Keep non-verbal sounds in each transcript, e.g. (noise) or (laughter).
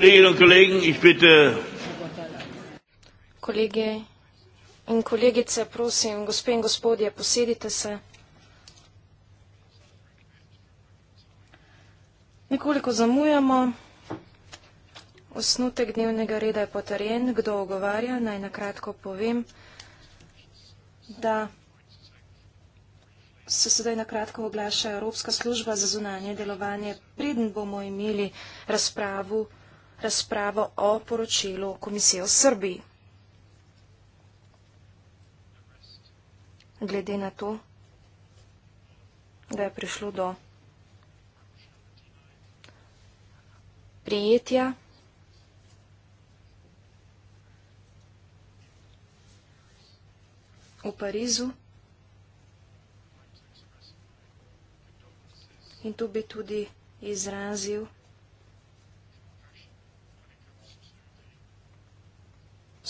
Kolleginnen und Kollegen, ich bitte. Kollege und Kollegice, prosim, gospe und gospodje, posedite se. Nekoliko zamujamo. Osnutek dnevnega reda je potrjen. Kdo ogovarja? Naj nakratko povem, da se sedaj nakratko oglaša Evropska služba za zunanje delovanje. Preden bomo imeli razpravu, razpravo o poročilu Komisije v Srbiji. Glede na to, da je prišlo do prijetja v Parizu in tu bi tudi izrazil vsega.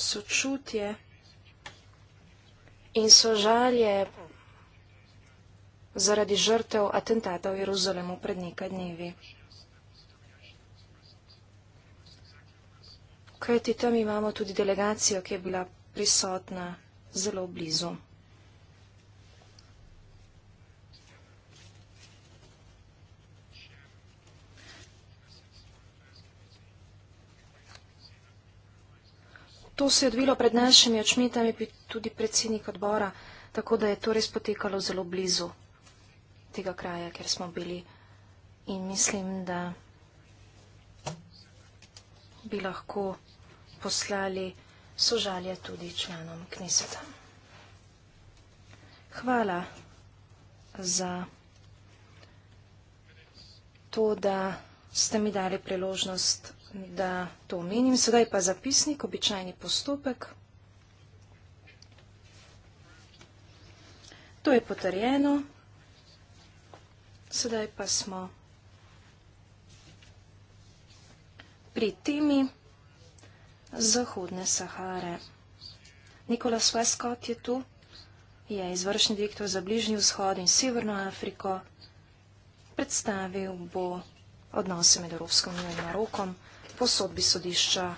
sočutje in sožalje zaradi žrtev atentata v Jeruzalemu pred nekaj dnevi. Kajti tam imamo tudi delegacijo, ki je bila prisotna zelo blizu. to se je odvilo pred našimi očmi, tam je tudi predsednik odbora, tako da je to res potekalo zelo blizu tega kraja, kjer smo bili. In mislim, da bi lahko poslali sožalje tudi članom kniseta. Hvala za to, da ste mi dali priložnost vsega da to omenim. Sedaj pa zapisnik, običajni postopek. To je potrjeno. Sedaj pa smo pri temi Zahodne Sahare. Nikolas Veskot je tu, je izvršni direktor za Bližnji vzhod in Severno Afriko. Predstavil bo odnose med Evropsko unijo in Marokom po sodbi sodišča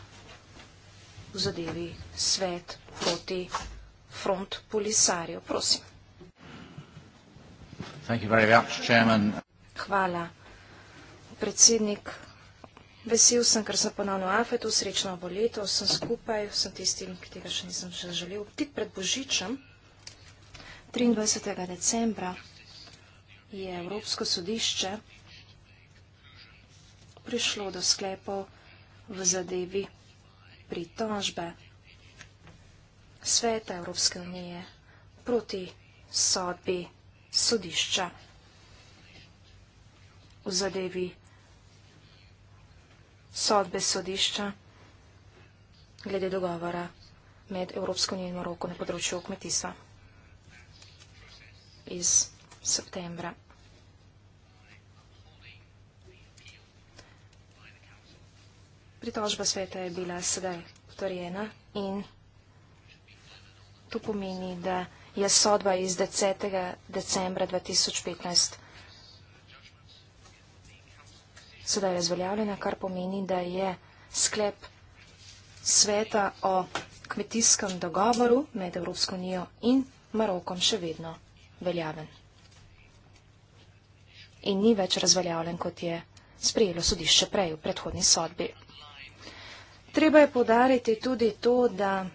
v zadevi svet proti front polisarjo. Prosim. Hvala, predsednik. Vesel sem, ker sem ponovno v Afetu, srečno bo leto, sem skupaj, sem tistim, ki tega še nisem še želel. Tik pred Božičem, 23. decembra, je Evropsko sodišče prišlo do sklepov, v zadevi pritožbe Sveta Evropske unije proti sodbi sodišča v zadevi sodbe sodišča glede dogovora med Evropsko unijo in Moroko na področju kmetijstva iz septembra Pritožba sveta je bila sedaj potorjena in to pomeni, da je sodba iz 10. decembra 2015 sedaj razveljavljena, kar pomeni, da je sklep sveta o kmetijskem dogovoru med Evropsko unijo in Marokom še vedno veljaven. In ni več razveljavljen, kot je sprejelo sodišče prej v predhodni sodbi. Treba je podariti tudi to, da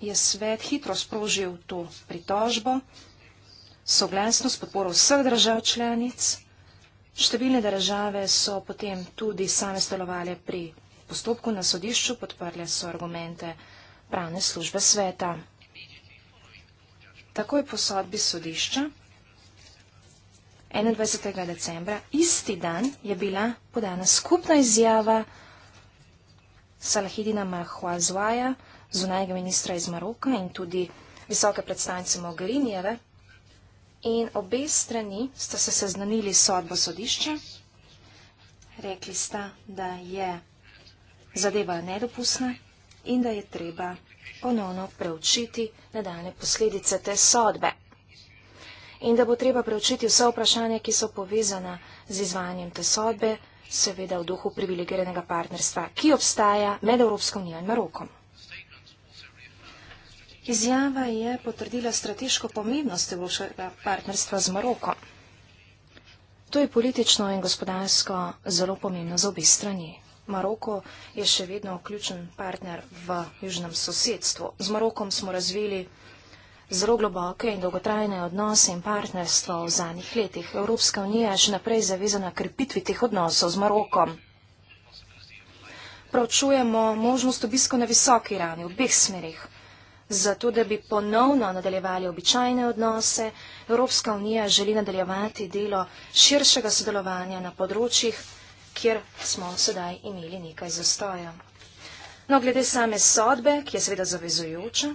je svet hitro sprožil to pritožbo, soglasno s podporo vseh držav članic. Številne države so potem tudi same stolovali pri postopku na sodišču, podprle so argumente pravne službe sveta. Takoj po sodbi sodišča 21. decembra, isti dan, je bila podana skupna izjava Salahidina Mahuazvaja, zunajega ministra iz Maroka in tudi visoke predstavnice Mogherinijeve. In obe strani sta se seznanili sodbo sodišča. Rekli sta, da je zadeva nedopustna in da je treba ponovno preučiti nadaljne posledice te sodbe in da bo treba preučiti vse vprašanja, ki so povezana z izvajanjem te sodbe, seveda v duhu privilegiranega partnerstva, ki obstaja med Evropsko unijo in Marokom. Izjava je potrdila strateško pomembnost evropskega partnerstva z Marokom. To je politično in gospodarsko zelo pomembno za obe strani. Maroko je še vedno ključen partner v južnem sosedstvu. Z Marokom smo razvili Zelo globoke in dolgotrajne odnose in partnerstvo v zadnjih letih. Evropska unija je še naprej zavezana krepitvi teh odnosov z Marokom. Pravčujemo možnost obisko na visoki ravni, v obeh smerih. Zato, da bi ponovno nadaljevali običajne odnose, Evropska unija želi nadaljevati delo širšega sodelovanja na področjih, kjer smo sedaj imeli nekaj zastoja. No, glede same sodbe, ki je seveda zavezujoča,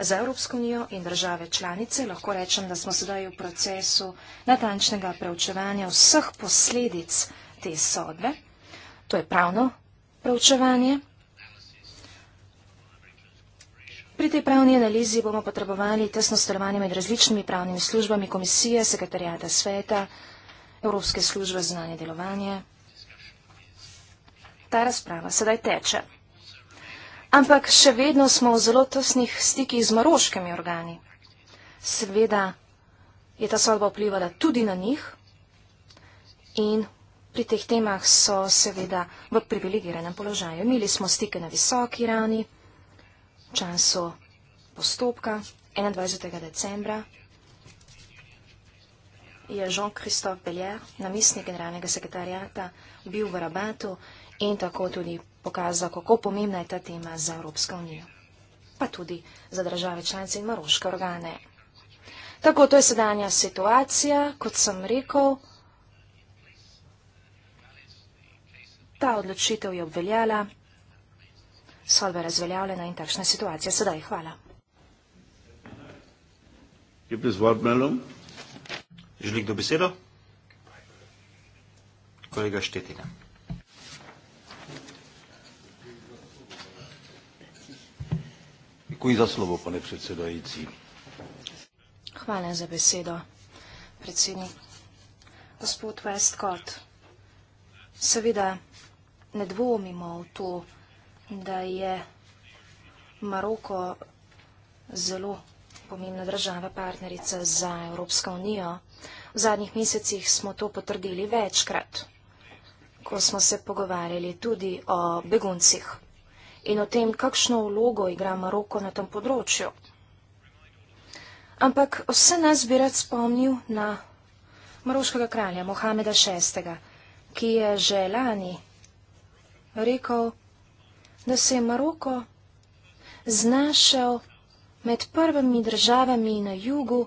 Za Evropsko unijo in države članice lahko rečem, da smo sedaj v procesu natančnega preučevanja vseh posledic te sodbe. To je pravno preučevanje. Pri tej pravni analizi bomo potrebovali tesno sodelovanje med različnimi pravnimi službami komisije, sekretarijata sveta, Evropske službe znanje delovanje. Ta razprava sedaj teče ampak še vedno smo v zelo tesnih stikih z maroškimi organi. Seveda je ta sodba vplivala tudi na njih in pri teh temah so seveda v privilegiranem položaju. Imeli smo stike na visoki rani v času postopka 21. decembra. Je Jean-Christophe Bellier, namestnik generalnega sekretarjata, bil v Rabatu in tako tudi pokazal, kako pomembna je ta tema za Evropsko unijo, pa tudi za države članice in maroške organe. Tako, to je sedanja situacija, kot sem rekel, ta odločitev je obveljala, sodbe razveljavljena in takšna situacija sedaj. Hvala. Želi kdo besedo? Kolega Štetina. Děkuji za slovo, pane předsedající. Hvala za besedo, predsednik. Gospod Westcott, seveda ne dvomimo v to, da je Maroko zelo pomembna država, partnerica za Evropsko unijo. V zadnjih mesecih smo to potrdili večkrat, ko smo se pogovarjali tudi o beguncih in o tem, kakšno vlogo igra Maroko na tem področju. Ampak vse nas bi rad spomnil na maroškega kralja Mohameda VI., ki je že lani rekel, da se je Maroko znašel med prvimi državami na jugu,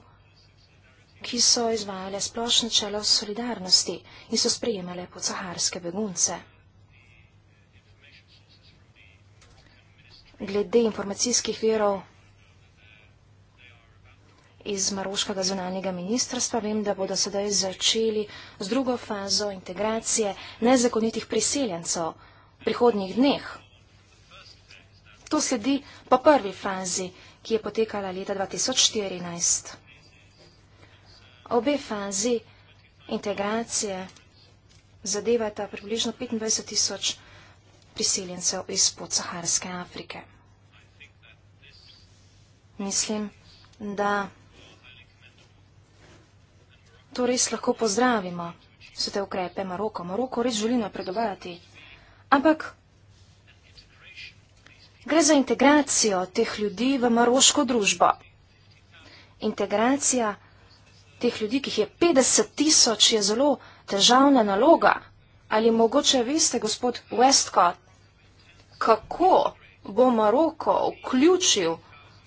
ki so izvajale splošno čelo solidarnosti in so sprejemale podsaharske begunce. glede informacijskih verov iz Maroškega zunanjega ministrstva. Vem, da bodo sedaj začeli z drugo fazo integracije nezakonitih priseljencev v prihodnjih dneh. To sledi po prvi fazi, ki je potekala leta 2014. Obe fazi integracije zadevata približno 25 tisoč priseljencev iz podsaharske Afrike. Mislim, da to res lahko pozdravimo, so te ukrepe Maroko. Maroko res želi napredovati. Ampak gre za integracijo teh ljudi v maroško družbo. Integracija teh ljudi, ki jih je 50 tisoč, je zelo težavna naloga. Ali mogoče veste, gospod Westcott, kako bo Maroko vključil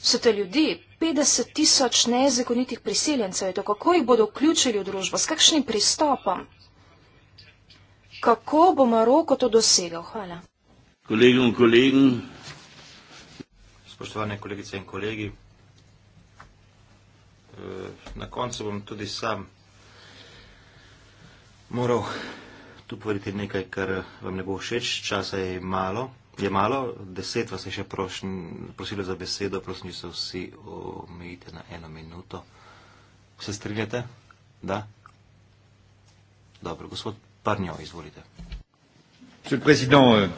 Vse te ljudi, 50 tisoč nezakonitih priseljencev, je to, kako jih bodo vključili v družbo, s kakšnim pristopom? Kako bo Maroko to dosegel? Hvala. Kolegom, kolegom. Spoštovane kolegice in kolegi, eh, na koncu bom tudi sam moral tu povedati nekaj, kar vam ne bo všeč, časa je malo je malo, deset vas je še prosilo za besedo, prosim, da se vsi omejite na eno minuto. Se strinjate? Da? Dobro, gospod Parnjo, izvolite. Euh,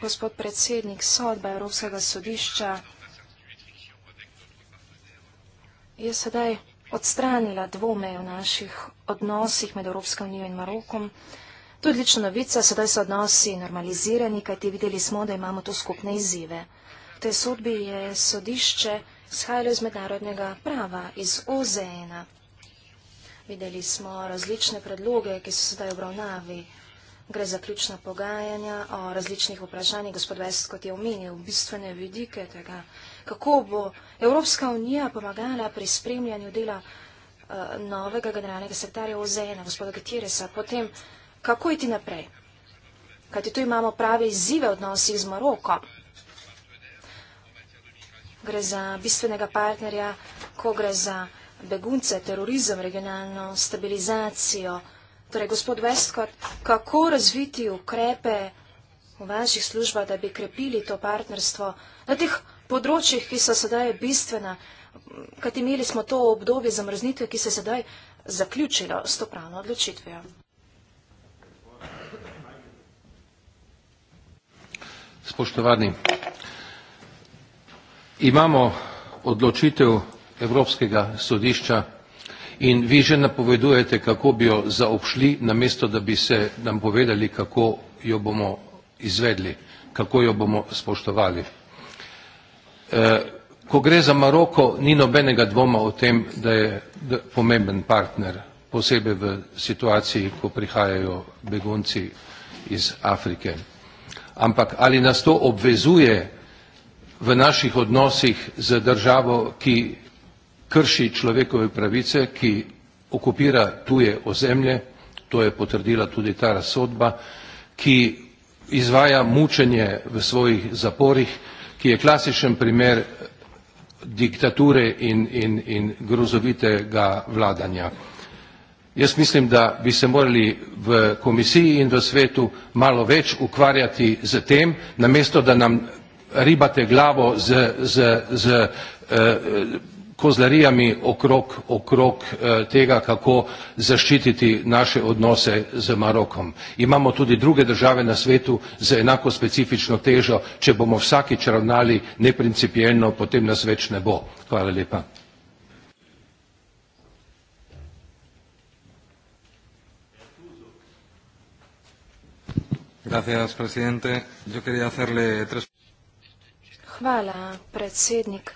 gospod predsednik, sodba Evropskega sodišča je sedaj odstranila dvome v naših odnosih med Evropsko unijo in Marokom. To odlična novica, sedaj so odnosi normalizirani, kajti videli smo, da imamo tu skupne izzive. V tej sodbi je sodišče shajalo iz mednarodnega prava, iz OZN-a. Videli smo različne predloge, ki so sedaj obravnavi. Gre za ključna pogajanja o različnih vprašanjih, gospod Vest, kot je omenil, bistvene vidike tega, kako bo Evropska unija pomagala pri spremljanju dela uh, novega generalnega sekretarja OZN-a, gospoda Gutiresa, potem uh, kako iti naprej. Kajti tu imamo prave izzive odnosih z Maroko. Gre za bistvenega partnerja, ko gre za begunce, terorizem, regionalno stabilizacijo. Torej, gospod Westcott, kako razviti ukrepe v vaših službah, da bi krepili to partnerstvo na teh področjih, ki so sedaj bistvena, kajti imeli smo to obdobje zamrznitve, ki se sedaj zaključilo s to pravno odločitvijo. Spoštovani, imamo odločitev Evropskega sodišča in vi že napovedujete, kako bi jo zaobšli, namesto da bi se nam povedali, kako jo bomo izvedli, kako jo bomo spoštovali. E, ko gre za Maroko, ni nobenega dvoma o tem, da je da, pomemben partner, posebej v situaciji, ko prihajajo begunci iz Afrike ampak ali nas to obvezuje v naših odnosih z državo, ki krši človekove pravice, ki okupira tuje ozemlje, to je potrdila tudi ta razsodba, ki izvaja mučenje v svojih zaporih, ki je klasičen primer diktature in, in, in grozovitega vladanja. Jaz mislim, da bi se morali v komisiji in v svetu malo več ukvarjati z tem, namesto da nam ribate glavo z, z, z eh, kozlarijami okrog, okrog eh, tega, kako zaščititi naše odnose z Marokom. Imamo tudi druge države na svetu z enako specifično težo, če bomo vsakič ravnali neprincipijelno, potem nas več ne bo. Hvala lepa. Gracias, presidente. Yo quería hacerle tres... Hvala, predsednik.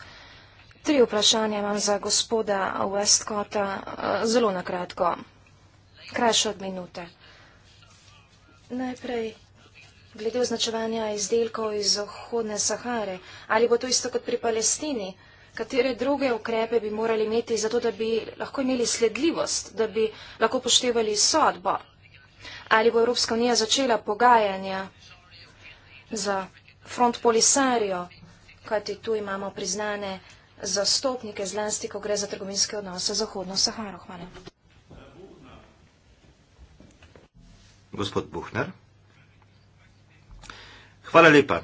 Tri vprašanja imam za gospoda Westcota, eh, zelo nakratko, krajše od minute. Najprej, glede označevanja izdelkov iz Zahodne Sahare, ali bo to isto kot pri Palestini, katere druge ukrepe bi morali imeti za to, da bi lahko imeli sledljivost, da bi lahko poštevali sodbo? ali bo Evropska unija začela pogajanja za front polisarijo, kajti tu imamo priznane zastopnike zlasti, ko gre za trgovinske odnose z Zahodno Saharo. Hvala. Gospod Buhner. Hvala lepa.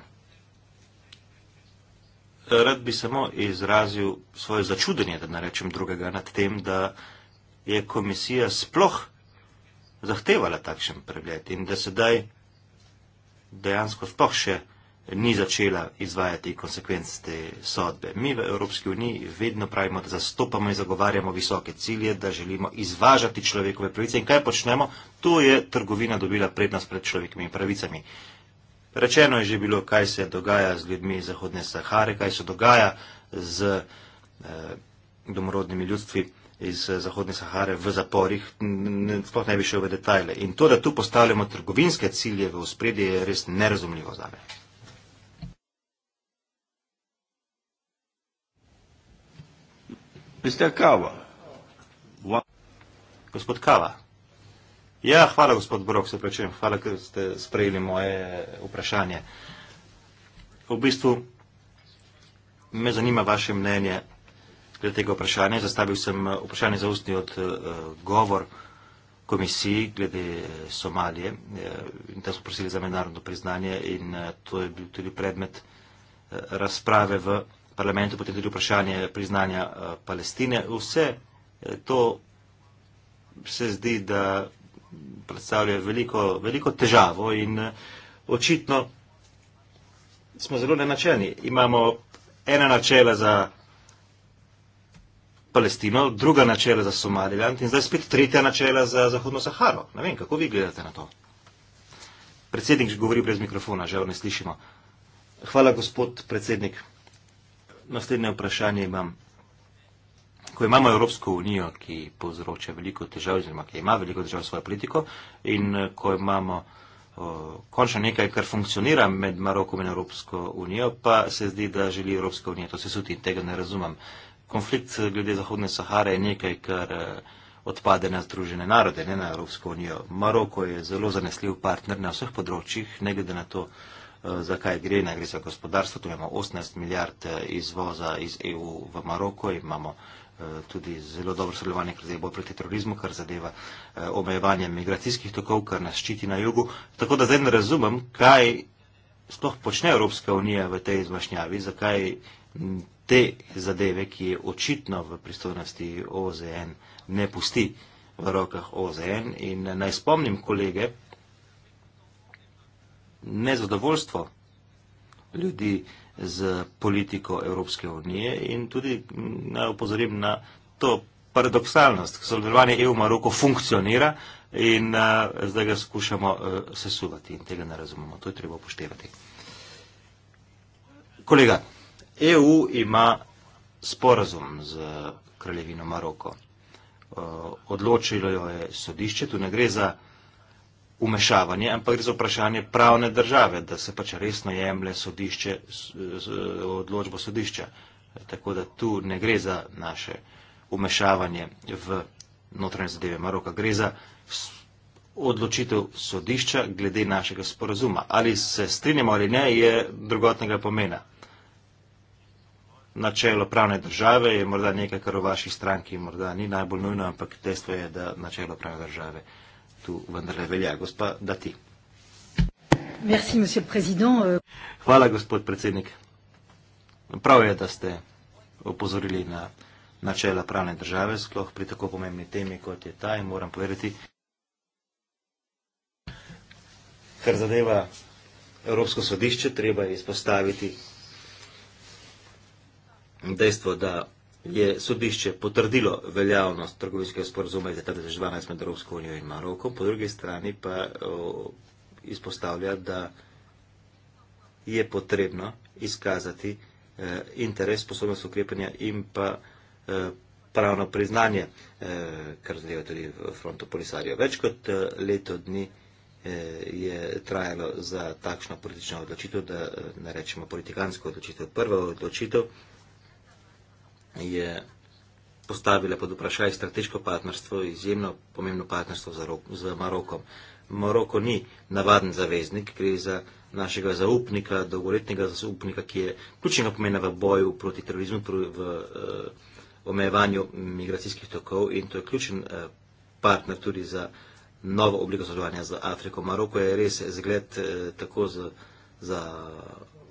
Rad bi samo izrazil svoje začudenje, da ne rečem drugega, nad tem, da je komisija sploh zahtevala takšen pregled in da sedaj dejansko sploh še ni začela izvajati konsekvenc te sodbe. Mi v Evropski uniji vedno pravimo, da zastopamo in zagovarjamo visoke cilje, da želimo izvažati človekove pravice in kaj počnemo, to je trgovina dobila prednost pred človekovimi pravicami. Rečeno je že bilo, kaj se dogaja z ljudmi iz Zahodne Sahare, kaj se dogaja z eh, domorodnimi ljudstvi iz eh, Zahodne Sahare v zaporih, sploh ne bi šel v detajle. In to, da tu postavljamo trgovinske cilje v spredje, je res nerazumljivo za me. Mr. Kava. Gospod Kava. Ja, hvala, gospod Brok, se prečujem. Hvala, ker ste sprejeli moje vprašanje. V bistvu me zanima vaše mnenje glede tega vprašanja. Zastavil sem eh, vprašanje za ustni odgovor eh, komisiji glede eh, Somalije in tam so prosili za mednarodno priznanje in to je bil tudi predmet razprave v parlamentu, potem tudi vprašanje priznanja Palestine. Vse to se zdi, da predstavlja veliko, veliko težavo in očitno smo zelo nenačelni. Imamo ena načela za Palestino, druga načela za Somaliland in zdaj spet tretja načela za Zahodno Saharo. Ne vem, kako vi gledate na to. Predsednik že govori brez mikrofona, žal ne slišimo. Hvala, gospod predsednik. Naslednje vprašanje imam. Ko imamo Evropsko unijo, ki povzroča veliko težav, oziroma ki ima veliko težav s svojo politiko, in eh, ko imamo o, eh, končno nekaj, kar funkcionira med Marokom in Evropsko unijo, pa se zdi, da želi Evropska unija to sesuti in tega ne razumem konflikt eh, glede Zahodne Sahare je nekaj, kar eh, odpade na Združene narode, ne na Evropsko unijo. Maroko je zelo zanesljiv partner na vseh področjih, ne glede na to, eh, zakaj gre, ne gre za gospodarstvo. Tu imamo 18 milijard izvoza iz EU v Maroko, imamo tudi zelo dobro sodelovanje, kar zdaj bo proti terorizmu, kar zadeva omejevanje migracijskih tokov, kar nas ščiti na jugu. Tako da zdaj ne razumem, kaj sploh počne Evropska unija v tej izvašnjavi, zakaj te zadeve, ki je očitno v pristojnosti OZN, ne pusti v rokah OZN. In naj spomnim kolege, nezadovoljstvo ljudi z politiko Evropske unije in tudi mm, naj upozorim na to paradoksalnost, ki sodelovanje EU v Maroku funkcionira in a, eh, zdaj ga skušamo a, eh, sesuvati in tega ne razumemo. To je treba upoštevati. Kolega. EU ima sporazum z kraljevino Maroko. E, odločilo jo je sodišče, tu ne gre za umešavanje, ampak gre za vprašanje pravne države, da se pač resno jemlje sodišče, odločbo sodišča. Tako da tu ne gre za naše umešavanje v notranje zadeve Maroka, gre za odločitev sodišča glede našega sporazuma. Ali se strinjamo ali ne, je drugotnega pomena načelo pravne države je morda nekaj, kar v vaši stranki morda ni najbolj nujno, ampak dejstvo je, da načelo pravne države tu vendarle velja. Gospa Dati. Merci, Hvala, gospod predsednik. Prav je, da ste opozorili na načela pravne države, sploh pri tako pomembni temi, kot je ta in moram povedati, kar zadeva Evropsko sodišče, treba izpostaviti dejstvo, da je sodišče potrdilo veljavnost trgovinskega sporozuma iz leta 2012 med Evropsko unijo in Marokom, po drugi strani pa izpostavlja, da je potrebno izkazati e, interes, sposobnost ukrepanja in pa e, pravno priznanje, e, kar zadeva tudi fronto polisarijo. Več kot leto dni je trajalo za takšno politično odločitev, da ne rečemo politikansko odločitev, prva odločitev je postavila pod vprašaj strateško partnerstvo, izjemno pomembno partnerstvo z Marokom. Moroko ni navaden zaveznik, gre za našega zaupnika, dolgoletnega zaupnika, ki je ključnega pomena v boju proti terorizmu, v uh, omejevanju migracijskih tokov in to je ključen uh, partner tudi za novo obliko sodelovanja z Afriko. Maroko je res zgled uh, tako za, za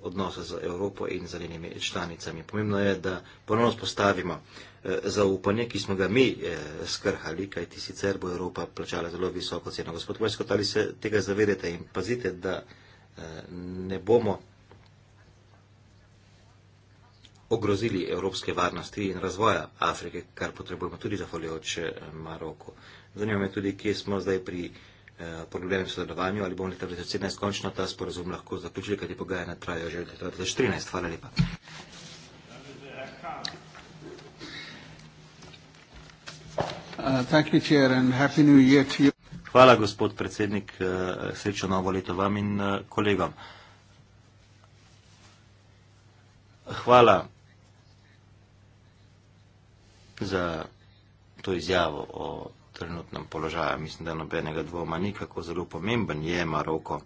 odnose z Evropo in z njenimi članicami. Pomembno je, da ponovno spostavimo eh, zaupanje, ki smo ga mi eh, skrhali, kajti sicer bo Evropa plačala zelo visoko ceno. Gospod Vojskot, ali se tega zavedete in pazite, da eh, ne bomo ogrozili evropske varnosti in razvoja Afrike, kar potrebujemo tudi za folijoče Maroko. Zanima me tudi, kje smo zdaj pri. Eh, podobljenem sodelovanju ali bomo leta 2017 končno ta sporozum lahko zaključili, kajti pogajanja trajajo že leta 2014. Hvala lepa. Uh, Hvala, gospod predsednik. Eh, Srečo novo leto vam in eh, kolegom. Hvala za to izjavo o trenutnem položaju. Mislim, da nobenega dvoma ni, kako zelo pomemben je Maroko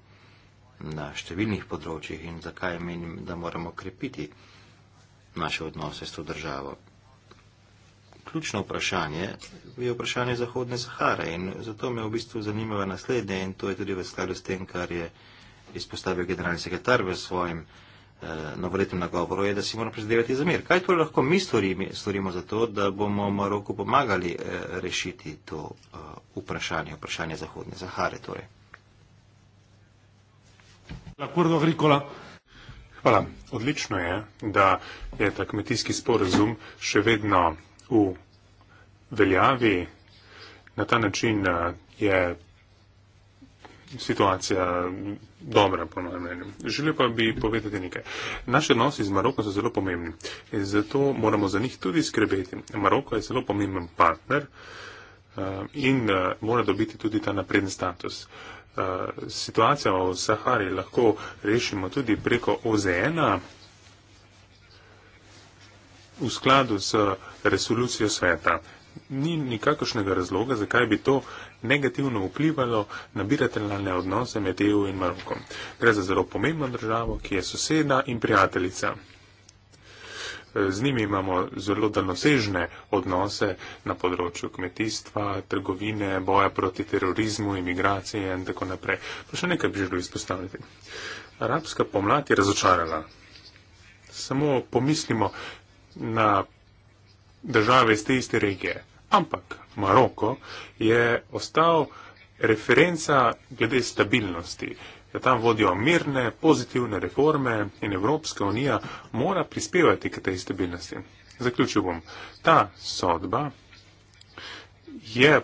na številnih področjih in zakaj menim, da moramo krepiti naše odnose s to državo. Ključno vprašanje je vprašanje Zahodne Sahare in zato me v bistvu zanimajo naslednje in to je tudi v skladu s tem, kar je izpostavil generalni sekretar v svojem eh, novoletnem nagovoru, je, da si moramo prizadevati za mir. Kaj torej lahko mi storimi, storimo za to, da bomo Maroku pomagali eh, rešiti to eh, vprašanje, vprašanje Zahodne Zahare? Torej. Hvala. Odlično je, da je ta kmetijski sporazum še vedno v veljavi. Na ta način eh, je situacija dobra, po mojem mnenju. Želel pa bi povedati nekaj. Naši odnosi z Marokom so zelo pomembni in zato moramo za njih tudi skrbeti. Maroko je zelo pomemben partner eh, in eh, mora dobiti tudi ta napreden status. Eh, Situacijo v Sahari lahko rešimo tudi preko OZN-a v skladu s resolucijo sveta ni nikakršnega razloga, zakaj bi to negativno vplivalo na bilateralne odnose med EU in Marokom. Gre za zelo pomembno državo, ki je soseda in prijateljica. Z njimi imamo zelo daljnosežne odnose na področju kmetijstva, trgovine, boja proti terorizmu, imigracije in tako naprej. Pa še nekaj bi želel izpostaviti. Arabska pomlad je razočarala. Samo pomislimo na države iz te iste regije. Ampak Maroko je ostal referenca glede stabilnosti. Ja, tam vodijo mirne, pozitivne reforme in Evropska unija mora prispevati k tej stabilnosti. Zaključil bom. Ta sodba je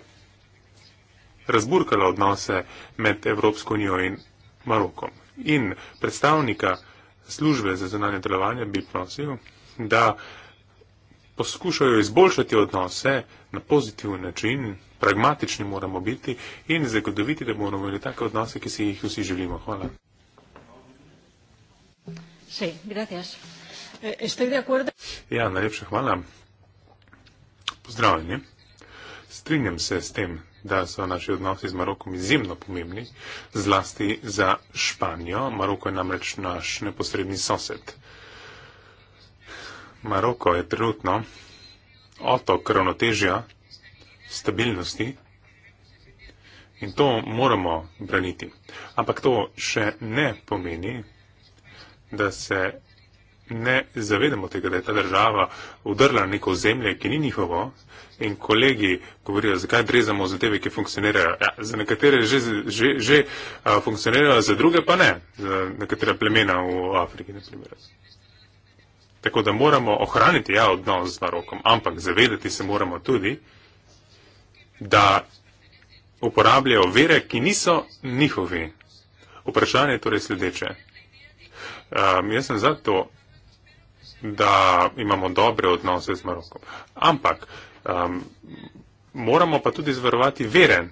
razburkala odnose med Evropsko unijo in Marokom. In predstavnika službe za zunanje delovanje bi prosil, da poskušajo izboljšati odnose na pozitiven način, pragmatični moramo biti in zagotoviti, da bomo imeli take odnose, ki si jih vsi želimo. Hvala. Eh, ja, najlepša hvala. Pozdravljeni. Strinjam se s tem, da so naši odnosi z Marokom izjemno pomembni, zlasti za Španijo. Maroko je namreč naš neposredni sosed. Maroko je trenutno otok ravnotežja, stabilnosti in to moramo braniti. Ampak to še ne pomeni, da se ne zavedamo tega, da je ta država udrla na neko zemlje, ki ni njihovo in kolegi govorijo, zakaj drezamo za tebe, ki funkcionirajo. Ja, za nekatere že, že, že uh, funkcionirajo, za druge pa ne, za nekatera plemena v Afriki, na primer. Tako da moramo ohraniti ja, odnos z Marokom, ampak zavedati se moramo tudi, da uporabljajo vere, ki niso njihovi. Vprašanje je torej sledeče. Um, jaz sem zato, da imamo dobre odnose z Marokom, ampak um, moramo pa tudi zvarovati veren,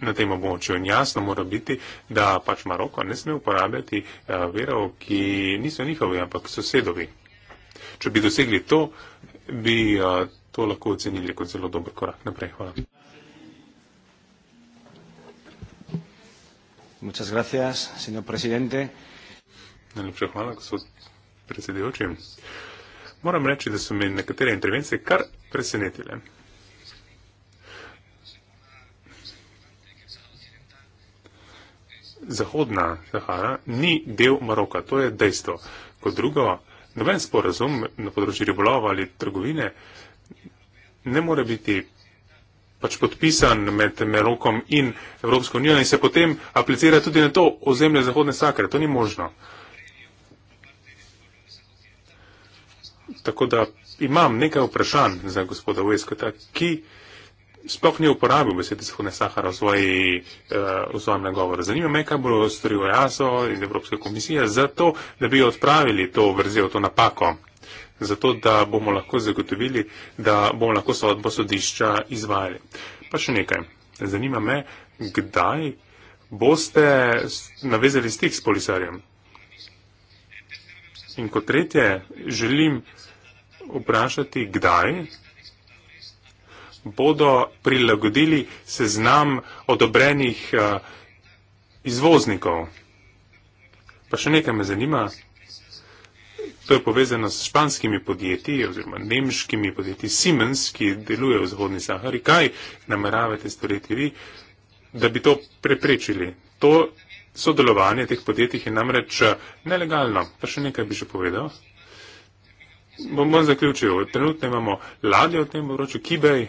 na tem območju. In jasno mora biti, da pač Maroko ne sme uporabljati eh, verov, ki niso njihovi, ampak sosedovi. Če bi dosegli to, bi eh, to lahko ocenili kot zelo dober korak naprej. Hvala. Muchas gracias, señor presidente. Najlepša hvala, gospod predsedujoči. Moram reči, da so me nekatere intervencije kar presenetile. Zahodna Sahara ni del Maroka, to je dejstvo. Kot drugo, noben sporazum na področju ribolova ali trgovine ne more biti pač podpisan med Marokom in Evropsko unijo in se potem aplicira tudi na to ozemlje Zahodne Sakre. To ni možno. Tako da imam nekaj vprašanj za gospoda Vojskota, ki sploh ni uporabil besede Zahodne Sahara v, svoji, uh, v svojem nagovoru. Zanima me, kaj bo storil JASO in Evropska komisija za to, da bi odpravili to vrzel, to napako. Zato, da bomo lahko zagotovili, da bomo lahko sodbo sodišča izvajali. Pa še nekaj. Zanima me, kdaj boste navezali stik s polisarjem. In kot tretje, želim vprašati, kdaj bodo prilagodili seznam odobrenih uh, izvoznikov. Pa še nekaj me zanima. To je povezano s španskimi podjetji oziroma nemškimi podjetji Siemens, ki deluje v Zahodni Sahari. Kaj nameravate storiti vi, da bi to preprečili? To sodelovanje teh podjetij je namreč eh, nelegalno. Pa še nekaj bi že povedal. Bom, bom zaključil. Trenutno imamo ladje v tem področju, Kibej.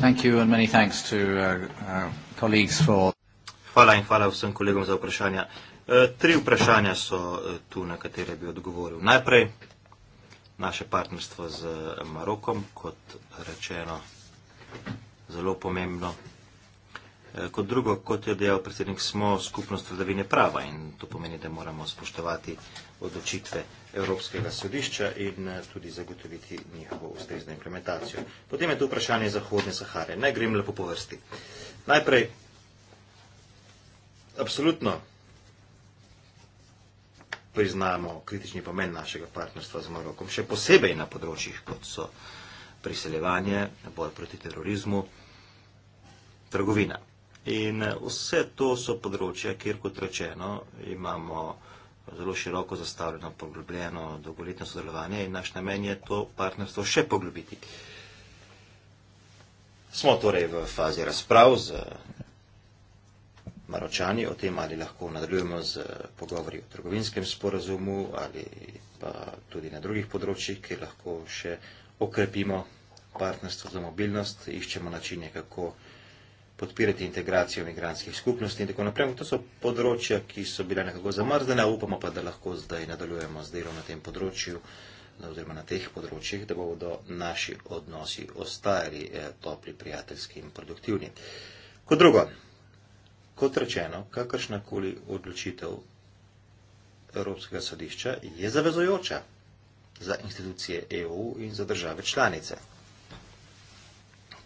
Thank you and many thanks to uh, uh, colleagues for. Hvala in hvala vsem kolegom za vprašanja. Uh, tri vprašanja so uh, tu, na katere bi odgovoril. Najprej naše partnerstvo z Marokom, kot rečeno, zelo pomembno. Eh, kot drugo, kot je dejal predsednik, smo skupnost vladavine prava in to pomeni, da moramo spoštovati odločitve Evropskega sodišča in eh, tudi zagotoviti njihovo ustrezno implementacijo. Potem je tu vprašanje Zahodne Sahare. Naj grem lepo po vrsti. Najprej, absolutno priznamo kritični pomen našega partnerstva z Marokom, še posebej na področjih, kot so priseljevanje, boj proti terorizmu, trgovina. In eh, vse to so področja, kjer kot rečeno imamo zelo široko zastavljeno, poglobljeno dolgoletno sodelovanje in naš namen je to partnerstvo še poglobiti. Smo torej v fazi razprav z Maročani o tem, ali lahko nadaljujemo z pogovori o trgovinskem sporazumu ali pa tudi na drugih področjih, kjer lahko še okrepimo partnerstvo za mobilnost, iščemo načine, kako podpirati integracijo migranskih skupnosti in tako naprej. To so področja, ki so bila nekako zamrznjena, upamo pa, da lahko zdaj nadaljujemo z delom na tem področju oziroma na teh področjih, da bodo naši odnosi ostali eh, topli, prijateljski in produktivni. Kot drugo, kot rečeno, kakršnakoli odločitev Evropskega sodišča je zavezojoča za institucije EU in za države članice.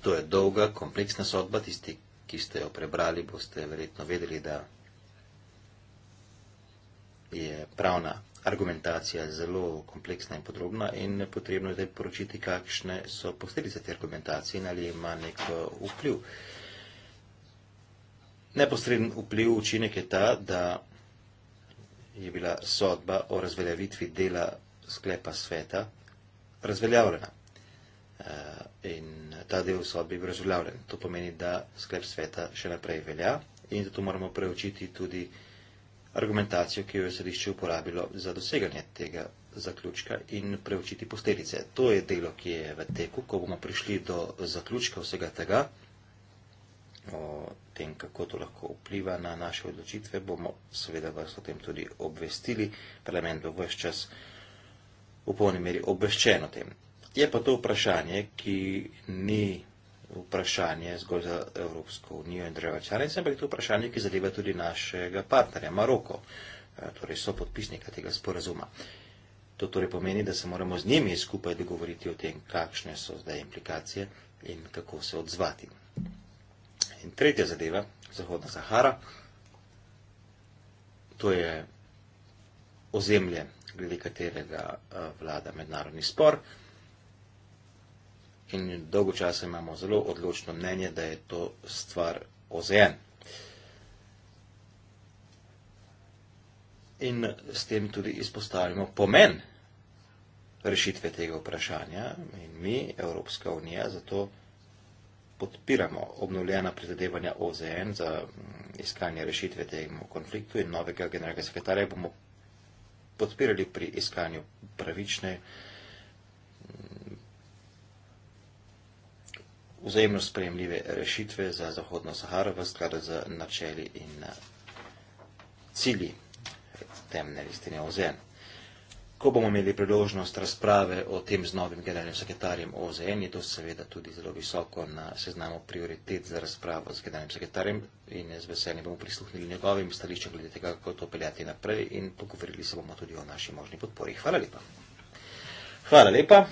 To je dolga, kompleksna sodba, tisti, ki ste jo prebrali, boste verjetno vedeli, da je pravna argumentacija zelo kompleksna in podrobna in je potrebno zdaj poročiti, kakšne so posledice te argumentacije in ali ima nek eh, vpliv. Neposreden vpliv učinek je ta, da je bila sodba o razveljavitvi dela sklepa sveta razveljavljena. Eh, in ta del sodbe je bil razveljavljen. To pomeni, da sklep sveta še naprej velja in zato moramo preučiti tudi argumentacijo, ki jo je sodišče uporabilo za doseganje tega zaključka in preučiti posledice. To je delo, ki je v teku, ko bomo prišli do zaključka vsega tega, o tem, kako to lahko vpliva na naše odločitve, bomo seveda vas o tem tudi obvestili. Parlament bo vse čas v polni meri obveščen o tem. Je pa to vprašanje, ki ni vprašanje zgolj za Evropsko unijo in države članice, ampak je to vprašanje, ki zadeva tudi našega partnerja, Maroko, eh, torej so podpisnika tega sporazuma. To torej pomeni, da se moramo z njimi skupaj dogovoriti o tem, kakšne so zdaj implikacije in kako se odzvati. In tretja zadeva, Zahodna Sahara, to je ozemlje, glede katerega eh, vlada mednarodni spor in dolgo časa imamo zelo odločno mnenje, da je to stvar OZN. In s tem tudi izpostavljamo pomen rešitve tega vprašanja in mi, Evropska unija, zato podpiramo obnovljena prizadevanja OZN za mm, iskanje rešitve temu konfliktu in novega generalnega sekretarja bomo podpirali pri iskanju pravične rešitve vzajemno sprejemljive rešitve za Zahodno Saharo v skladu z načeli in eh, cilji temne listine OZN. Ko bomo imeli priložnost razprave o tem z novim generalnim sekretarjem OZN, je to seveda tudi zelo visoko na seznamu prioritet za razpravo z generalnim sekretarjem in eh, z veseljem bomo prisluhnili njegovim stališčem glede tega, kako to peljati naprej in pogovorili se bomo tudi o naši možni podpori. Hvala lepa. Hvala lepa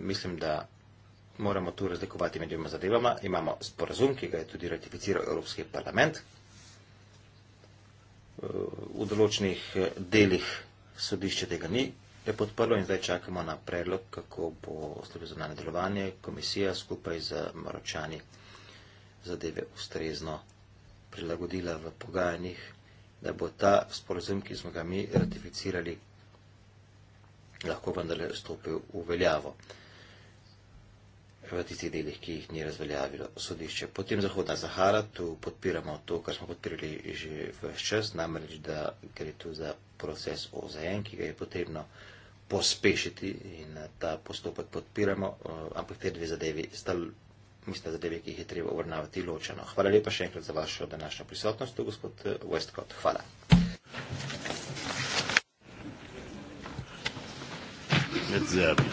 mislim, da moramo tu razlikovati med dvema zadevama. Imamo sporazum, ki ga je tudi ratificiral Evropski parlament. V določenih eh, delih sodišče tega ni je podprlo in zdaj čakamo na predlog, kako bo službe zunanje delovanje komisija skupaj z Maročani zadeve ustrezno prilagodila v pogajanjih, da bo ta sporozum, ki smo ga mi ratificirali, lahko vendarle stopil v veljavo v tistih delih, ki jih ni razveljavilo sodišče. Potem Zahodna Zahara, tu podpiramo to, kar smo podpirali že vse čas, namreč, da gre tu za proces OZN, ki ga je potrebno pospešiti in eh, ta postopek podpiramo, eh, ampak te dve zadevi sta, mislim, zadeve, ki jih je treba obrnavati ločeno. Hvala lepa še enkrat za vašo današnjo prisotnost, gospod eh, Westcott. Hvala. Led Zeppelin.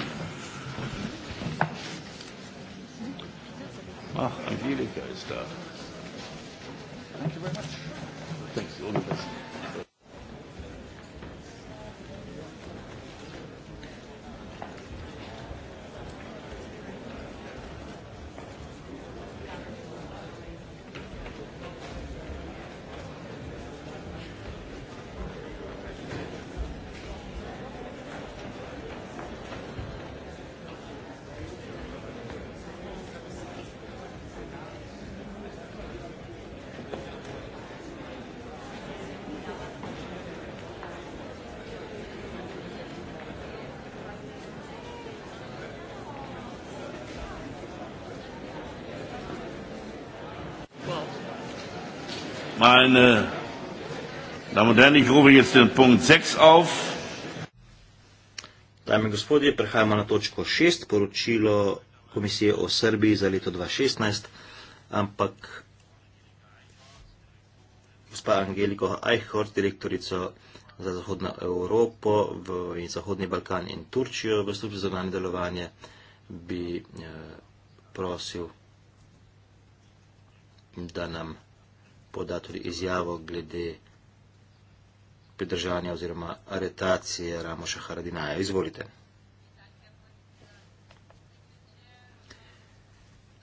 Oh, I really got stuff. Thank you very much. Thanks. All the best. Meine Damen und Herren, ich rufe jetzt den Punkt 6 auf. Dame in gospodje, prehajamo na točko 6, poročilo komisije o Srbiji za leto 2016, ampak gospa Angeliko Eichhorst, direktorico za Zahodno Evropo v, in Zahodni Balkan in Turčijo v službi za zunanje delovanje, bi eh, prosil, da nam poda tudi izjavo glede pridržanja oziroma aretacije Ramoša Haradinaja. Izvolite.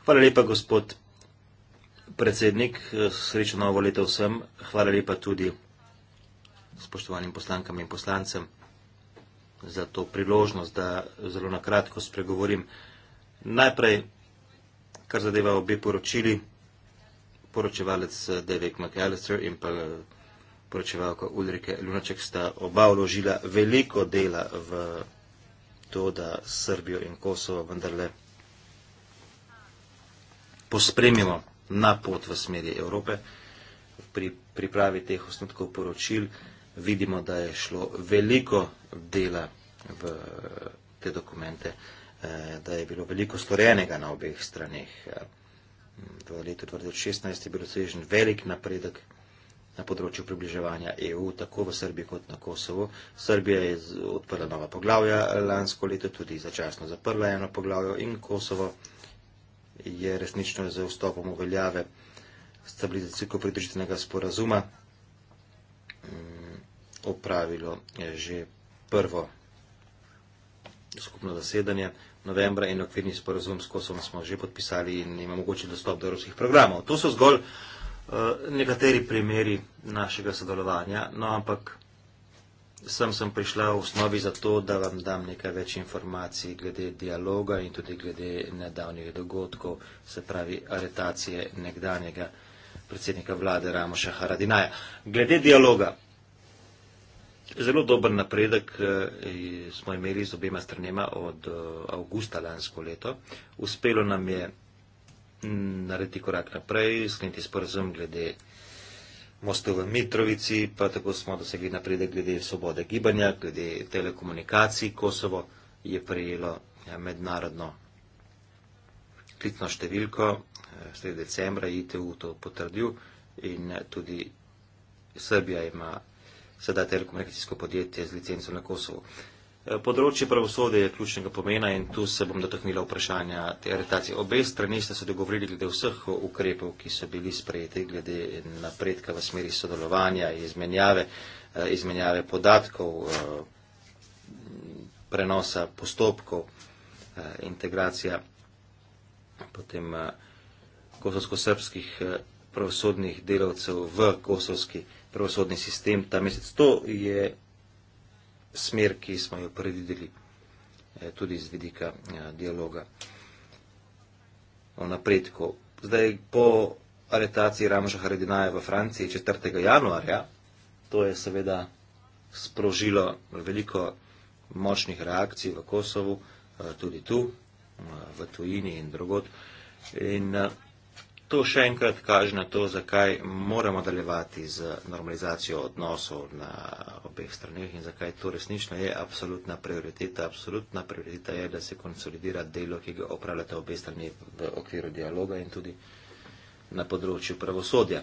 Hvala lepa, gospod predsednik. Srečno novo leto vsem. Hvala lepa tudi spoštovanim poslankam in poslancem za to priložnost, da zelo nakratko spregovorim. Najprej, kar zadeva obe poročili, poročevalec eh, Devek McAllister in pa eh, poročevalka Ulrike Lunaček sta oba vložila veliko dela v to, da Srbijo in Kosovo vendarle pospremimo na pot v smeri Evrope. Pri pripravi teh osnutkov poročil vidimo, da je šlo veliko dela v eh, te dokumente, da je bilo veliko storjenega na obeh straneh. V letu 2016 je bil dosežen velik napredek na področju približevanja EU, tako v Srbiji kot na Kosovo. Srbija je odprla nova poglavja, lansko leto tudi začasno zaprla eno poglavjo in Kosovo je resnično z vstopom uveljave stabilizacijsko pridružitvenega sporazuma mm, opravilo eh, že prvo skupno zasedanje, novembra in okvirni sporozum s Kosovom smo že podpisali in imamo mogoče dostop do evropskih programov. To so zgolj eh, nekateri primeri našega sodelovanja, no ampak sem, sem prišla v osnovi zato, da vam dam nekaj več informacij glede dialoga in tudi glede nedavnih dogodkov, se pravi aretacije nekdanjega predsednika vlade Ramoša Haradinaja. Glede dialoga, Zelo dober napredek eh, smo imeli z obema stranema od eh, avgusta lansko leto. Uspelo nam je mm, narediti korak naprej, skleniti sporazum glede mostov v Mitrovici, pa tako smo dosegli napredek glede svobode gibanja, glede telekomunikacij. Kosovo je prejelo eh, mednarodno klicno številko, sredi decembra ITU to potrdil in tudi Srbija ima sedaj telekomunikacijsko podjetje z licenco na Kosovo. E, področje pravosode je ključnega pomena in tu se bom dotaknila vprašanja te aretacije. Obe strani sta se dogovorili glede vseh ukrepov, ki so bili sprejeti, glede napredka v smeri sodelovanja, izmenjave, e, izmenjave podatkov, e, prenosa postopkov, integracija potem kosovsko-srpskih pravosodnih delavcev v kosovski pravosodni sistem ta mesec. To je smer, ki smo jo predvideli eh, tudi z vidika eh, dialoga o napredku. Zdaj, po aretaciji Ramža Haredinaja v Franciji 4. januarja, to je seveda sprožilo veliko močnih reakcij v Kosovu, eh, tudi tu, v tujini in drugod. In to še enkrat kaže na to, zakaj moramo nadaljevati z normalizacijo odnosov na obeh straneh in zakaj to resnično je absolutna prioriteta. Absolutna prioriteta je, da se konsolidira delo, ki ga opravljate obe strani v okviru dialoga in tudi na področju pravosodja.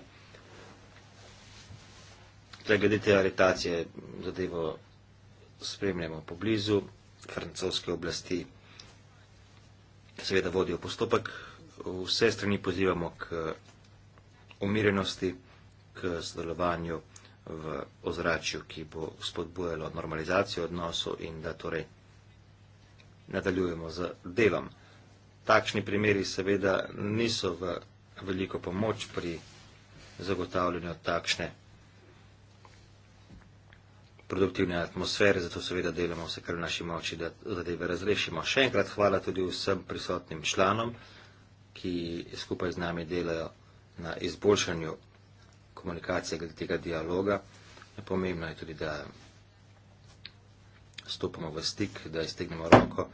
Torej, glede te aretacije zadevo spremljamo poblizu. Francoske oblasti seveda vodijo postopek vse strani pozivamo k eh, umirjenosti, k sodelovanju v ozračju, ki bo spodbujalo normalizacijo odnosov in da torej nadaljujemo z delom. Takšni primeri seveda niso v veliko pomoč pri zagotavljanju takšne produktivne atmosfere, zato seveda delamo vse, kar v naši moči, da zadeve razrešimo. Še enkrat hvala tudi vsem prisotnim članom ki skupaj z nami delajo na izboljšanju komunikacije glede tega dialoga. Pomembno je tudi, da stopimo v stik, da iztegnemo roko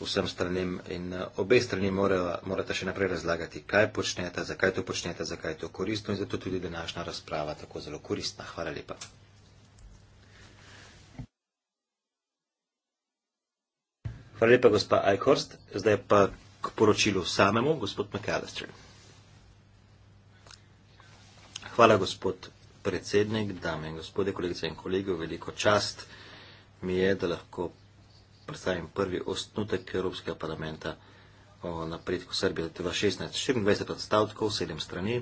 vsem stranem in eh, obe strani morata še naprej razlagati, kaj počnete, zakaj to počnete, zakaj je to koristno in zato tudi današnja razprava tako zelo koristna. Hvala lepa. Hvala lepa, gospa Eichhorst. Zdaj pa k poročilu samemu, gospod McAllister. Hvala, gospod predsednik, dame in gospode, kolegice in kolegi. Veliko čast mi je, da lahko predstavim prvi osnutek Evropskega parlamenta o napredku Srbije. To je 16, 24 odstavkov, 7 strani.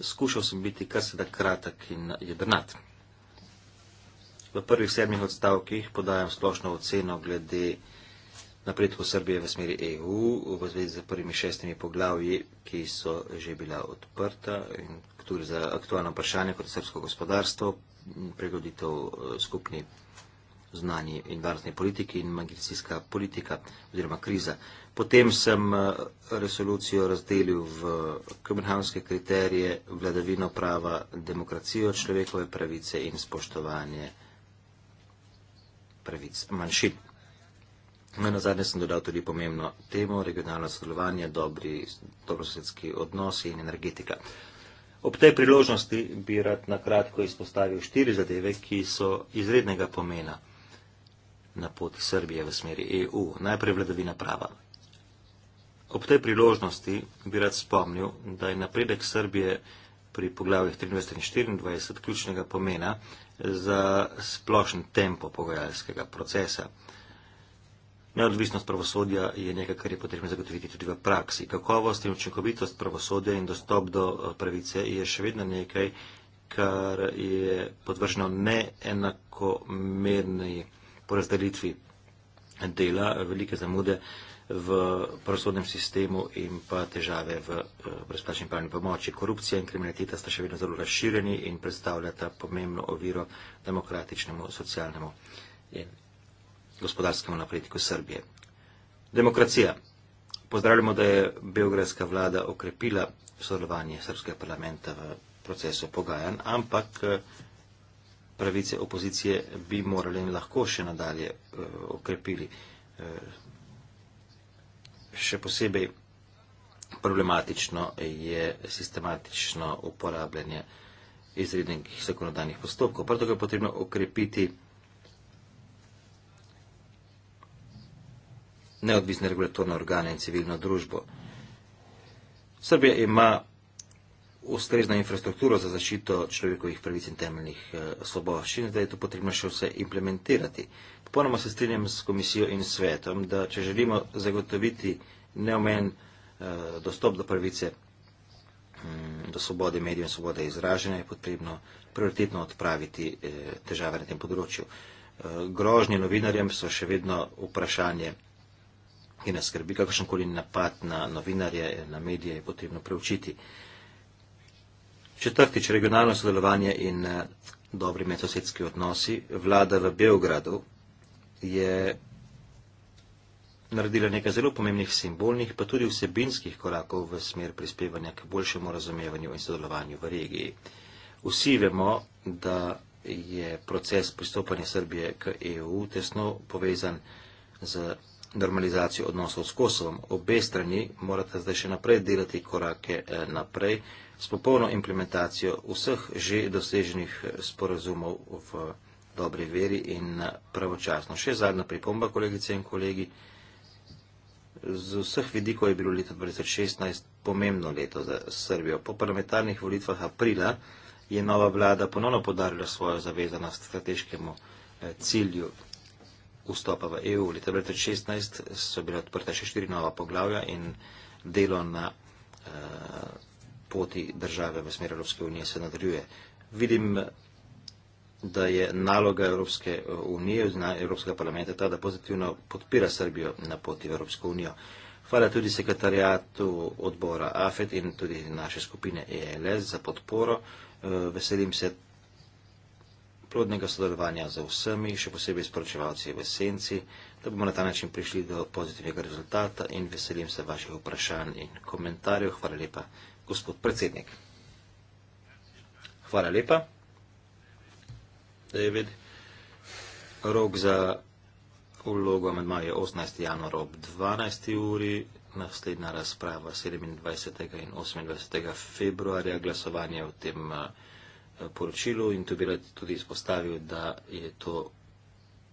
Skušal sem biti kar se da kratek in jedrnat. V prvih sedmih odstavkih podajam splošno oceno glede napredku Srbije v smeri EU, v zvezi z prvimi šestimi poglavji, ki so že bila odprta in tudi za aktualno vprašanje kot srbsko gospodarstvo, pregoditev eh, skupni znanji in varnostni politiki in magnificijska politika oziroma kriza. Potem sem eh, resolucijo razdelil v kopenhavnske kriterije vladavino prava, demokracijo, človekove pravice in spoštovanje pravic manjšin. Na zadnje sem dodal tudi pomembno temo regionalno sodelovanje, dobri dobrosedski odnosi in energetika. Ob tej priložnosti bi rad na kratko izpostavil štiri zadeve, ki so izrednega pomena na poti Srbije v smeri EU. Najprej vladavina prava. Ob tej priložnosti bi rad spomnil, da je napredek Srbije pri poglavjih 23 in 24 ključnega pomena za splošen tempo pogajalskega procesa. Neodvisnost pravosodja je nekaj, kar je potrebno zagotoviti tudi v praksi. Kakovost in učinkovitost pravosodja in dostop do eh, pravice je še vedno nekaj, kar je podvrženo neenakomernej porazdelitvi dela, velike zamude v pravosodnem sistemu in pa težave v eh, brezplačni pravni pomoči. Korupcija in kriminaliteta sta še vedno zelo razširjeni in predstavljata pomembno oviro demokratičnemu, socialnemu in gospodarskemu napredku Srbije. Demokracija. Pozdravljamo, da je belgradska vlada okrepila sodelovanje srpskega parlamenta v procesu pogajanj, ampak eh, pravice opozicije bi morali in lahko še nadalje eh, okrepili. Eh, še posebej problematično je sistematično uporabljanje izrednih zakonodajnih postopkov. Prav tako je potrebno okrepiti neodvisne regulatorne organe in civilno družbo. Srbija ima ustrezno infrastrukturo za zaščito človekovih pravic in temeljnih eh, svoboščin, da je to potrebno še vse implementirati. Popolnoma se strinjam s komisijo in svetom, da če želimo zagotoviti neomen eh, dostop do pravice, mm, do svobode medijev in svobode izražanja, je potrebno prioritetno odpraviti eh, težave na tem področju. Grožnje novinarjem so še vedno vprašanje ki nas skrbi, kakršenkoli napad na novinarje, na medije je potrebno preučiti. Četrtič, regionalno sodelovanje in eh, dobri medsosedski odnosi. Vlada v Beogradu je naredila nekaj zelo pomembnih simbolnih, pa tudi vsebinskih korakov v smer prispevanja k boljšemu razumevanju in sodelovanju v regiji. Vsi vemo, da je proces pristopanja Srbije k EU tesno povezan z normalizacijo odnosov s Kosovom. Obe strani morate zdaj še naprej delati korake eh, naprej s popolno implementacijo vseh že doseženih eh, sporazumov v dobri veri in eh, pravočasno. Še zadnja pripomba, kolegice in kolegi. Z vseh vidikov je bilo leto 2016 pomembno leto za Srbijo. Po parlamentarnih volitvah aprila je nova vlada ponovno podarila svojo zavezanost strateškemu cilju vstopa v EU. Leta 2016 so bila odprta še štiri nova poglavja in delo na uh, poti države v smer Evropske unije se nadaljuje. Vidim, da je naloga Evropske eh, unije oziroma Evropskega parlamenta ta, da pozitivno podpira Srbijo na poti v Evropsko unijo. Hvala tudi sekretarijatu odbora AFET in tudi naše skupine ELS za podporo. Eh, veselim se plodnega sodelovanja z vsemi, še posebej s poročevalci v esenci, da bomo na ta način prišli do pozitivnega rezultata in veselim se vaših vprašanj in komentarjev. Hvala lepa, gospod predsednik. Hvala lepa, David. Rok za vlogo amedmaja je 18. januar ob 12. uri, naslednja razprava 27. in 28. februarja, glasovanje o tem. Uh, poročilu in to bi rad tudi izpostavil, da je to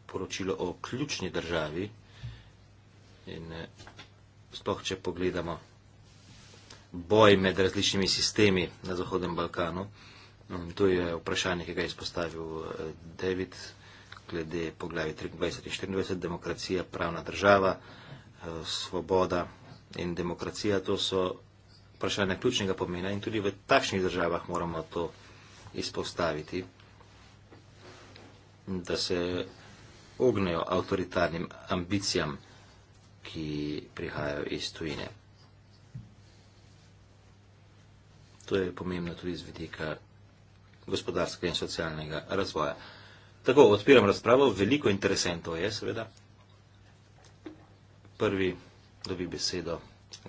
poročilo o ključni državi in eh, sploh, če pogledamo boj med različnimi sistemi na Zahodnem Balkanu, mm, to je vprašanje, ki ga je izpostavil eh, David glede poglavi 23 in 24, demokracija, pravna država, eh, svoboda in demokracija, to so vprašanja ključnega pomena in tudi v takšnih državah moramo to vprašanje izpostaviti, da se ognejo avtoritarnim ambicijam, ki prihajajo iz tujine. To je pomembno tudi z vidika gospodarskega in socialnega razvoja. Tako, odpiram razpravo, veliko interesentov je, seveda. Prvi dobi besedo,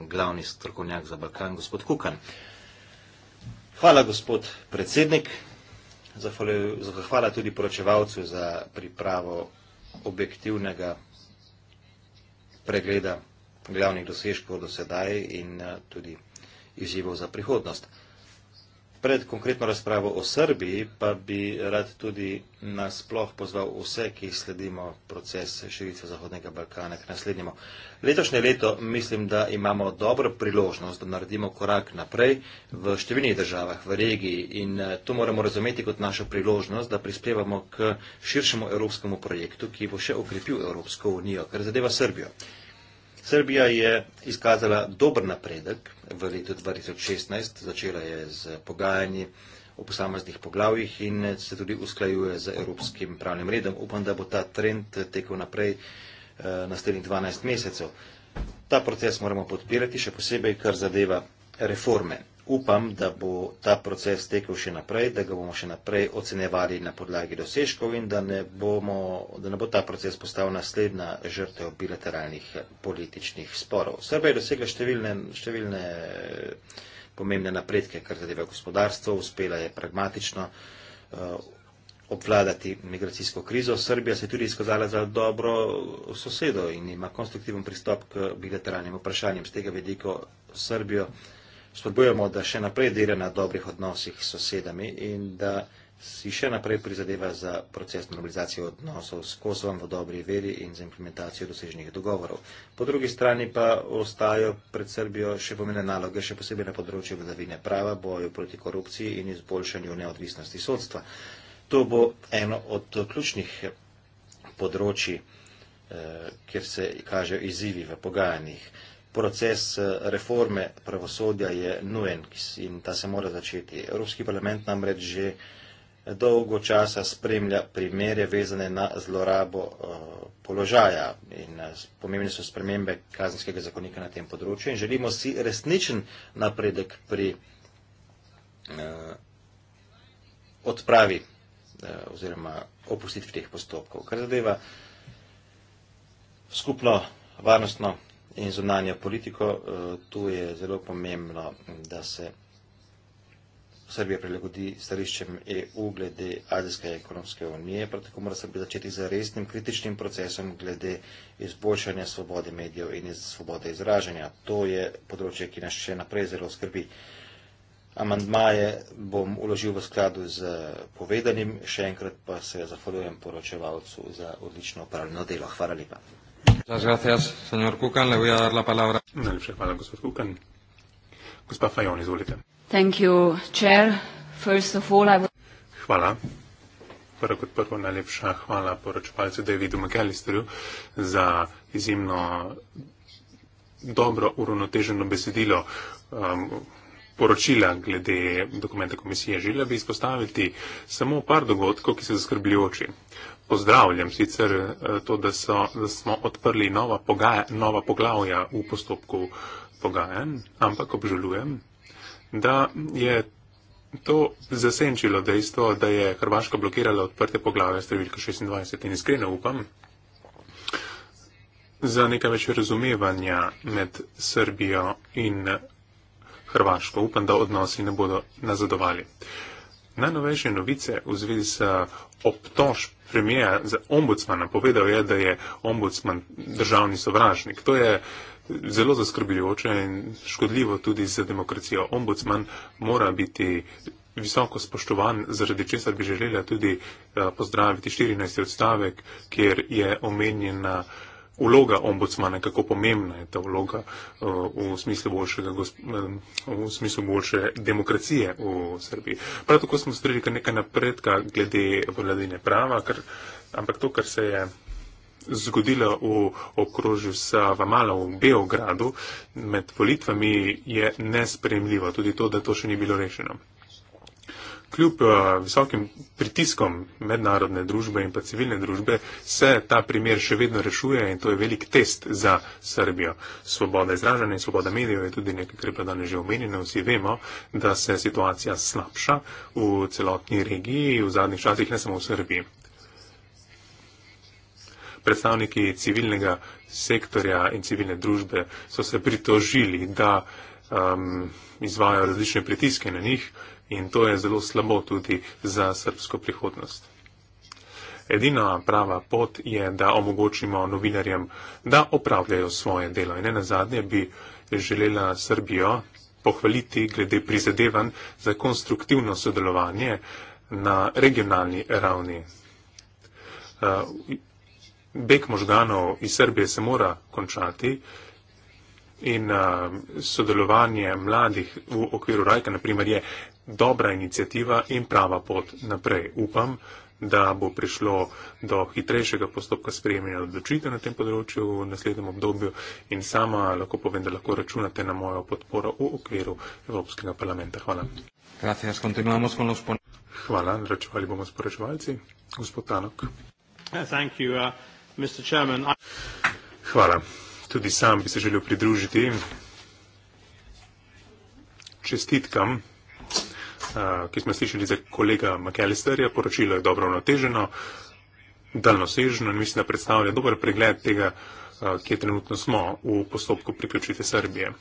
glavni strokovnjak za Balkan, gospod Kukan. Uh, Hvala, gospod predsednik. Hvala tudi poročevalcu za pripravo objektivnega pregleda glavnih dosežkov do sedaj in eh, tudi izzivov za prihodnost pred konkretno razpravo o Srbiji, pa bi rad tudi nasploh pozval vse, ki sledimo proces širitve Zahodnega Balkana, k naslednjemu. Letošnje leto mislim, da imamo dobro priložnost, da naredimo korak naprej v številnih državah, v regiji in eh, to moramo razumeti kot našo priložnost, da prispevamo k širšemu evropskemu projektu, ki bo še okrepil Evropsko unijo, kar zadeva Srbijo. Srbija je izkazala dober napredek v letu 2016, začela je z pogajanji o posameznih poglavjih in se tudi usklajuje z evropskim pravnim redom. Upam, da bo ta trend tekel naprej eh, naslednjih 12 mesecev. Ta proces moramo podpirati, še posebej, kar zadeva reforme. Upam, da bo ta proces tekel še naprej, da ga bomo še naprej ocenevali na podlagi dosežkov in da ne, bomo, da ne bo ta proces postal naslednja žrtev bilateralnih političnih sporov. Srbija je dosegla številne, številne eh, pomembne napredke, kar zadeva gospodarstvo, uspela je pragmatično eh, obvladati migracijsko krizo. Srbija se je tudi izkazala za dobro sosedo in ima konstruktiven pristop k bilateralnim vprašanjem. Z tega vidika Srbijo spodbujamo, da še naprej dela na dobrih odnosih s sosedami in da si še naprej prizadeva za proces normalizacije odnosov s Kosovom v dobri veri in za implementacijo dosežnih dogovorov. Po drugi strani pa ostajajo pred Srbijo še pomene naloge, še posebej na področju vladavine prava, boju proti korupciji in izboljšanju neodvisnosti sodstva. To bo eno od ključnih področji, eh, kjer se kažejo izzivi v pogajanjih proces eh, reforme pravosodja je nujen in ta se mora začeti. Evropski parlament namreč že dolgo časa spremlja primere vezane na zlorabo eh, položaja in eh, pomembne so spremembe kazenskega zakonika na tem področju in želimo si resničen napredek pri odpravi oziroma opustitvi teh postopkov. Kar zadeva skupno varnostno in zunanjo politiko. Eh, tu je zelo pomembno, da se Srbija prilagodi stališčem EU glede Azijske ekonomske unije, prav tako mora Srbija začeti z resnim kritičnim procesom glede izboljšanja svobode medijev in svobode izražanja. To je področje, ki nas še naprej zelo skrbi. Amandmaje bom uložil v skladu z povedanim, še enkrat pa se zahvaljujem poročevalcu za odlično upravljeno delo. Hvala lepa. Muchas gracias, señor Kukan. Le voy a dar la palabra. Najlepsza pana, gospod Kukan. Gospa Fajon, izvolite. Thank you, chair. First of all, I hvala. Prvo kot prvo, najlepša hvala poročevalcu Davidu McAllisterju za izjemno dobro uravnoteženo besedilo um, poročila glede dokumenta komisije. Želela bi izpostaviti samo par dogodkov, ki so zaskrbljujoči pozdravljam sicer eh, to, da, so, da smo odprli nova, pogaja, nova poglavja v postopku pogajanj, ampak obžalujem, da je to zasenčilo dejstvo, da je Hrvaška blokirala odprte poglavje številka 26 in iskreno upam za nekaj več razumevanja med Srbijo in Hrvaško. Upam, da odnosi ne bodo nazadovali. Najnovejše novice v zvezi s obtožb premijeja za ombudsmana povedal je, da je ombudsman državni sovražnik. To je zelo zaskrbljujoče in škodljivo tudi za demokracijo. Ombudsman mora biti visoko spoštovan, zaradi česar bi želela tudi eh, pozdraviti 14. odstavek, kjer je omenjena uh, vloga ombudsmana, kako pomembna je ta vloga eh, v smislu, eh, v smislu boljše demokracije v Srbiji. Prav tako smo storili kar nekaj napredka glede vladine prava, kar, ampak to, kar se je zgodilo v okrožju Savamala v Beogradu med volitvami, je nespremljivo. Tudi to, da to še ni bilo rešeno kljub eh, visokim pritiskom mednarodne družbe in pa civilne družbe, se ta primer še vedno rešuje in to je velik test za Srbijo. Svoboda izražanja in svoboda medijev je tudi nekaj, kar je danes že omenjeno. Vsi vemo, da se situacija slabša v celotni regiji, v zadnjih časih ne samo v Srbiji. Predstavniki civilnega sektorja in civilne družbe so se pritožili, da um, ehm, izvajo različne pritiske na njih, in to je zelo slabo tudi za srpsko prihodnost. Edina prava pot je, da omogočimo novinarjem, da opravljajo svoje delo. In ne na zadnje bi želela Srbijo pohvaliti glede prizadevanj za konstruktivno sodelovanje na regionalni ravni. Uh, beg možganov iz Srbije se mora končati in uh, sodelovanje mladih v okviru rajka, naprimer, je dobra inicijativa in prava pot naprej. Upam, da bo prišlo do hitrejšega postopka sprejemanja odločitev na tem področju v naslednjem obdobju in sama lahko povem, da lahko računate na mojo podporo v okviru Evropskega parlamenta. Hvala. Gracias, Hvala, naročevali bomo sporočevalci. Gospod Tanok. Uh, Hvala. Tudi sam bi se želel pridružiti čestitkam ki smo slišali za kolega McAllisterja, poročilo je dobro uravnoteženo, daljnosežno in mislim, da predstavlja dober pregled tega, kje trenutno smo v postopku priključitve Srbije.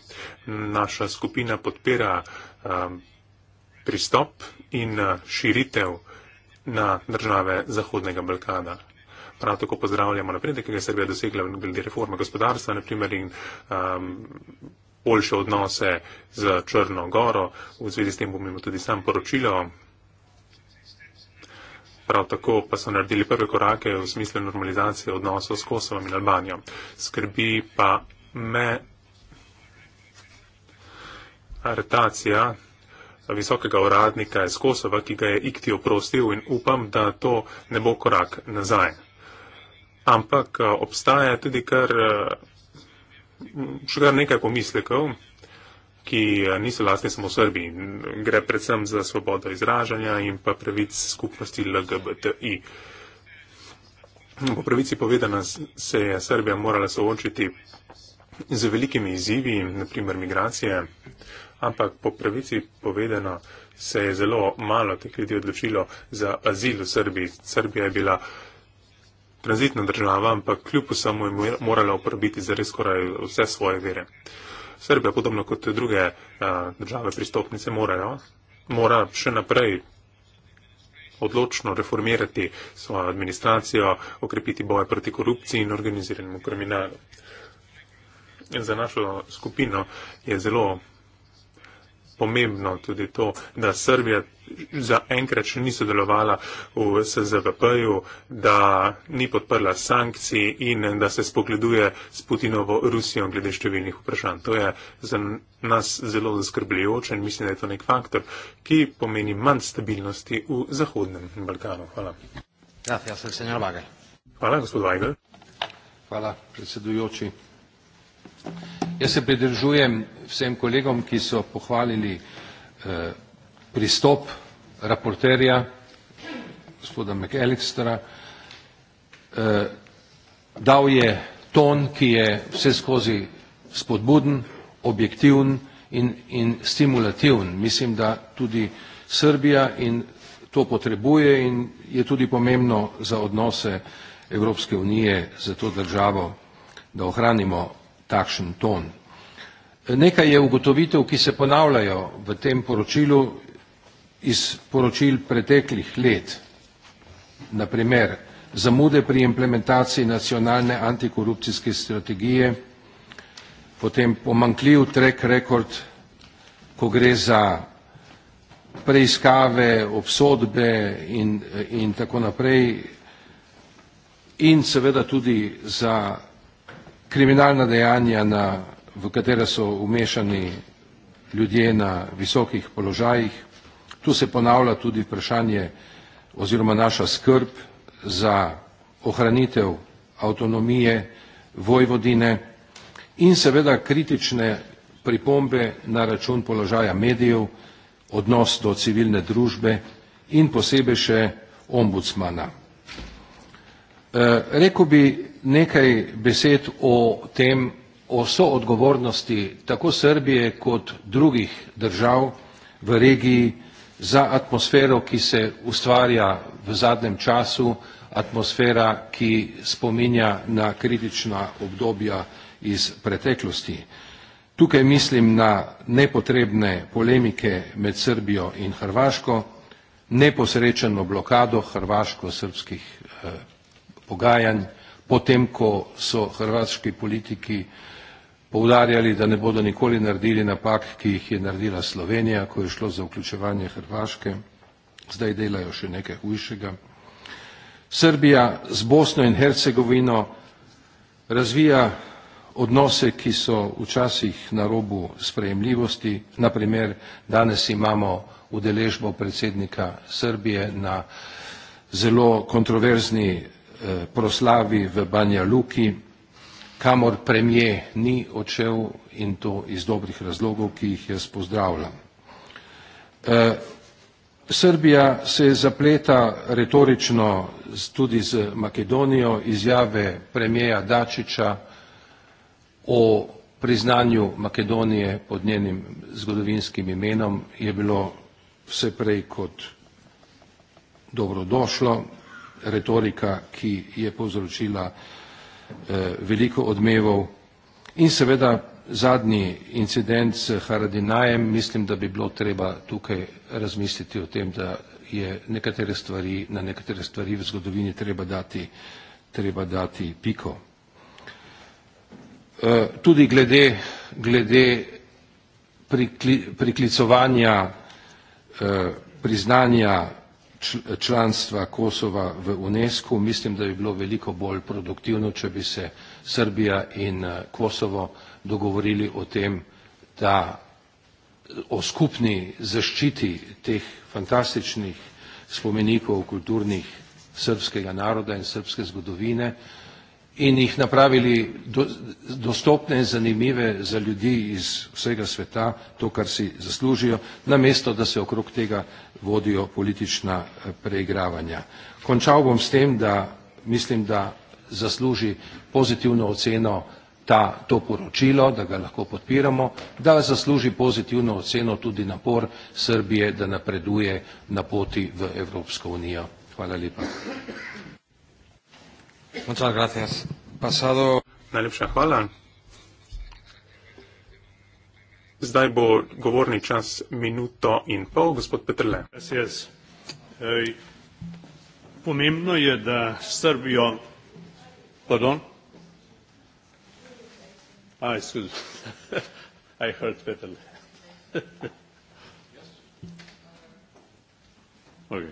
Naša skupina podpira pristop in širitev na države Zahodnega Balkana. Prav tako pozdravljamo napredek, ki ga je Srbija dosegla glede reforme gospodarstva, naprimer, in um, boljše odnose z Črno Goro. V zvezi s tem bom imel tudi sam poročilo. Prav tako pa so naredili prve korake v smislu normalizacije odnosov s Kosovom in Albanijo. Skrbi pa me aretacija visokega uradnika iz Kosova, ki ga je Ikti oprostil in upam, da to ne bo korak nazaj. Ampak eh, obstaja tudi kar eh, še kar nekaj pomislekov, ki eh, niso lastni samo Srbi. Gre predvsem za svobodo izražanja in pa pravic skupnosti LGBTI. Po pravici povedano se je Srbija morala soočiti z velikimi izzivi, naprimer migracije, ampak po pravici povedano se je zelo malo teh ljudi odločilo za azil v Srbiji. Srbija je bila uh, tranzitna država, ampak kljub vsemu je morala uporabiti zares skoraj vse svoje vere. Srbija, podobno kot druge eh, države pristopnice, morajo, mora še naprej odločno reformirati svojo administracijo, okrepiti boje proti korupciji in organiziranemu kriminalu. In za našo skupino je zelo pomembno tudi to, da Srbija zaenkrat še ni sodelovala v SZVP-ju, da ni podprla sankcij in da se spogleduje s Putinovo Rusijo glede številnih vprašanj. To je za nas zelo zaskrbljujoče in mislim, da je to nek faktor, ki pomeni manj stabilnosti v Zahodnem Balkanu. Hvala. Hvala, gospod Weigl. Hvala, predsedujoči. Jaz se pridržujem vsem kolegom, ki so pohvalili eh, pristop raporterja, gospoda McAllistera. Eh, dal je ton, ki je vse skozi spodbuden, objektivn in, in stimulativn. Mislim, da tudi Srbija in to potrebuje in je tudi pomembno za odnose Evropske unije za to državo, da ohranimo takšen ton. Nekaj je ugotovitev, ki se ponavljajo v tem poročilu iz poročil preteklih let, naprimer zamude pri implementaciji nacionalne antikorupcijske strategije, potem pomankljiv trek rekord, ko gre za preiskave, obsodbe in, in tako naprej in seveda tudi za kriminalna dejanja, na, v katera so umešani ljudje na visokih položajih. Tu se ponavlja tudi vprašanje oziroma naša skrb za ohranitev avtonomije Vojvodine in seveda kritične pripombe na račun položaja medijev, odnos do civilne družbe in posebej še ombudsmana. E, rekel bi, nekaj besed o tem, o soodgovornosti tako Srbije kot drugih držav v regiji za atmosfero, ki se ustvarja v zadnjem času, atmosfera, ki spominja na kritična obdobja iz preteklosti. Tukaj mislim na nepotrebne polemike med Srbijo in Hrvaško, neposrečeno blokado hrvaško-srpskih eh, pogajanj, potem ko so hrvatski politiki poudarjali, da ne bodo nikoli naredili napak, ki jih je naredila Slovenija, ko je šlo za vključevanje Hrvaške, zdaj delajo še nekaj hujšega. Srbija z Bosno in Hercegovino razvija odnose, ki so včasih na robu sprejemljivosti, naprimer danes imamo udeležbo predsednika Srbije na zelo kontroverzni Eh, proslavi v Banja Luki, kamor premije ni odšel in to iz dobrih razlogov, ki jih jaz pozdravljam. Eh, Srbija se zapleta retorično tudi z Makedonijo izjave premijeja Dačiča o priznanju Makedonije pod njenim zgodovinskim imenom je bilo vse prej kot dobrodošlo, retorika, ki je povzročila eh, veliko odmevov. In seveda zadnji incident s Haradinajem, mislim, da bi bilo treba tukaj razmisliti o tem, da je nekatere stvari, na nekatere stvari v zgodovini treba dati, treba dati piko. Eh, tudi glede, glede prikli, priklicovanja eh, priznanja članstva Kosova v UNESCO, mislim, da bi bilo veliko bolj produktivno, če bi se Srbija in eh, Kosovo dogovorili o tem, da eh, o skupni zaščiti teh fantastičnih spomenikov kulturnih srpskega naroda in srpske zgodovine in jih napravili do, dostopne in zanimive za ljudi iz vsega sveta, to, kar si zaslužijo, namesto da se okrog tega vodijo politična eh, preigravanja. Končal bom s tem, da mislim, da zasluži pozitivno oceno ta, to poročilo, da ga lahko podpiramo, da zasluži pozitivno oceno tudi napor Srbije, da napreduje na poti v Evropsko unijo. Hvala lepa. Muchas gracias. Pasado. Najlepša hvala. Zdaj bo govorni čas minuto in pol, gospod Petrle. Yes, yes. E, pomembno je, da Srbijo, pardon, aj, skuz, aj, hrt Petrle. okay.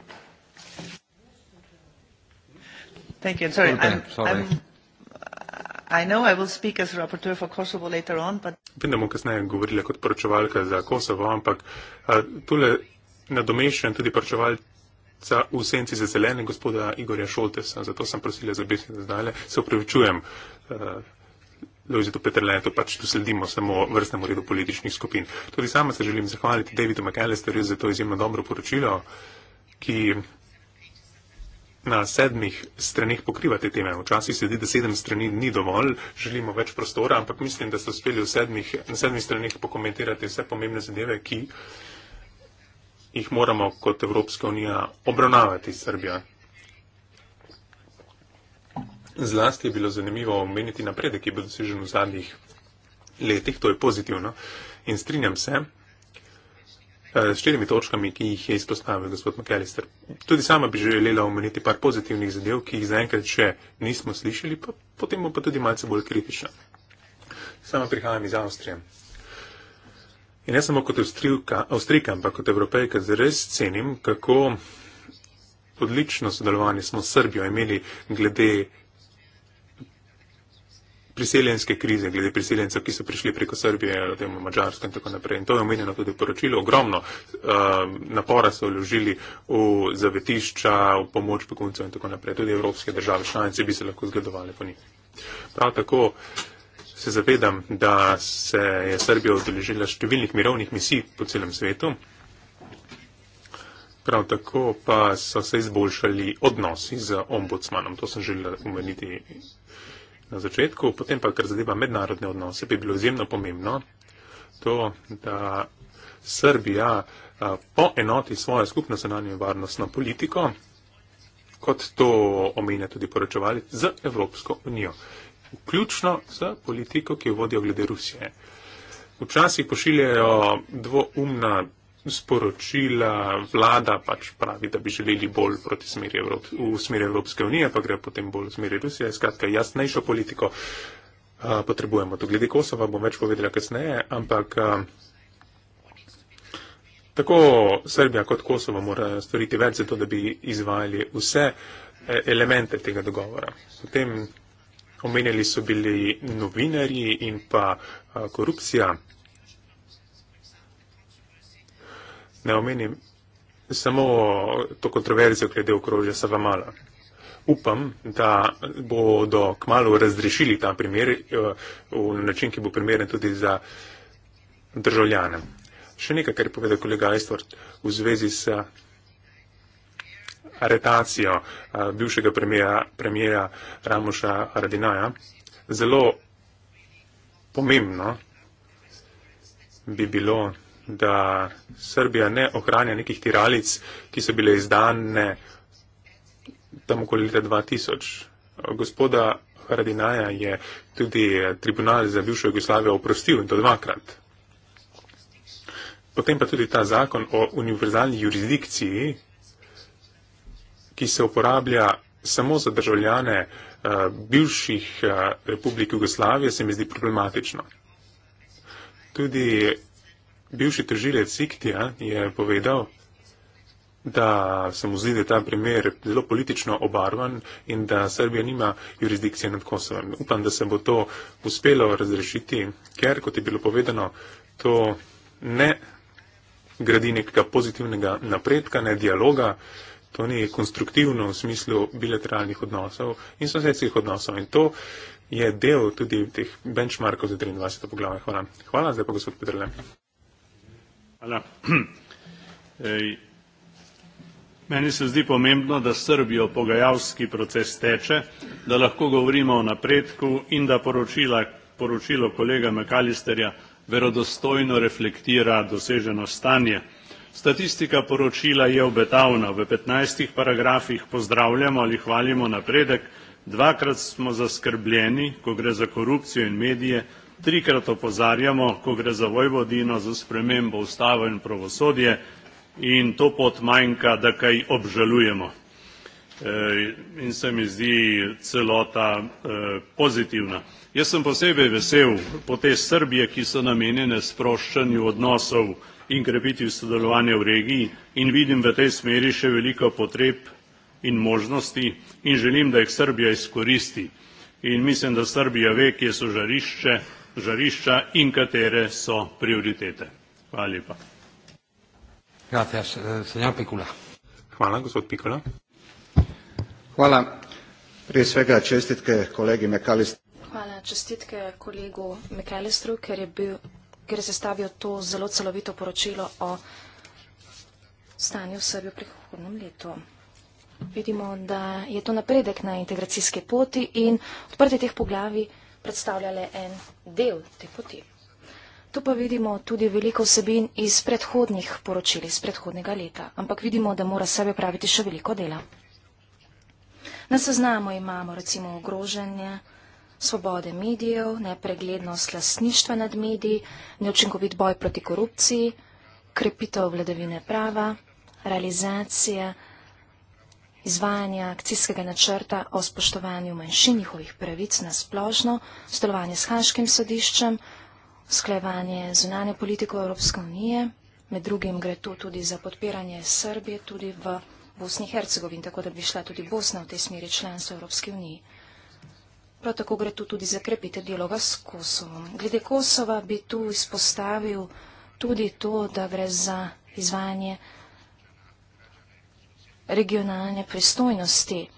Thank you. Sorry. Ruben, sorry. I know I will speak as rapporteur for Kosovo later on, but... Vem, da bom kasneje govorila kot poročevalka za Kosovo, ampak a, tole nadomešam tudi poročevalca v senci za zelene gospoda Igorja Šoltesa, zato sem prosila za besedne zdale. Se upravičujem, Lojzito Petrlene, to pač dosledimo samo vrstnemu redu političnih skupin. Tudi sama se želim zahvaliti Davidu McAllisterju za to izjemno dobro poročilo, ki na sedmih stranih pokriva te teme. Včasih se zdi, da sedem strani ni dovolj, želimo več prostora, ampak mislim, da ste uspeli sedmih, na sedmih stranih pokomentirati vse pomembne zadeve, ki jih moramo kot Evropska unija obravnavati, Srbija. Zlasti je bilo zanimivo omeniti napredek, ki je bil dosežen v zadnjih letih, to je pozitivno in strinjam se, Eh, s štirimi točkami, ki jih je izpostavil gospod McAllister. Tudi sama bi želela omeniti par pozitivnih zadev, ki jih zaenkrat še nismo slišali, pa potem bom pa tudi malce bolj kritična. Sama prihajam iz Avstrije. In ne samo kot Avstrijka, ampak kot Evropejka zares cenim, kako odlično sodelovanje smo s Srbijo imeli glede priseljenske krize, glede priseljencev, ki so prišli preko Srbije, temo Mačarske in tako naprej. In to je omenjeno tudi v poročilu. Ogromno um, napora so vložili v zavetišča, v pomoč beguncev in tako naprej. Tudi evropske države članice bi se lahko zgledovali po njih. Prav tako se zavedam, da se je Srbija odeležila številnih mirovnih misij po celem svetu. Prav tako pa so se izboljšali odnosi z ombudsmanom. To sem želela omeniti na začetku, potem pa, kar zadeva mednarodne odnose, bi bilo izjemno pomembno to, da Srbija poenoti svojo skupno zunanjo in varnostno politiko, kot to omenja tudi poročevalec, z Evropsko unijo. Vključno z politiko, ki jo vodijo glede Rusije. Včasih pošiljajo dvoumna sporočila, vlada pač pravi, da bi želeli bolj proti smeri Evrop, v smeri Evropske unije, pa gre potem bolj v smeri Rusije. Skratka, jasnejšo politiko a, potrebujemo. To glede Kosova bom več povedala kasneje, ampak a, tako Srbija kot Kosovo mora storiti več za to, da bi izvajali vse e, elemente tega dogovora. Potem omenjali so bili novinarji in pa a, korupcija. ne omenim samo to kontroverzijo glede okrožja Savamala. Upam, da bodo kmalo razrešili ta primer eh, v način, ki bo primeren tudi za državljane. Še nekaj, kar je povedal kolega Ajstvart v zvezi s aretacijo eh, bivšega premijera, premijera Ramoša Radinaja. Zelo pomembno bi bilo da Srbija ne ohranja nekih tiralic, ki so bile izdane tam okoli leta 2000. Gospoda Haradinaja je tudi tribunal za bivšo Jugoslavijo oprostil in to dvakrat. Potem pa tudi ta zakon o univerzalni jurisdikciji, ki se uporablja samo za državljane uh, bivših uh, republik Jugoslavije, se mi zdi problematično. Tudi bivši tržilec Siktija je povedal, da se mu zdi, da je ta primer zelo politično obarvan in da Srbija nima jurisdikcije nad Kosovem. Upam, da se bo to uspelo razrešiti, ker, kot je bilo povedano, to ne gradi nekega pozitivnega napredka, ne dialoga, to ni konstruktivno v smislu bilateralnih odnosov in sosedskih odnosov. In to je del tudi teh benchmarkov za 23. poglavje. Hvala. Hvala, zdaj pa gospod Petrle. Hvala. (clears throat) Meni se zdi pomembno, da s Srbijo pogajalski proces teče, da lahko govorimo o napredku in da poročila, poročilo kolega Mekalisterja verodostojno reflektira doseženo stanje. Statistika poročila je obetavna. V 15 paragrafih pozdravljamo ali hvalimo napredek, dvakrat smo zaskrbljeni, ko gre za korupcijo in medije, trikrat opozarjamo, ko gre za Vojvodino, za spremembo ustave in pravosodje in to pot manjka, da kaj obžalujemo. E, in se mi zdi celota e, pozitivna. Jaz sem posebej vesel po te Srbije, ki so namenjene sproščanju odnosov in krepitvi sodelovanja v regiji in vidim v tej smeri še veliko potreb in možnosti in želim, da jih Srbija izkoristi. In mislim, da Srbija ve, kje so žarišče žarišča in katere so prioritete. Hvala lepa. Eh, Hvala, gospod Pikola. Hvala. Prije svega čestitke kolegi Mekalistru. Hvala, čestitke kolegu Mekalistru, ker je bil, ker je sestavil to zelo celovito poročilo o stanju v Srbiji v prihodnem letu. Vidimo, da je to napredek na integracijske poti in odprti teh poglavi predstavljale en del te poti. Tu pa vidimo tudi veliko vsebin iz predhodnih poročil, iz predhodnega leta, ampak vidimo, da mora sebe praviti še veliko dela. Na seznamu imamo recimo ogroženje svobode medijev, nepreglednost lasništva nad mediji, neučinkovit boj proti korupciji, krepitev vladavine prava, realizacije, izvajanja akcijskega načrta o spoštovanju manjšinjihovih pravic na splošno, sodelovanje s Haškim sodiščem, sklevanje zunanje politiko Evropske unije, med drugim gre tu tudi za podpiranje Srbije tudi v Bosni in Hercegovini, tako da bi šla tudi Bosna v tej smeri članstva Evropske unije. Prav tako gre tu tudi za krepite dialoga s Kosovom. Glede Kosova bi tu izpostavil tudi to, da gre za izvajanje regionalne pristojnosti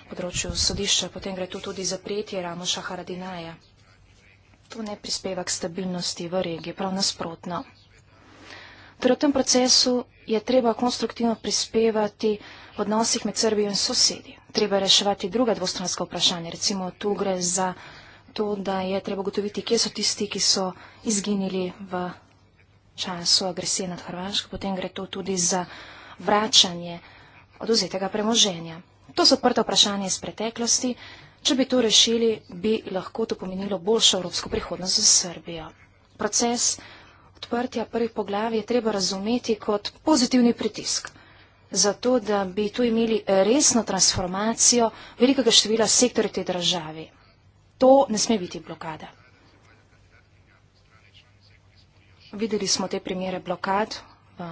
v področju sodišča, potem gre tu tudi za prijetje Ramoša Haradinaja. To ne prispeva k stabilnosti v regiji, prav nasprotno. Torej v tem procesu je treba konstruktivno prispevati v odnosih med Srbijo in sosedi. Treba reševati druga dvostranska vprašanja. Recimo tu gre za to, da je treba gotoviti, kje so tisti, ki so izginili v času agresije nad Hrvaško. Potem gre to tudi za vračanje Hrvaško oduzetega premoženja. To so odprta vprašanja iz preteklosti. Če bi to rešili, bi lahko to pomenilo boljšo evropsko prihodnost za Srbijo. Proces odprtja prvih poglavij je treba razumeti kot pozitivni pritisk. Zato, da bi tu imeli resno transformacijo velikega števila sektorja te državi. To ne sme biti blokada. Videli smo te primere blokad v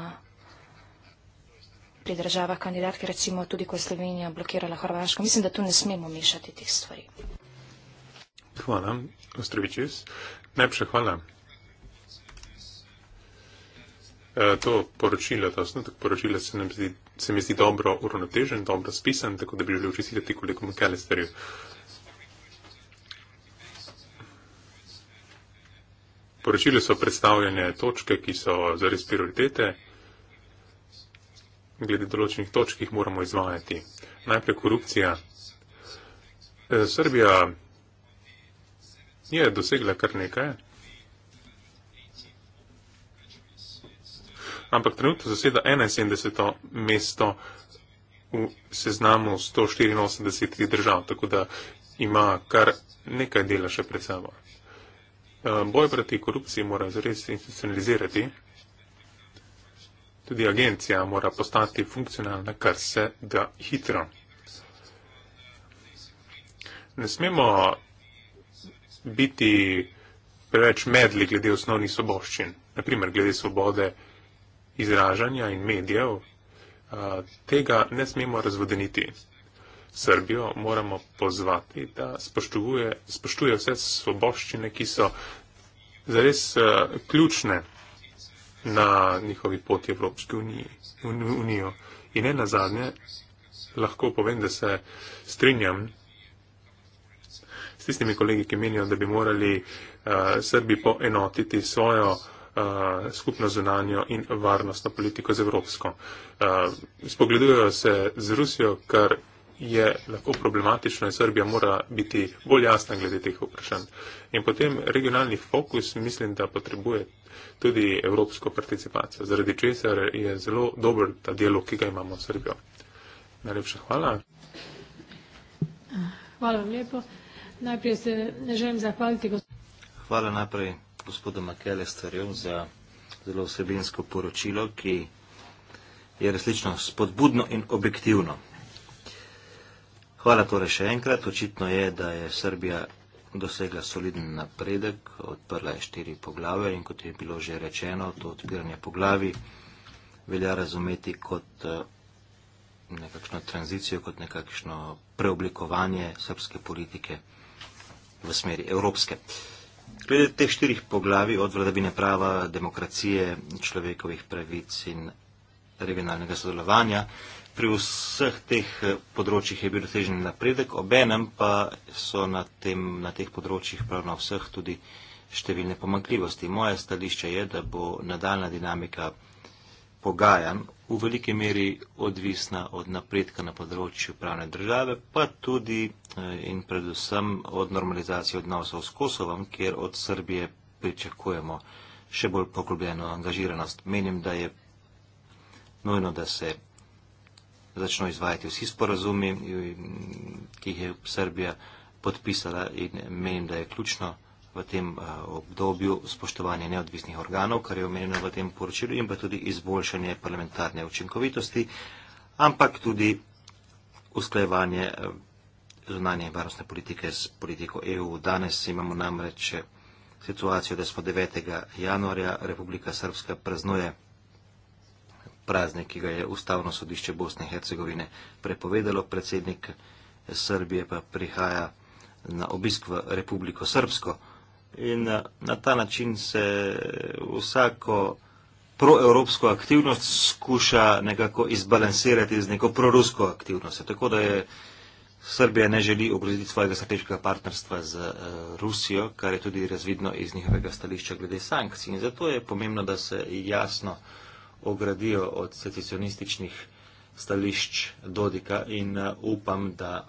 pri državah kandidatki, recimo tudi ko je Slovenija blokirala Hrvaško. Mislim, da tu ne smemo mešati teh stvari. Hvala, Ostrovičis. Najprej hvala. E, to poročilo, to osnutek poročila se, zdi, se mi zdi dobro uravnotežen, dobro spisan, tako da bi želel čestitati kolegom Kalesterju. Poročili so predstavljene točke, ki so zares prioritete glede določenih točk, ki jih moramo izvajati. Najprej korupcija. E, Srbija je dosegla kar nekaj, ampak trenutno zaseda 71. mesto v seznamu 184 držav, tako da ima kar nekaj dela še pred sabo. E, boj proti korupciji mora zares institucionalizirati. Tudi agencija mora postati funkcionalna, kar se da hitro. Ne smemo biti preveč medli glede osnovnih soboščin, naprimer glede svobode izražanja in medijev. Tega ne smemo razvodeniti. Srbijo moramo pozvati, da spoštuje, spoštuje vse svoboščine, ki so zares ključne na njihovi poti Evropske unije, unijo. In ne na zadnje, lahko povem, da se strinjam s tistimi kolegi, ki menijo, da bi morali uh, Srbi poenotiti svojo uh, skupno zunanjo in varnostno politiko z Evropsko. Uh, spogledujejo se z Rusijo, ker je lahko problematično in Srbija mora biti bolj jasna glede teh vprašanj. In potem regionalni fokus mislim, da potrebuje tudi evropsko participacijo, zaradi česar je zelo dober ta dialog, ki ga imamo s Srbijo. Najlepša hvala. Hvala vam lepo. Najprej se ne želim zahvaliti. Hvala najprej gospodu Makele Starjo za zelo vsebinsko poročilo, ki je resnično spodbudno in objektivno. Hvala torej še enkrat. Očitno je, da je Srbija dosegla soliden napredek, odprla je štiri poglave in kot je bilo že rečeno, to odpiranje poglavi velja razumeti kot eh, nekakšno tranzicijo, kot nekakšno preoblikovanje srpske politike v smeri evropske. Glede teh štirih poglavi od vladavine prava, demokracije, človekovih pravic in regionalnega sodelovanja, pri vseh teh eh, področjih je bil dosežen napredek, obenem pa so na, tem, na teh področjih prav na vseh tudi številne pomakljivosti. Moje stališče je, da bo nadaljna dinamika pogajan v veliki meri odvisna od napredka na področju pravne države, pa tudi eh, in predvsem od normalizacije odnosov s Kosovom, kjer od Srbije pričakujemo še bolj poglobljeno angažiranost. Menim, da je nujno, da se začno izvajati vsi sporazumi, ki jih je Srbija podpisala in menim, da je ključno v tem eh, obdobju spoštovanje neodvisnih organov, kar je omenjeno v tem poročilu in pa tudi izboljšanje parlamentarne učinkovitosti, ampak tudi usklajevanje eh, zunanje in varnostne politike s politiko EU. Danes imamo namreč situacijo, da smo 9. januarja Republika Srpska praznuje praznik, ki ga je ustavno sodišče Bosne in Hercegovine prepovedalo. Predsednik Srbije pa prihaja na obisk v Republiko Srbsko. In eh, na ta način se vsako proevropsko aktivnost skuša nekako izbalansirati z neko prorusko aktivnostjo. Tako da je Srbija ne želi ogroziti svojega strateškega partnerstva z eh, Rusijo, kar je tudi razvidno iz njihovega stališča glede sankcij. In zato je pomembno, da se jasno uh, ogradijo od secesionističnih stališč Dodika in eh, upam, da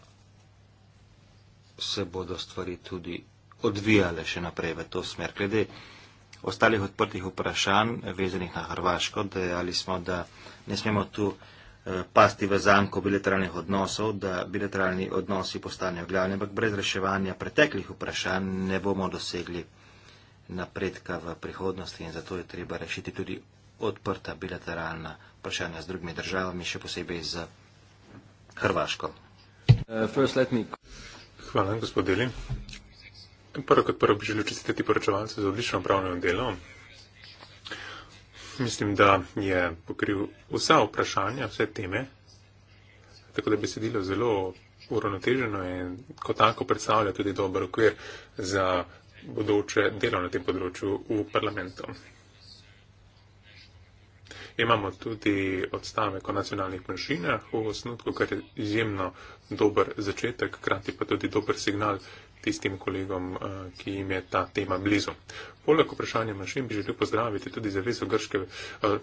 se bodo stvari tudi odvijale še naprej v to smer. Glede ostalih odprtih vprašanj vezanih na Hrvaško, dejali smo, da ne smemo tu eh, pasti v zanko bilateralnih odnosov, da bilateralni odnosi postanejo glavni, ampak brez reševanja preteklih vprašanj ne bomo dosegli napredka v prihodnosti in zato je treba rešiti tudi odprta bilateralna vprašanja z drugimi državami, še posebej z Hrvaško. Uh, Hvala, gospod Deli. Prvo kot prvo bi želel čestiteti poročevalce za odlično upravljeno delo. Mislim, da je pokril vsa vprašanja, vse teme, tako da bi sedilo zelo uravnoteženo in kot tako predstavlja tudi dober okvir za bodoče delo na tem področju v parlamentu. Imamo tudi odstavek o nacionalnih manjšinah v osnutku, kar je izjemno dober začetek, krati pa tudi dober signal tistim kolegom, eh, ki jim je ta tema blizu. Poleg vprašanja manjšin bi želel pozdraviti tudi zavezo grške, eh,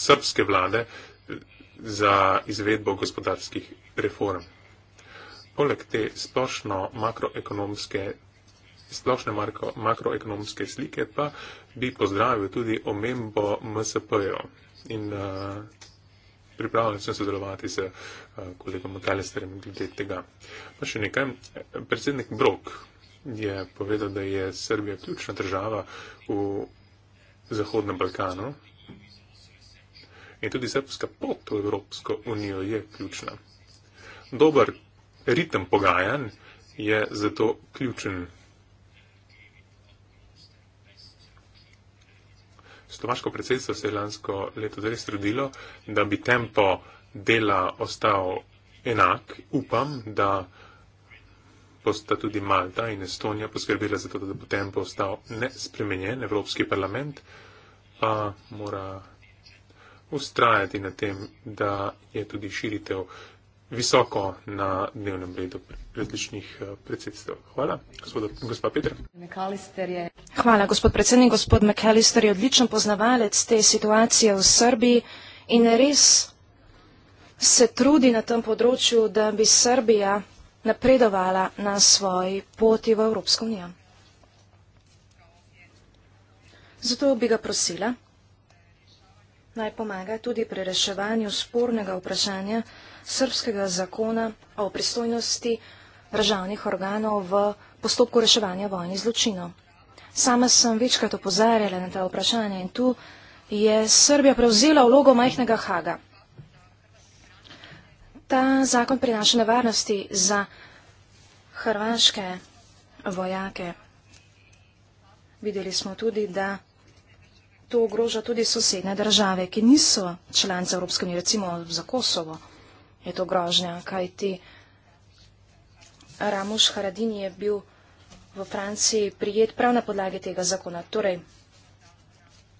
srpske vlade eh, za izvedbo gospodarskih reform. Poleg te splošno makroekonomske, splošne makro, makroekonomske slike pa bi pozdravil tudi omembo MSP-jo, in uh, pripravljen sem sodelovati s uh, kolegom Mokalesterjem glede tega. Pa še nekaj, predsednik Brok je povedal, da je Srbija ključna država v Zahodnem Balkanu in tudi srpska pot v Evropsko unijo je ključna. Dober ritem pogajanj je zato ključen. slovaško predsedstvo se je lansko leto zares trudilo, da bi tempo dela ostal enak. Upam, da posta tudi Malta in Estonija poskrbela za to, da bo tempo ostal nespremenjen. Evropski parlament pa mora ustrajati na tem, da je tudi širitev visoko na dnevnem redu različnih eh, predsedstv. Hvala, gospod, gospod Petr. Hvala, gospod predsednik. Gospod McAllister je odličen poznavalec te situacije v Srbiji in res se trudi na tem področju, da bi Srbija napredovala na svoji poti v Evropsko unijo. Zato bi ga prosila, naj pomaga tudi pri reševanju spornega vprašanja, srpskega zakona o pristojnosti državnih organov v postopku reševanja vojnih zločinov. Sama sem večkrat opozarjala na ta vprašanje in tu je Srbija prevzela vlogo majhnega haga. Ta zakon prinaša nevarnosti za hrvaške vojake. Videli smo tudi, da to ogroža tudi sosedne države, ki niso članice Evropske unije, recimo za Kosovo je to grožnja, kaj ti Ramuš Haradini je bil v Franciji prijet prav na podlagi tega zakona. Torej,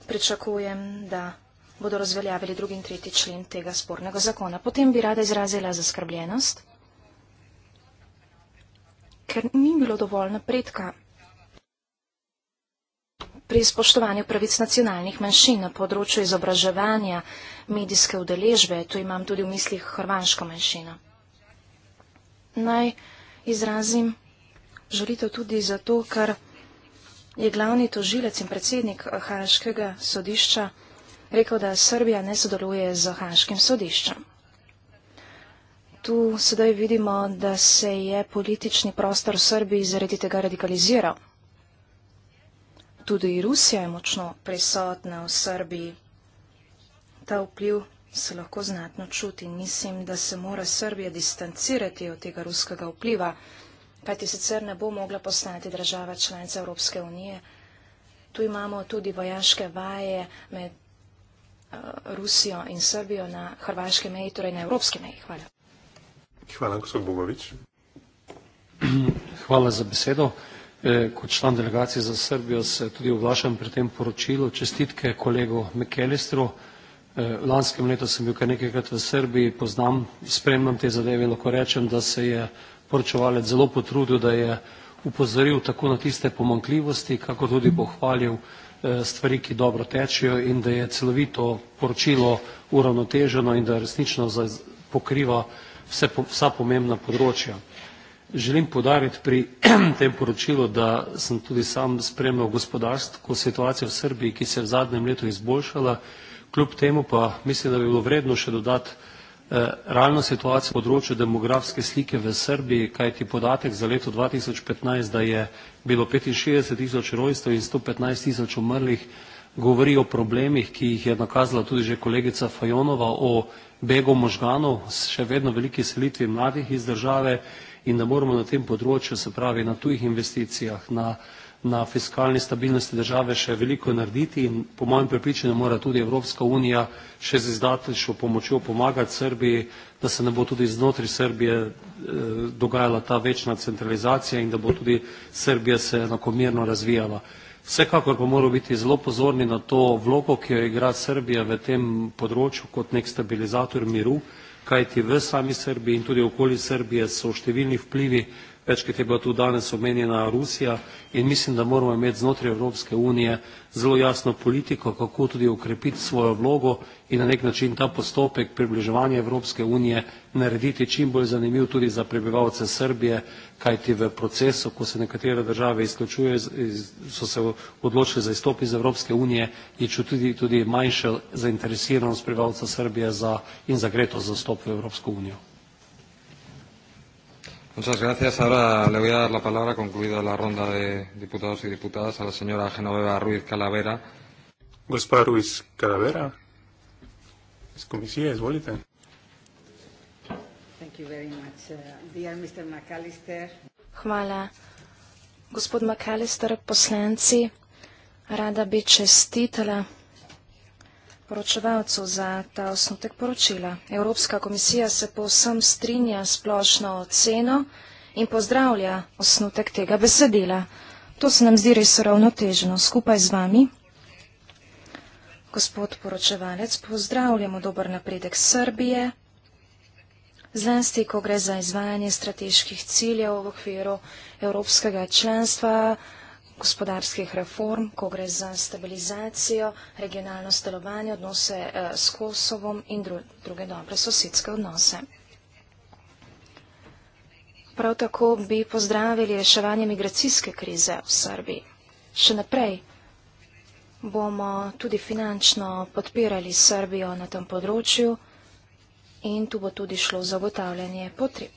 pričakujem, da bodo razveljavili drugi in tretji člen tega spornega zakona. Potem bi rada izrazila zaskrbljenost, ker ni bilo dovolj napredka pri spoštovanju pravic nacionalnih manjšin na področju izobraževanja, medijske udeležbe, tu imam tudi v mislih hrvaško manjšino. Naj izrazim želitev tudi zato, ker je glavni tožilec in predsednik Haškega sodišča rekel, da Srbija ne sodeluje z Haškim sodiščem. Tu sedaj vidimo, da se je politični prostor v Srbiji zaradi tega radikaliziral. Tudi Rusija je močno prisotna v Srbiji. Ta vpliv se lahko znatno čuti. Mislim, da se mora Srbija distancirati od tega ruskega vpliva, kajti sicer ne bo mogla postati država članica Evropske unije. Tu imamo tudi vojaške vaje med eh, Rusijo in Srbijo na hrvaški meji, torej na evropski meji. Hvala. Hvala, gospod Bogovič. (clears throat) Hvala za besedo. E, kot član delegacije za Srbijo se tudi oglašam pri tem poročilu. Čestitke kolegu Mekelistru. E, lanskem letu sem bil kar nekajkrat v Srbiji, poznam, spremljam te zadeve in lahko rečem, da se je poročevalec zelo potrudil, da je upozoril tako na tiste pomankljivosti, kako tudi pohvalil e, stvari, ki dobro tečejo in da je celovito poročilo uravnoteženo in da resnično pokriva vsa pomembna področja. Želim podariti pri (clears throat) tem poročilu, da sem tudi sam spremljal gospodarstvo situacijo v Srbiji, ki se je v zadnjem letu izboljšala, kljub temu pa mislim, da bi bilo vredno še dodati eh, realno situacijo na področju demografske slike v Srbiji, kajti podatek za leto 2015, da je bilo 65 tisoč rojstev in 115 tisoč umrlih, govori o problemih, ki jih je nakazala tudi že kolegica Fajonova, o begu možganov, še vedno veliki selitvi mladih iz države, in da moramo na tem področju, se pravi na tujih investicijah, na, na fiskalni stabilnosti države še veliko narediti in po mojem prepričanju mora tudi Evropska unija še z izdatnejšo pomočjo pomagati Srbiji, da se ne bo tudi znotraj Srbije eh, dogajala ta večna centralizacija in da bo tudi Srbija se enakomerno razvijala. Vsekakor pa moramo biti zelo pozorni na to vlogo, ki jo igra Srbija v tem področju kot nek stabilizator miru, kajti v sami srbiji in tudi okoli srbije so številni vplivi večkrat je bila tu danes omenjena Rusija in mislim, da moramo imeti znotraj Evropske unije zelo jasno politiko, kako tudi ukrepiti svojo vlogo in na nek način ta postopek približevanja Evropske unije narediti čim bolj zanimiv tudi za prebivalce Srbije, kajti v procesu, ko se nekatere države izključuje, so se odločili za izstop iz Evropske unije, je čutiti tudi manjša zainteresiranost prebivalca Srbije za, in zagreto za izstop v Evropsko unijo. Muchas gracias. Ahora le voy a dar la palabra, concluida la ronda de diputados y diputadas, a la señora Genoveva Ruiz Calavera. Gospa Ruiz Calavera. Es como si es, bolita. Thank you very much. Uh, dear Mr. McAllister. Hvala. Gospod McAllister, poslanci, rada bi čestitela poročevalcu za ta osnutek poročila. Evropska komisija se povsem strinja splošno oceno in pozdravlja osnutek tega besedila. To se nam zdi res ravnotežno. Skupaj z vami, gospod poročevalec, pozdravljamo dober napredek Srbije, zlasti, ko gre za izvajanje strateških ciljev v okviru evropskega članstva, gospodarskih reform, ko gre za stabilizacijo, regionalno stelovanje, odnose eh, s Kosovom in druge dobre sosedske odnose. Prav tako bi pozdravili reševanje migracijske krize v Srbiji. Še naprej bomo tudi finančno podpirali Srbijo na tem področju in tu bo tudi šlo zagotavljanje potreb.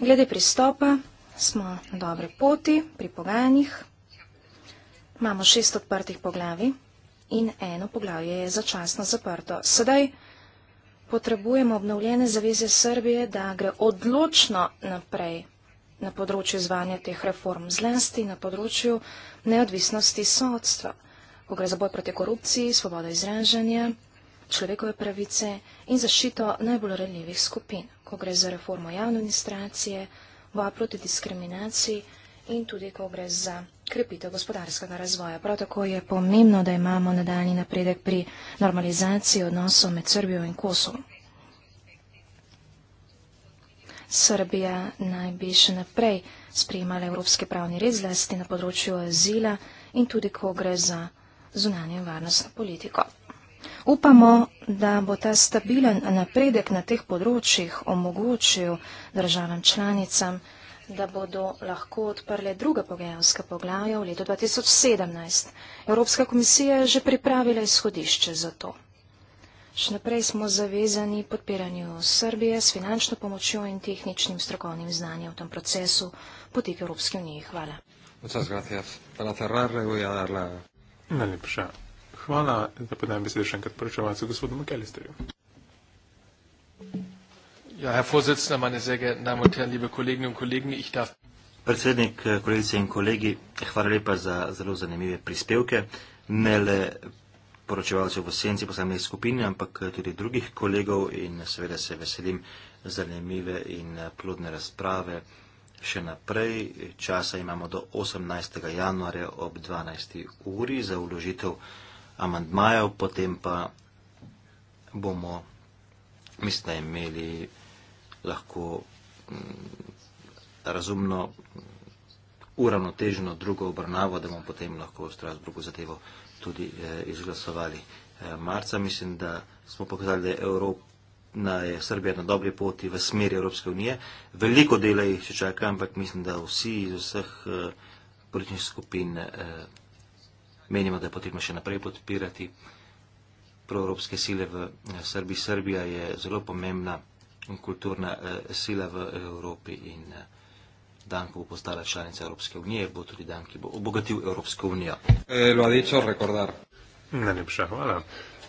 Glede pristopa smo na dobre poti pri pogajanjih. Imamo šest odprtih poglavi in eno poglavje je začasno zaprto. Sedaj potrebujemo obnovljene zaveze Srbije, da gre odločno naprej na področju izvanja teh reform zlasti, na področju neodvisnosti sodstva, ko gre za boj proti korupciji, svobodo izraženja, človekove pravice in zašito najbolj reljivih skupin, ko gre za reformo javne administracije, boja proti diskriminaciji in tudi ko gre za reformo krepitev gospodarskega razvoja. Prav tako je pomembno, da imamo nadaljni napredek pri normalizaciji odnosov med Srbijo in Kosovo. Srbija naj bi še naprej sprejemala evropski pravni red zlasti na področju azila in tudi, ko gre za zunanje varnostno politiko. Upamo, da bo ta stabilen napredek na teh področjih omogočil državam članicam, da bodo lahko odprle druga pogajalska poglavja v letu 2017. Evropska komisija je že pripravila izhodišče za to. Še naprej smo zavezani podpiranju Srbije s finančno pomočjo in tehničnim strokovnim znanjem v tem procesu poti k Evropski uniji. Hvala. Najlepša. Hvala, da podajam besedo še enkrat poročevalcu gospodu Makelisterju. Thank you. Ja, Herr Vorsitzender, meine sehr geehrten Damen und Herren, liebe Kolleginnen und Kollegen, ich darf. Predsednik, eh, kolegice in kolegi, hvala lepa za zelo zanimive prispevke, ne le poročevalcev v senci posamezne skupine, ampak eh, tudi drugih kolegov in seveda se veselim zanimive in eh, plodne razprave še naprej. Časa imamo do 18. januarja ob 12. uri za uložitev amandmajev, potem pa bomo, mislim, imeli lahko mm, razumno, uravnoteženo drugo obravnavo, da bomo potem lahko v Strasburgu zadevo tudi eh, izglasovali. Eh, marca mislim, da smo pokazali, da je Evropa. Na je Srbija na dobri poti v smeri Evropske unije. Veliko dela jih še čaka, ampak mislim, da vsi iz vseh eh, političnih skupin eh, menimo, da je potrebno še naprej podpirati proevropske sile v eh, Srbiji. Srbija je zelo pomembna kulturna eh, sila v Evropi in eh, dan, ko bo postala članica Evropske unije, bo tudi dan, ki bo obogatil Evropsko unijo. Eh, Lodičo, rekordar. Najlepša hvala.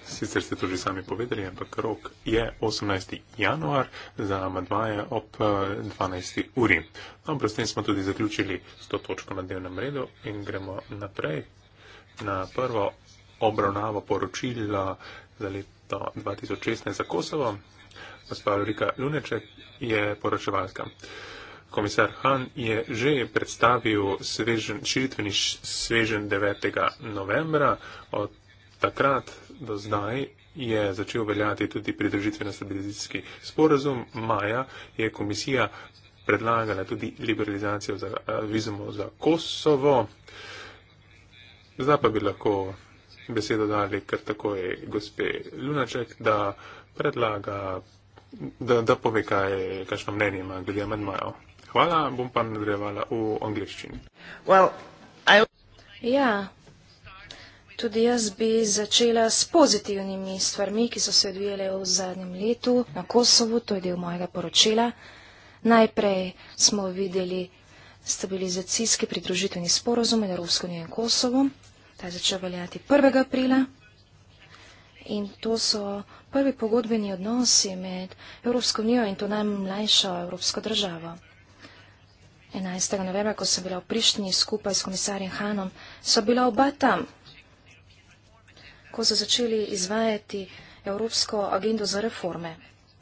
Sicer ste to že sami povedali, ampak rok je 18. januar za amadvaje ob 12. Eh, uri. Dobro, no, s tem smo tudi zaključili s to točko na dnevnem redu in gremo naprej na prvo obravnavo poročila za leto 2016 za Kosovo gospa Ulrika Luneček je poročevalka. Komisar Han je že predstavil svežen, širitveni svežen 9. novembra. Od takrat do zdaj je začel veljati tudi pridružitveno stabilizacijski sporazum. Maja je komisija predlagala tudi liberalizacijo za, eh, vizumo za Kosovo. Zdaj pa bi lahko besedo dali kar takoj gospe Lunaček, da predlaga da, da pove, kaj kakšno mnenje ima glede amandmajev. Hvala, bom pa nadrevala v angliščini. Well, I... Ja, tudi jaz bi začela s pozitivnimi stvarmi, ki so se odvijale v zadnjem letu na Kosovu, to je del mojega poročila. Najprej smo videli stabilizacijski pridružitveni sporozum med Evropsko unijo in Kosovom. Ta je začel veljati 1. aprila in to so prvi pogodbeni odnosi med Evropsko unijo in to najmlajšo evropsko državo. 11. novembra, ko sem bila v Prištini skupaj s komisarjem Hanom, so bila oba tam, ko so začeli izvajati Evropsko agendo za reforme.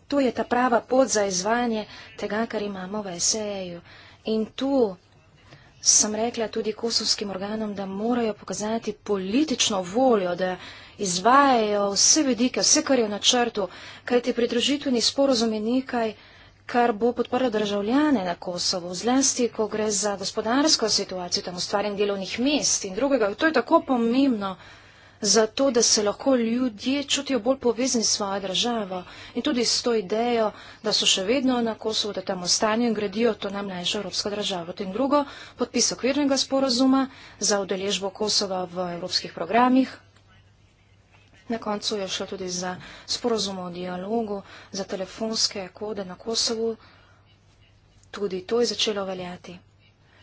Tu je ta prava pot za izvajanje tega, kar imamo v SEJ-u. In tu sem rekla tudi kosovskim organom, da morajo pokazati politično voljo, da izvajajo vse vidike, vse, kar je v načrtu, kajti pridružitveni sporozum je nekaj, kar bo podprlo državljane na Kosovo, zlasti, ko gre za gospodarsko situacijo, tam ustvarjen delovnih mest in drugega. To je tako pomembno zato da se lahko ljudje čutijo bolj povezani s svojo državo in tudi s to idejo, da so še vedno na Kosovo, da tam ostanejo in gradijo to najmlajšo evropsko državo. In drugo, podpis okvirnega sporozuma za udeležbo Kosova v evropskih programih. Na koncu je šlo tudi za sporozum o dialogu, za telefonske kode na Kosovu. Tudi to je začelo veljati.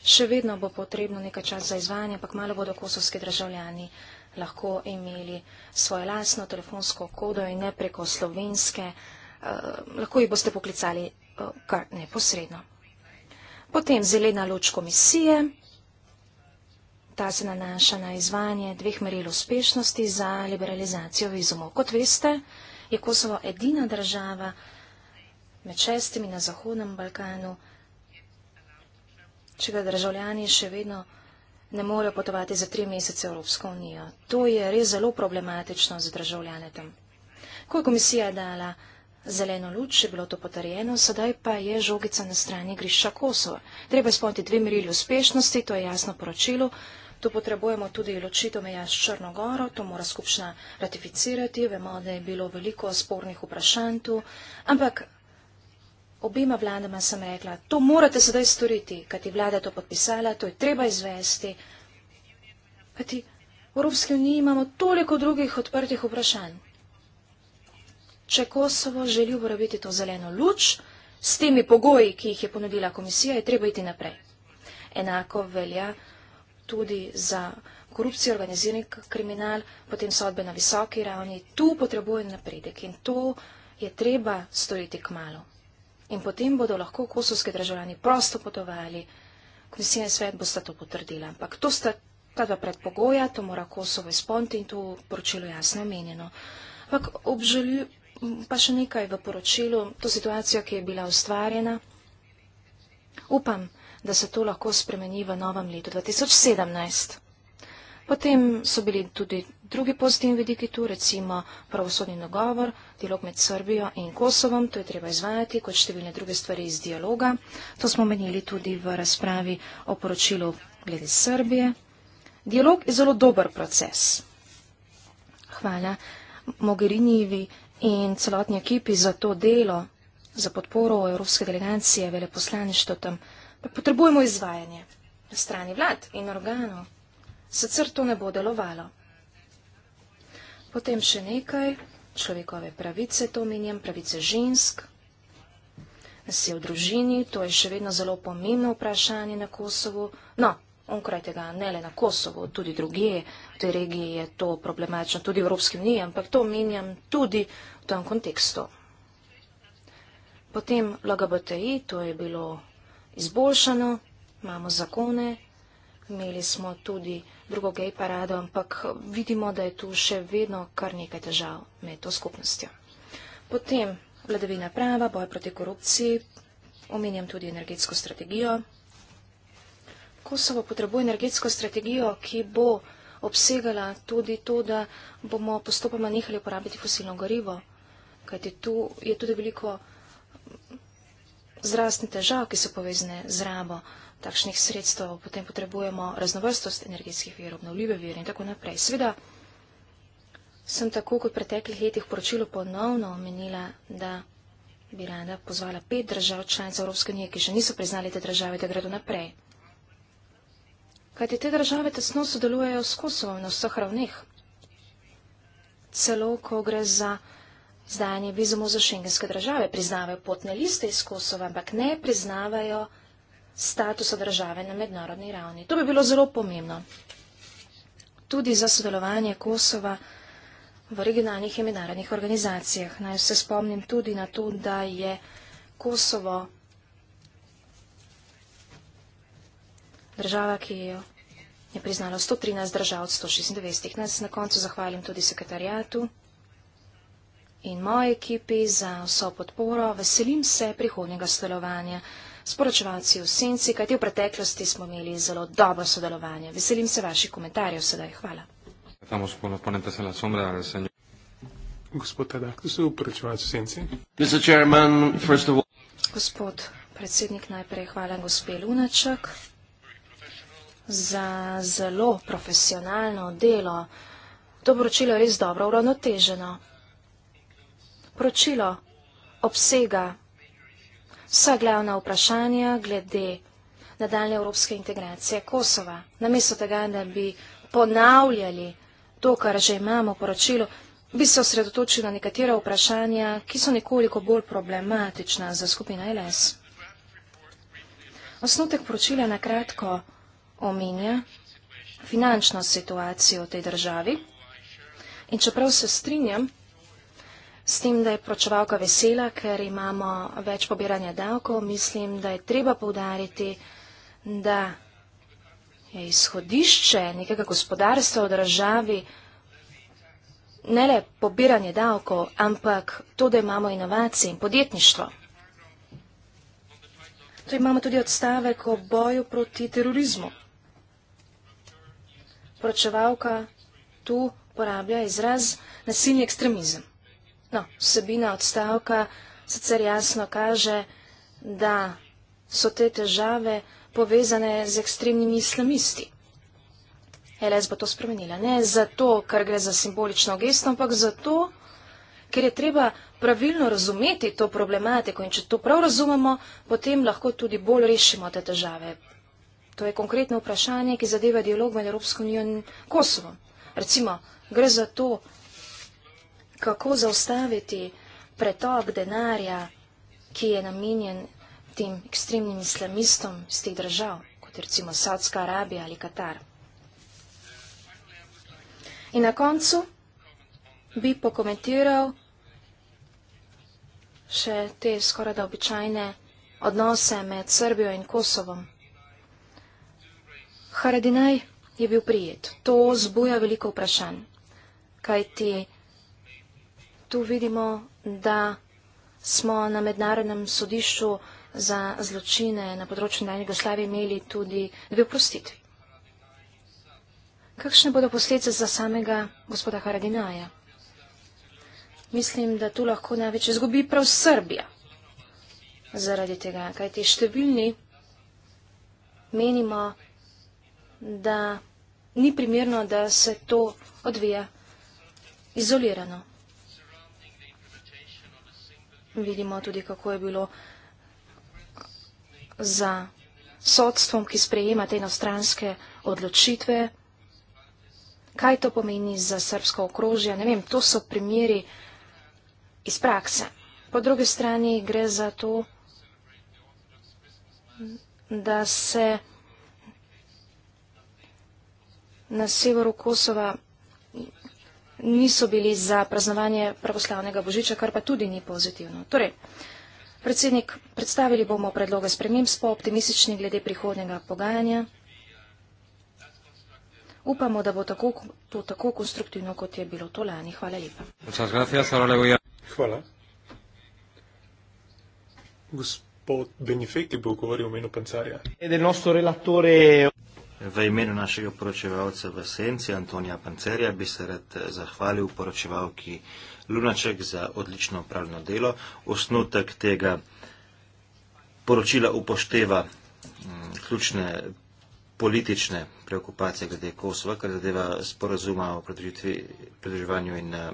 Še vedno bo potrebno nekaj časa za izvajanje, ampak malo bodo kosovski državljani lahko imeli svojo lasno telefonsko kodo in ne preko slovenske, eh, lahko jih boste poklicali eh, kar neposredno. Potem zelena loč komisije, ta se nanaša na izvanje dveh meril uspešnosti za liberalizacijo vizumov. Kot veste, je Kosovo edina država med šestimi na Zahodnem Balkanu, čega državljani še vedno vsega ne morejo potovati za tri mesece v Evropsko unijo. To je res zelo problematično za državljane tam. Ko je komisija dala zeleno luč, je bilo to potrjeno, sedaj pa je žogica na strani Griša Kosova. Treba izpolniti dve merili uspešnosti, to je jasno poročilo. Tu potrebujemo tudi ločitev meja s Črnogoro, to mora skupšna ratificirati. Vemo, da je bilo veliko spornih vprašanj tu, ampak Obima vladama sem rekla, to morate sedaj storiti, kajti vlada to podpisala, to je treba izvesti. Kajti v Evropski uniji imamo toliko drugih odprtih vprašanj. Če Kosovo želi uporabiti to zeleno luč, s temi pogoji, ki jih je ponudila komisija, je treba iti naprej. Enako velja tudi za korupcijo, organizirani kriminal, potem sodbe na visoki ravni. Tu potrebuje napredek in to je treba storiti k malu in potem bodo lahko kosovske državljani prosto potovali. Komisija svet bo sta to potrdila, ampak to sta ta dva predpogoja, to mora Kosovo izpolniti in to poročilo jasno omenjeno. Ampak obžalju, pa še nekaj v poročilu, to situacijo, ki je bila ustvarjena, upam, da se to lahko spremeni v novem letu 2017. Potem so bili tudi drugi pozitivni vidiki tu, recimo pravosodni nagovor, dialog med Srbijo in Kosovom, to je treba izvajati kot številne druge stvari iz dialoga. To smo menili tudi v razpravi o poročilu glede Srbije. Dialog je zelo dober proces. Hvala Mogherinjevi in celotni ekipi za to delo, za podporo Evropske delegacije, veleposlaništvo tam. Potrebujemo izvajanje na strani vlad in organov. Sicer to ne bo delovalo. Potem še nekaj, človekove pravice, to omenjam, pravice žensk, nas je v družini, to je še vedno zelo pomembno vprašanje na Kosovu. No, onkraj tega, ne le na Kosovu, tudi druge v tej regiji je to problematično, tudi v Evropski uniji, ampak to omenjam tudi v tem kontekstu. Potem LGBTI, to je bilo izboljšano, imamo zakone, Imeli smo tudi drugo gej parado, ampak vidimo, da je tu še vedno kar nekaj težav med to skupnostjo. Potem vladavina prava, boj proti korupciji, omenjam tudi energetsko strategijo. Kosovo potrebuje energetsko strategijo, ki bo obsegala tudi to, da bomo postopoma nehali uporabiti fosilno gorivo, kajti tu je tudi veliko zrastnih težav, ki so povezane z rabo takšnih sredstev, potem potrebujemo raznovrstost energetskih virov, obnovljive vire in tako naprej. Sveda sem tako kot v preteklih letih poročilo ponovno omenila, da bi rada pozvala pet držav članic Evropske unije, ki še niso priznali te države, da gredo naprej. Kajti te države tesno sodelujejo s Kosovom na vseh ravneh. Celo, ko gre za izdajanje vizumov za šengenske države, priznavajo potne liste iz Kosova, ampak ne priznavajo države statusa države na mednarodni ravni. To bi bilo zelo pomembno. Tudi za sodelovanje Kosova v regionalnih in mednarodnih organizacijah. Naj se spomnim tudi na to, da je Kosovo država, ki jo je priznalo 113 držav od 196. Na koncu zahvalim tudi sekretarijatu in moji ekipi za vso podporo. Veselim se prihodnjega sodelovanja sporočevalci v senci, kajti v preteklosti smo imeli zelo dobro sodelovanje. Veselim se vaših komentarjev sedaj. Hvala. Gospod predsednik, najprej hvala gospe Lunaček za zelo profesionalno delo. To poročilo je res dobro uravnoteženo. Poročilo obsega vsa glavna vprašanja glede nadaljne evropske integracije Kosova. Namesto tega, da bi ponavljali to, kar že imamo v poročilu, bi se osredotočili na nekatera vprašanja, ki so nekoliko bolj problematična za skupina LS. Osnutek poročila na kratko omenja finančno situacijo v tej državi in čeprav se strinjam, S tem, da je pročevalka vesela, ker imamo več pobiranja davkov, mislim, da je treba povdariti, da je izhodišče nekega gospodarstva v državi ne le pobiranje davkov, ampak to, da imamo inovacije in podjetništvo. To imamo tudi odstavek o boju proti terorizmu. Pročevalka tu porablja izraz nasilni ekstremizem. No, vsebina odstavka sicer jasno kaže, da so te težave povezane z ekstremnimi islamisti. LS bo to spremenila. Ne zato, ker gre za simbolično gesto, ampak zato, ker je treba pravilno razumeti to problematiko in če to prav razumemo, potem lahko tudi bolj rešimo te težave. To je konkretno vprašanje, ki zadeva dialog med Evropsko unijo in Kosovo. Recimo, gre za to, kako zaustaviti pretok denarja, ki je namenjen tem ekstremnim islamistom iz teh držav, kot recimo Saudska Arabija ali Katar. In na koncu bi pokomentiral še te skoraj da običajne odnose med Srbijo in Kosovom. Haradinaj je bil prijet. To zbuja veliko vprašanj. Kaj ti je? tu vidimo, da smo na mednarodnem sodišču za zločine na področju Dajne Jugoslavije imeli tudi dve oprostitvi. Kakšne bodo posledice za samega gospoda Haradinaja? Mislim, da tu lahko največ izgubi prav Srbija zaradi tega, kaj te številni menimo, da ni primerno, da se to odvija izolirano. Vidimo tudi, kako je bilo za sodstvom, ki sprejema te enostranske odločitve. Kaj to pomeni za srbsko okrožje? Ne vem, to so primeri iz prakse. Po drugi strani gre za to, da se na severu Kosova niso bili za praznovanje pravoslavnega božiča, kar pa tudi ni pozitivno. Torej, predsednik, predstavili bomo predloge sprememb, smo optimistični glede prihodnjega pogajanja. Upamo, da bo tako, to tako konstruktivno, kot je bilo to lani. Hvala lepa. Hvala. Gospod Benifeti bo govoril o imenu pancarja. V imenu našega poročevalca v Senci, Antonija Pancerja, bi se rad eh, zahvalil poročevalki Lunaček za odlično upravljeno delo. Osnutek tega poročila upošteva mm, ključne politične preokupacije glede Kosova, kar zadeva sporazuma o pridruževanju in eh,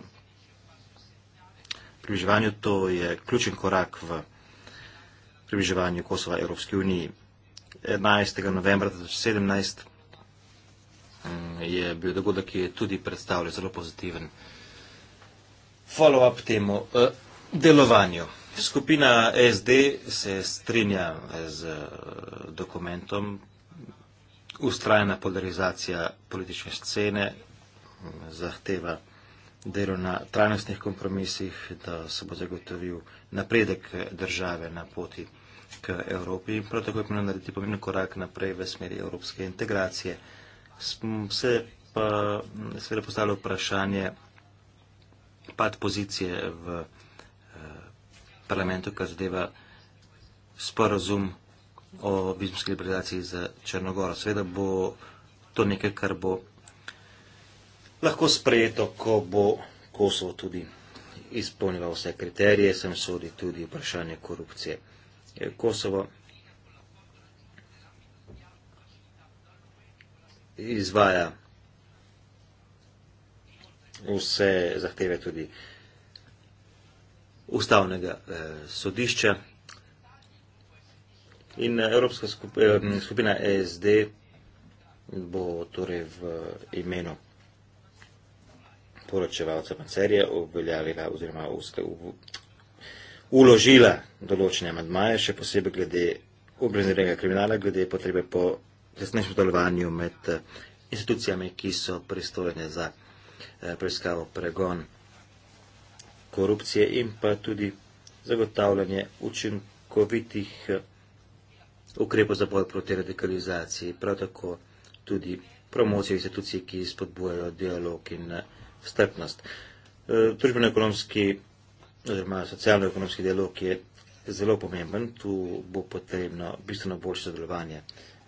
približevanju. To je ključen korak v približevanju Kosova Evropske unije. 11. novembra 2017 mm, je bil dogodek, ki je tudi predstavljal zelo pozitiven follow-up temu eh, delovanju. Skupina SD se strinja z eh, dokumentom ustrajena polarizacija politične scene, mm, zahteva delo na trajnostnih kompromisih, da se bo zagotovil napredek eh, države na poti k Evropi in prav tako je pomembno narediti pomemben korak naprej v smeri evropske integracije. Se pa seveda postavlja vprašanje pad pozicije v eh, parlamentu, kar zadeva sporozum o bizmski liberalizaciji za Črnogoro. Seveda bo to nekaj, kar bo lahko sprejeto, ko bo Kosovo tudi izpolnilo vse kriterije, sem sodi tudi vprašanje korupcije. Kosovo izvaja vse zahteve tudi ustavnega eh, sodišča in eh, Evropska eh, skupina ESD bo torej v imenu poročevalca Macerija obveljavila oziroma uložila določene amadmaje, še posebej glede obrazirega kriminala, glede potrebe po tesnejšem delovanju med eh, institucijami, ki so pristojne za eh, preiskavo pregon korupcije in pa tudi zagotavljanje učinkovitih eh, ukrepov za boj proti radikalizaciji, prav tako tudi promocijo institucij, ki spodbujajo dialog in strpnost. Družbeno-ekonomski oziroma socialno-ekonomski dialog je zelo pomemben. Tu bo potrebno bistveno boljše sodelovanje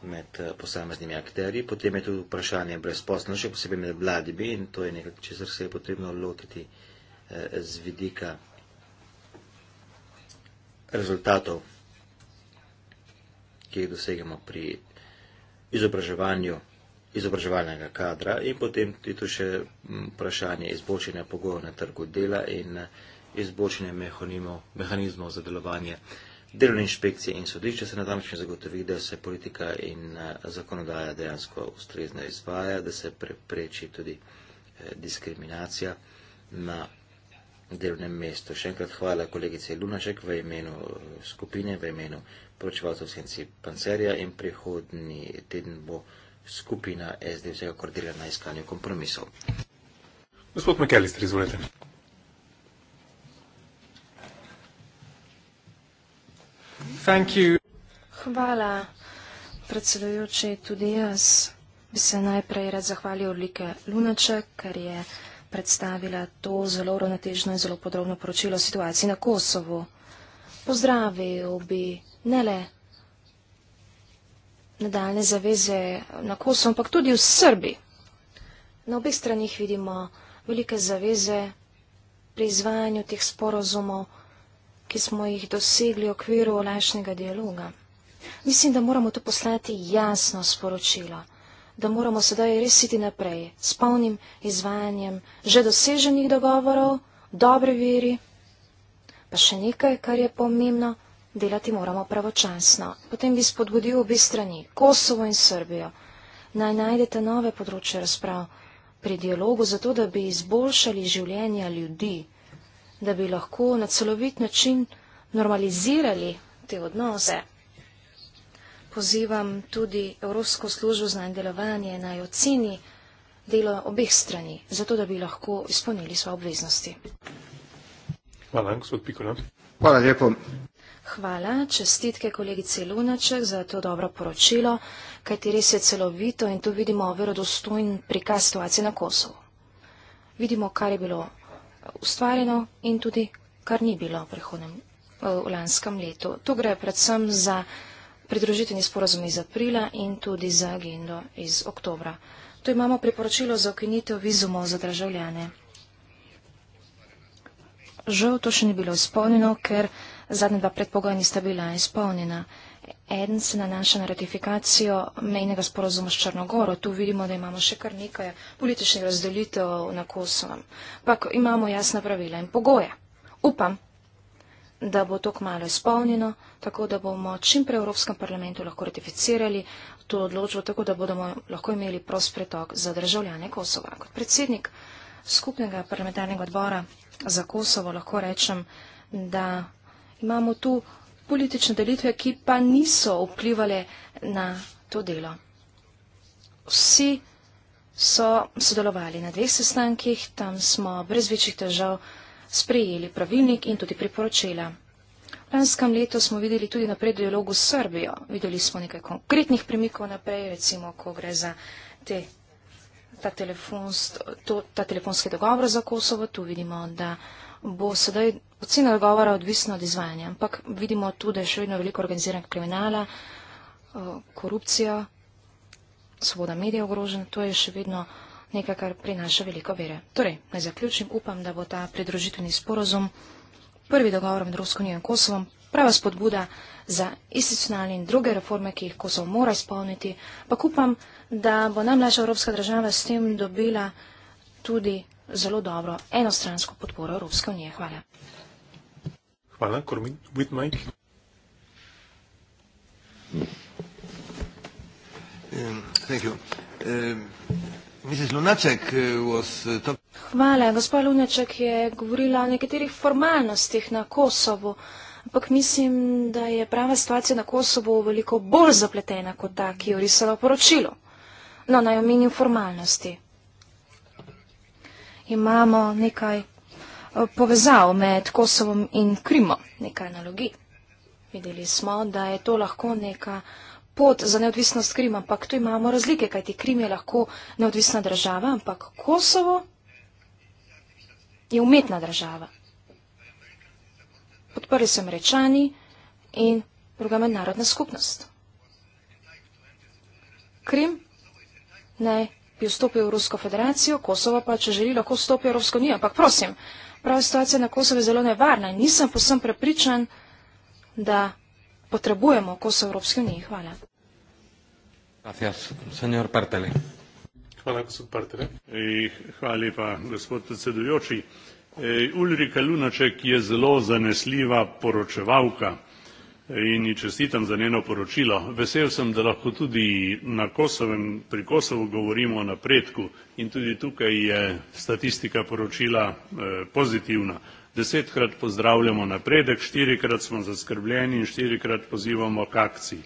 med eh, posameznimi akterji. Potem je tu vprašanje brezposlenosti, še posebej med mladimi in to je nekaj, česar se je potrebno lotiti eh, z vidika rezultatov, ki jih dosegamo pri izobraževanju izobraževalnega kadra in potem tudi tu še mm, vprašanje izboljšanja pogojev na trgu dela in eh, izboljšanje mehanizmov, mehanizmov za delovanje delovne inšpekcije in sodišča, se na ta način zagotovi, da se politika in eh, zakonodaja dejansko ustrezno izvaja, da se prepreči tudi eh, diskriminacija na delovnem mestu. Še enkrat hvala kolegice Lunašek v imenu eh, skupine, v imenu poročevalcev Senci Pancerja in prihodni teden bo skupina SD vsega koordinirana na iskanju kompromisov. Gospod McAllister, izvolite. Hvala, predsedujoči, tudi jaz bi se najprej rad zahvalil Orlike Lunaček, ker je predstavila to zelo ravnotežno in zelo podrobno poročilo o situaciji na Kosovu. Pozdravil bi ne le nadaljne zaveze na Kosovu, ampak tudi v Srbiji. Na obeh stranih vidimo velike zaveze pri izvajanju teh sporozumov ki smo jih dosegli v okviru olajšnega dialoga. Mislim, da moramo to poslati jasno sporočilo, da moramo sedaj resiti naprej s polnim izvajanjem že doseženih dogovorov, dobre veri, pa še nekaj, kar je pomembno, delati moramo pravočasno. Potem bi spodbudil obi strani, Kosovo in Srbijo, naj najdete nove področje razprav pri dialogu, zato da bi izboljšali življenja ljudi da bi lahko na celovit način normalizirali te odnose. Pozivam tudi Evropsko službo za delovanje naj oceni delo obeh strani, zato da bi lahko izpolnili svoje obveznosti. Hvala, gospod Pikola. Hvala lepo. Hvala, čestitke kolegice Lunaček za to dobro poročilo, kajti res je celovito in tu vidimo verodostojen prikaz situacije na Kosovu. Vidimo, kar je bilo ustvarjeno in tudi kar ni bilo v prihodnem eh, v lanskem letu. To gre predvsem za pridružitveni sporozum iz aprila in tudi za agendo iz oktobra. Tu imamo priporočilo za okinitev vizumov za državljane. Žal to še ni bilo izpolnjeno, ker zadnja dva predpogoja nista bila izpolnjena. Eden se nanaša na ratifikacijo mejnega sporozuma s Črnogoro. Tu vidimo, da imamo še kar nekaj političnih razdelitev na Kosovem. Pak imamo jasna pravila in pogoje. Upam, da bo to kmalo izpolnjeno, tako da bomo čim prej v Evropskem parlamentu lahko ratificirali to odločbo, tako da bomo lahko imeli prost pretok za državljane Kosova. Kot predsednik skupnega parlamentarnega odbora za Kosovo lahko rečem, da imamo tu politične delitve, ki pa niso vplivali na to delo. Vsi so sodelovali na dveh sestankih, tam smo brez večjih težav sprejeli pravilnik in tudi priporočila. V lanskem letu smo videli tudi napred dialogu s Srbijo. Videli smo nekaj konkretnih premikov naprej, recimo, ko gre za te, ta, telefons, to, ta telefonski dogovor za Kosovo. Tu vidimo, da bo sedaj ocena dogovora odvisna od izvajanja. Ampak vidimo tudi, da je še vedno veliko organiziranega kriminala, eh, korupcija, svoboda medijev ogrožena. To je še vedno nekaj, kar prinaša veliko vere. Torej, naj zaključim. Upam, da bo ta predružitveni sporozum prvi dogovor med Evropsko unijo in Kosovom prava spodbuda za institucionalne in druge reforme, ki jih Kosovo mora izpolniti. Pa upam, da bo najmlajša evropska država s tem dobila tudi zelo dobro enostransko podporo Evropske unije. Hvala. Hvala, Kormin. Vidmajk. Um, um, uh, uh, Hvala, gospa Lunaček je govorila o nekaterih formalnostih na Kosovo, ampak mislim, da je prava situacija na Kosovo veliko bolj zapletena kot ta, ki je orisala poročilo. No, naj omenim formalnosti imamo nekaj eh, povezav med Kosovom in Krimo, nekaj analogij. Videli smo, da je to lahko neka pot za neodvisnost Krima, ampak tu imamo razlike, kajti Krim je lahko neodvisna država, ampak Kosovo je umetna država. Podprli so Američani in druga mednarodna skupnost. Krim naj bi vstopil v Rusko federacijo, Kosovo pa, če želi, lahko vstopi v Evropsko unijo. Ampak prosim, prava situacija na Kosovo je zelo nevarna in nisem posem prepričan, da potrebujemo Kosovo v Evropski uniji. Hvala. Hvala, gospod Partele. Hvala lepa, gospod predsedujoči. Ulrika Lunaček je zelo zanesljiva poročevalka in ji čestitam za njeno poročilo. Vesel sem, da lahko tudi na Kosovem, pri Kosovu govorimo o napredku in tudi tukaj je statistika poročila eh, pozitivna. Desetkrat pozdravljamo napredek, štirikrat smo zaskrbljeni in štirikrat pozivamo k akciji.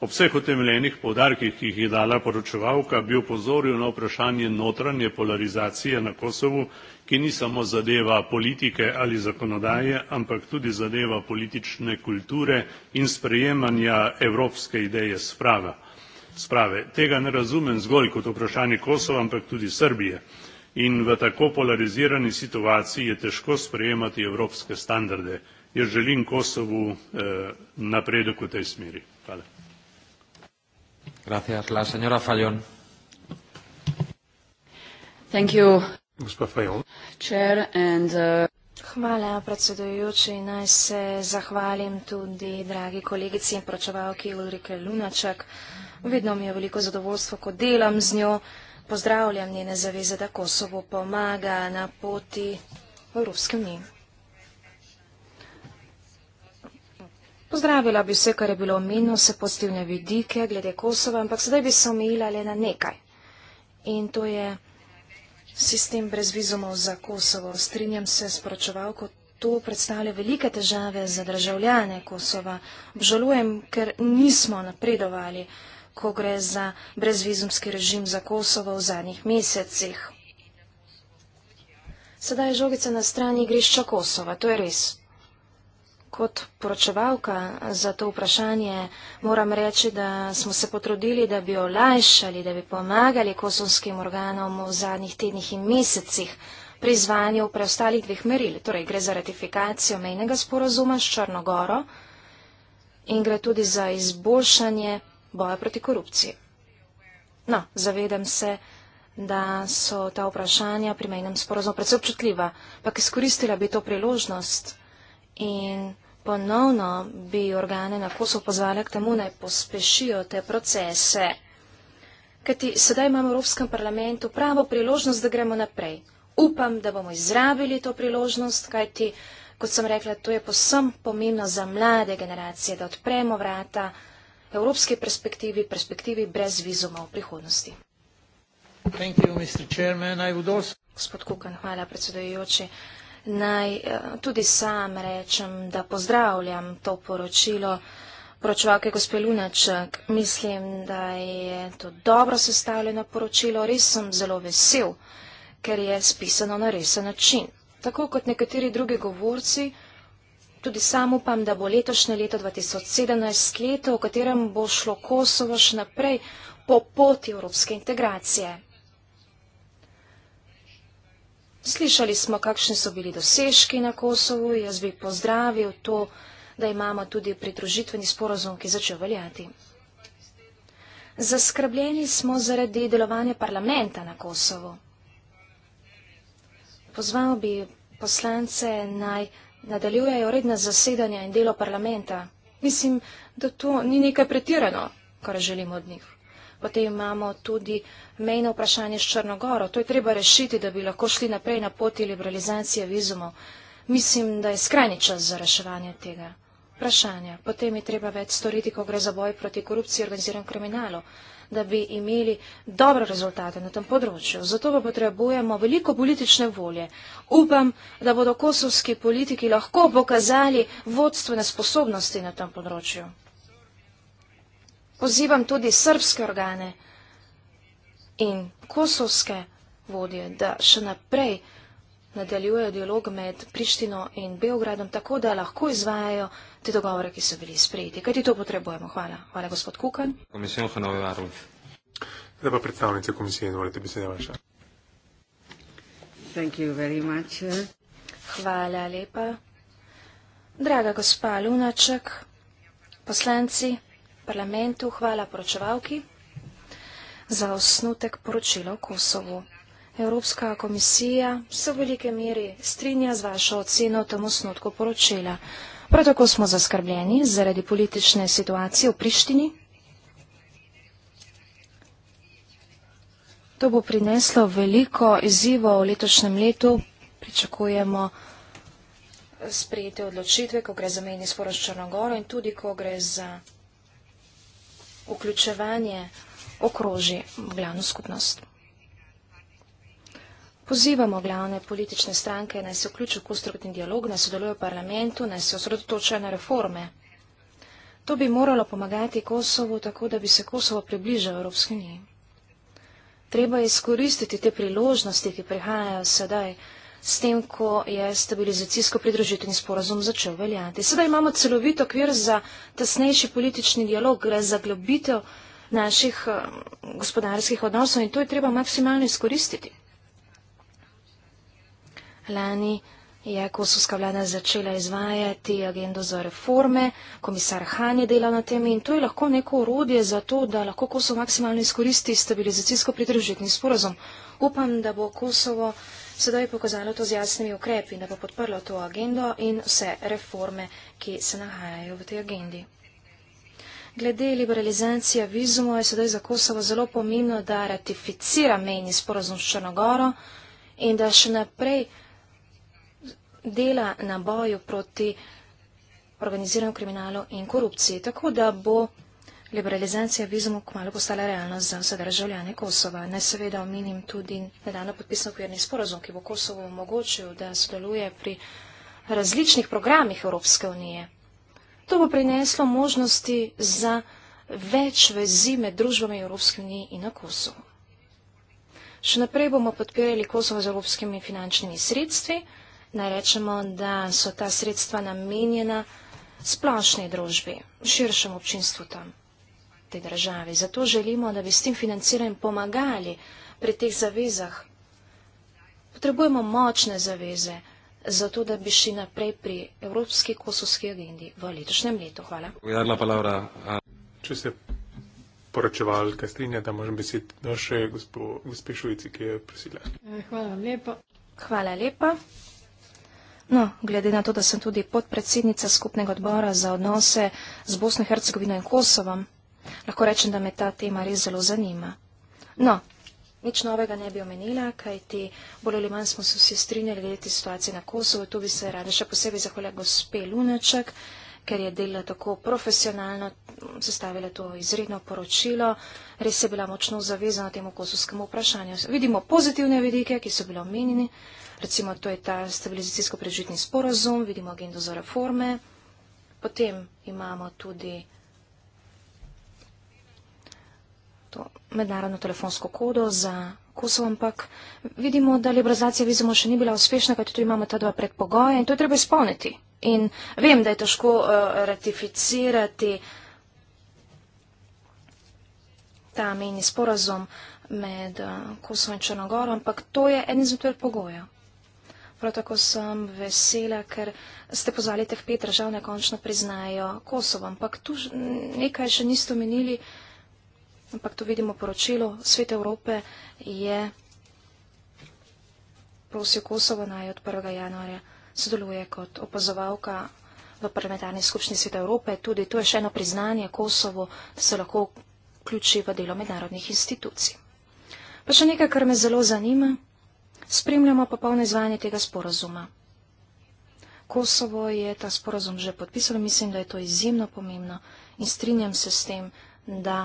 Ob vseh utemeljenih podarkih, ki jih je dala poročevalka, bi opozoril na vprašanje notranje polarizacije na Kosovu ki ni samo zadeva politike ali zakonodaje, ampak tudi zadeva politične kulture in sprejemanja evropske ideje sprava. sprave. Tega ne razumem zgolj kot vprašanje Kosova, ampak tudi Srbije. In v tako polarizirani situaciji je težko sprejemati evropske standarde. Jaz želim Kosovu eh, napredek v tej smeri. Hvala. Gracias. La señora Fallon. Thank you. Uh, Hvala, predsedujoči. Naj se zahvalim tudi dragi kolegici in pročevalki Ulrike Lunaček. Vedno mi je veliko zadovoljstvo, ko delam z njo. Pozdravljam njene zaveze, da Kosovo pomaga na poti v Evropski uniji. Pozdravila bi vse, kar je bilo omenjeno, vse pozitivne vidike glede Kosova, ampak sedaj bi se omejila le na nekaj. In to je sistem brez vizumov za Kosovo. Strinjam se s poročevalko, to predstavlja velike težave za državljane Kosova. Obžalujem, ker nismo napredovali, ko gre za brezvizumski režim za Kosovo v zadnjih mesecih. Sedaj je žogica na strani igrišča Kosova, to je res kot poročevalka za to vprašanje moram reči, da smo se potrudili, da bi olajšali, da bi pomagali kosovskim organom v zadnjih tednih in mesecih pri izvanju preostalih dveh meril. Torej gre za ratifikacijo mejnega sporozuma s Črnogoro in gre tudi za izboljšanje boja proti korupciji. No, zavedam se, da so ta vprašanja pri mejnem sporozumu predvsej občutljiva, pa izkoristila bi to priložnost in ponovno bi organe na Kosovo pozvali k temu, naj pospešijo te procese. Kajti sedaj imamo v Evropskem parlamentu pravo priložnost, da gremo naprej. Upam, da bomo izrabili to priložnost, kajti, kot sem rekla, to je posem pomembno za mlade generacije, da odpremo vrata evropske perspektivi, perspektivi brez vizuma v prihodnosti. Gospod Kukan, hvala predsedujoči naj eh, tudi sam rečem, da pozdravljam to poročilo poročevalke gospe Lunaček. Mislim, da je to dobro sestavljeno poročilo, res sem zelo vesel, ker je spisano na resen način. Tako kot nekateri drugi govorci, tudi sam upam, da bo letošnje leto 2017 leto, v katerem bo šlo Kosovo še naprej po poti evropske integracije. Slišali smo, kakšni so bili dosežki na Kosovu. Jaz bi pozdravil to, da imamo tudi pridružitveni sporozum, ki začel veljati. Zaskrbljeni smo zaradi delovanja parlamenta na Kosovu. Pozval bi poslance naj nadaljujejo redna zasedanja in delo parlamenta. Mislim, da to ni nekaj pretirano, kar želimo od njih. Potem imamo tudi mejno vprašanje s Črnogoro. To je treba rešiti, da bi lahko šli naprej na poti liberalizacije vizumov. Mislim, da je skrajni čas za reševanje tega vprašanja. Potem je treba več storiti, ko gre za boj proti korupciji in organiziranem kriminalu, da bi imeli dobre rezultate na tem področju. Zato pa potrebujemo veliko politične volje. Upam, da bodo kosovski politiki lahko pokazali vodstvene sposobnosti na tem področju pozivam tudi srpske organe in kosovske vodje, da še naprej nadaljujejo dialog med Prištino in Beogradom, tako da lahko izvajajo te dogovore, ki so bili sprejeti. Kaj ti to potrebujemo? Hvala. Hvala, gospod Kukan. Komisijo Hanovi Varov. Zdaj pa predstavnice komisije, dovolite, bi se ne vaša. Thank you very much. Eh. Hvala lepa. Draga gospa Lunaček, poslanci, parlamentu hvala poročevalki za osnutek poročila o Kosovu. Evropska komisija se v velike meri strinja z vašo oceno o tem osnutku poročila. Prav tako smo zaskrbljeni zaradi politične situacije v Prištini. To bo prineslo veliko izzivo v letošnjem letu. Pričakujemo sprejete odločitve, ko gre za meni sporoz Črnogoro in tudi ko gre za vključevanje okroži glavno skupnost. Pozivamo glavne politične stranke, naj se vključijo v konstruktivni dialog, naj sodelujo v parlamentu, naj se osredotočajo na reforme. To bi moralo pomagati Kosovo, tako da bi se Kosovo približalo Evropski uniji. Treba je izkoristiti te priložnosti, ki prihajajo sedaj s tem, ko je stabilizacijsko pridružitveni sporazum začel veljati. Sedaj imamo celovit okvir za tesnejši politični dialog, gre za globitev naših eh, gospodarskih odnosov in to je treba maksimalno izkoristiti. Lani je kosovska vlada začela izvajati agendo za reforme, komisar Han je delal na tem in to je lahko neko urodje za to, da lahko Kosovo maksimalno izkoristi stabilizacijsko pridružitni sporazum. Upam, da bo Kosovo sedaj je pokazalo to z jasnimi ukrepi, da bo podprlo to agendo in vse reforme, ki se nahajajo v tej agendi. Glede liberalizacije vizumo je sedaj za Kosovo zelo pomembno, da ratificira meni sporozum s Črnogoro in da še naprej dela na boju proti organiziranem kriminalu in korupciji, tako da bo liberalizacija vizumov kmalo postala realnost za vse državljane Kosova. Ne seveda omenim tudi nedavno podpisan okvirni sporozum, ki bo Kosovo omogočil, da sodeluje pri različnih programih Evropske unije. To bo prineslo možnosti za več vezi med družbami Evropske unije in na Kosovo. Še naprej bomo podpirali Kosovo z evropskimi finančnimi sredstvi. Najrečemo, da so ta sredstva namenjena splošni družbi, širšem občinstvu tam tej državi. Zato želimo, da bi s tem financiranjem pomagali pri teh zavezah. Potrebujemo močne zaveze, zato da bi šli naprej pri Evropski kosovski agendi v letošnjem letu. Hvala. Če se poročevalka strinja, da možem besed do no, še gospe Šujci, ki je prosila. Eh, hvala lepa. Hvala lepa. No, glede na to, da sem tudi podpredsednica skupnega odbora za odnose z Bosno, Hercegovino in Kosovom, lahko rečem, da me ta tema res zelo zanima. No, nič novega ne bi omenila, kaj ti bolj ali manj smo se vsi strinjali glede te situacije na Kosovo. Tu bi se rada še posebej zahvalila gospe Lunaček, ker je delala tako profesionalno, sestavila to izredno poročilo. Res je bila močno zavezana temu kosovskemu vprašanju. Vidimo pozitivne vidike, ki so bile omenjeni. Recimo, to je ta stabilizacijsko prežitni sporozum, vidimo agendo za reforme. Potem imamo tudi to mednarodno telefonsko kodo za Kosovo, ampak vidimo, da liberalizacija vizuma še ni bila uspešna, kajti tu imamo ta dva predpogoja in to je treba izpolniti. In vem, da je težko uh, ratificirati ta meni sporazum med uh, eh, Kosovo in Črnogoro, ampak to je en izmed predpogojev. Prav tako sem vesela, ker ste pozvali teh pet držav, da končno priznajo Kosovo, ampak tu nekaj še niste omenili. Uh, ampak to vidimo poročilo. Svet Evrope je prosil Kosovo naj od 1. januarja sodeluje kot opazovalka v parlamentarni skupščini Sveta Evrope. Tudi to je še eno priznanje, Kosovo se lahko vključi v delo mednarodnih institucij. Pa še nekaj, kar me zelo zanima. Spremljamo pa polno izvajanje tega sporazuma. Kosovo je ta sporazum že podpisalo, mislim, da je to izjemno pomembno in strinjam se s tem, da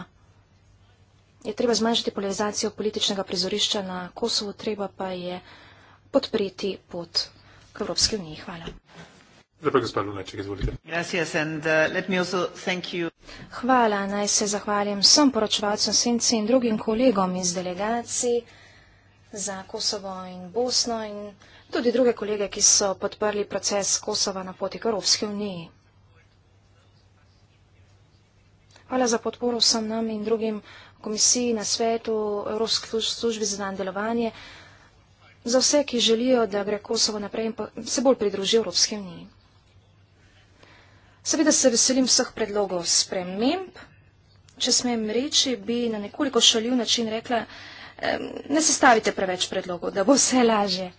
je treba zmanjšati polarizacijo političnega prizorišča na Kosovo, treba pa je podpreti pot k Evropski uniji. Hvala. Uh, Hvala, naj se zahvalim vsem poročevalcem Senci in drugim kolegom iz delegacij za Kosovo in Bosno in tudi druge kolege, ki so podprli proces Kosova na poti k Evropski uniji. Hvala za podporo vsem nam in drugim komisiji, na svetu, Evropske službe za dan delovanje, za vse, ki želijo, da gre Kosovo naprej in se bolj pridruži Evropske unije. Seveda se veselim vseh predlogov sprememb. Če smem reči, bi na nekoliko šaljiv način rekla, ne sestavite preveč predlogov, da bo vse lažje.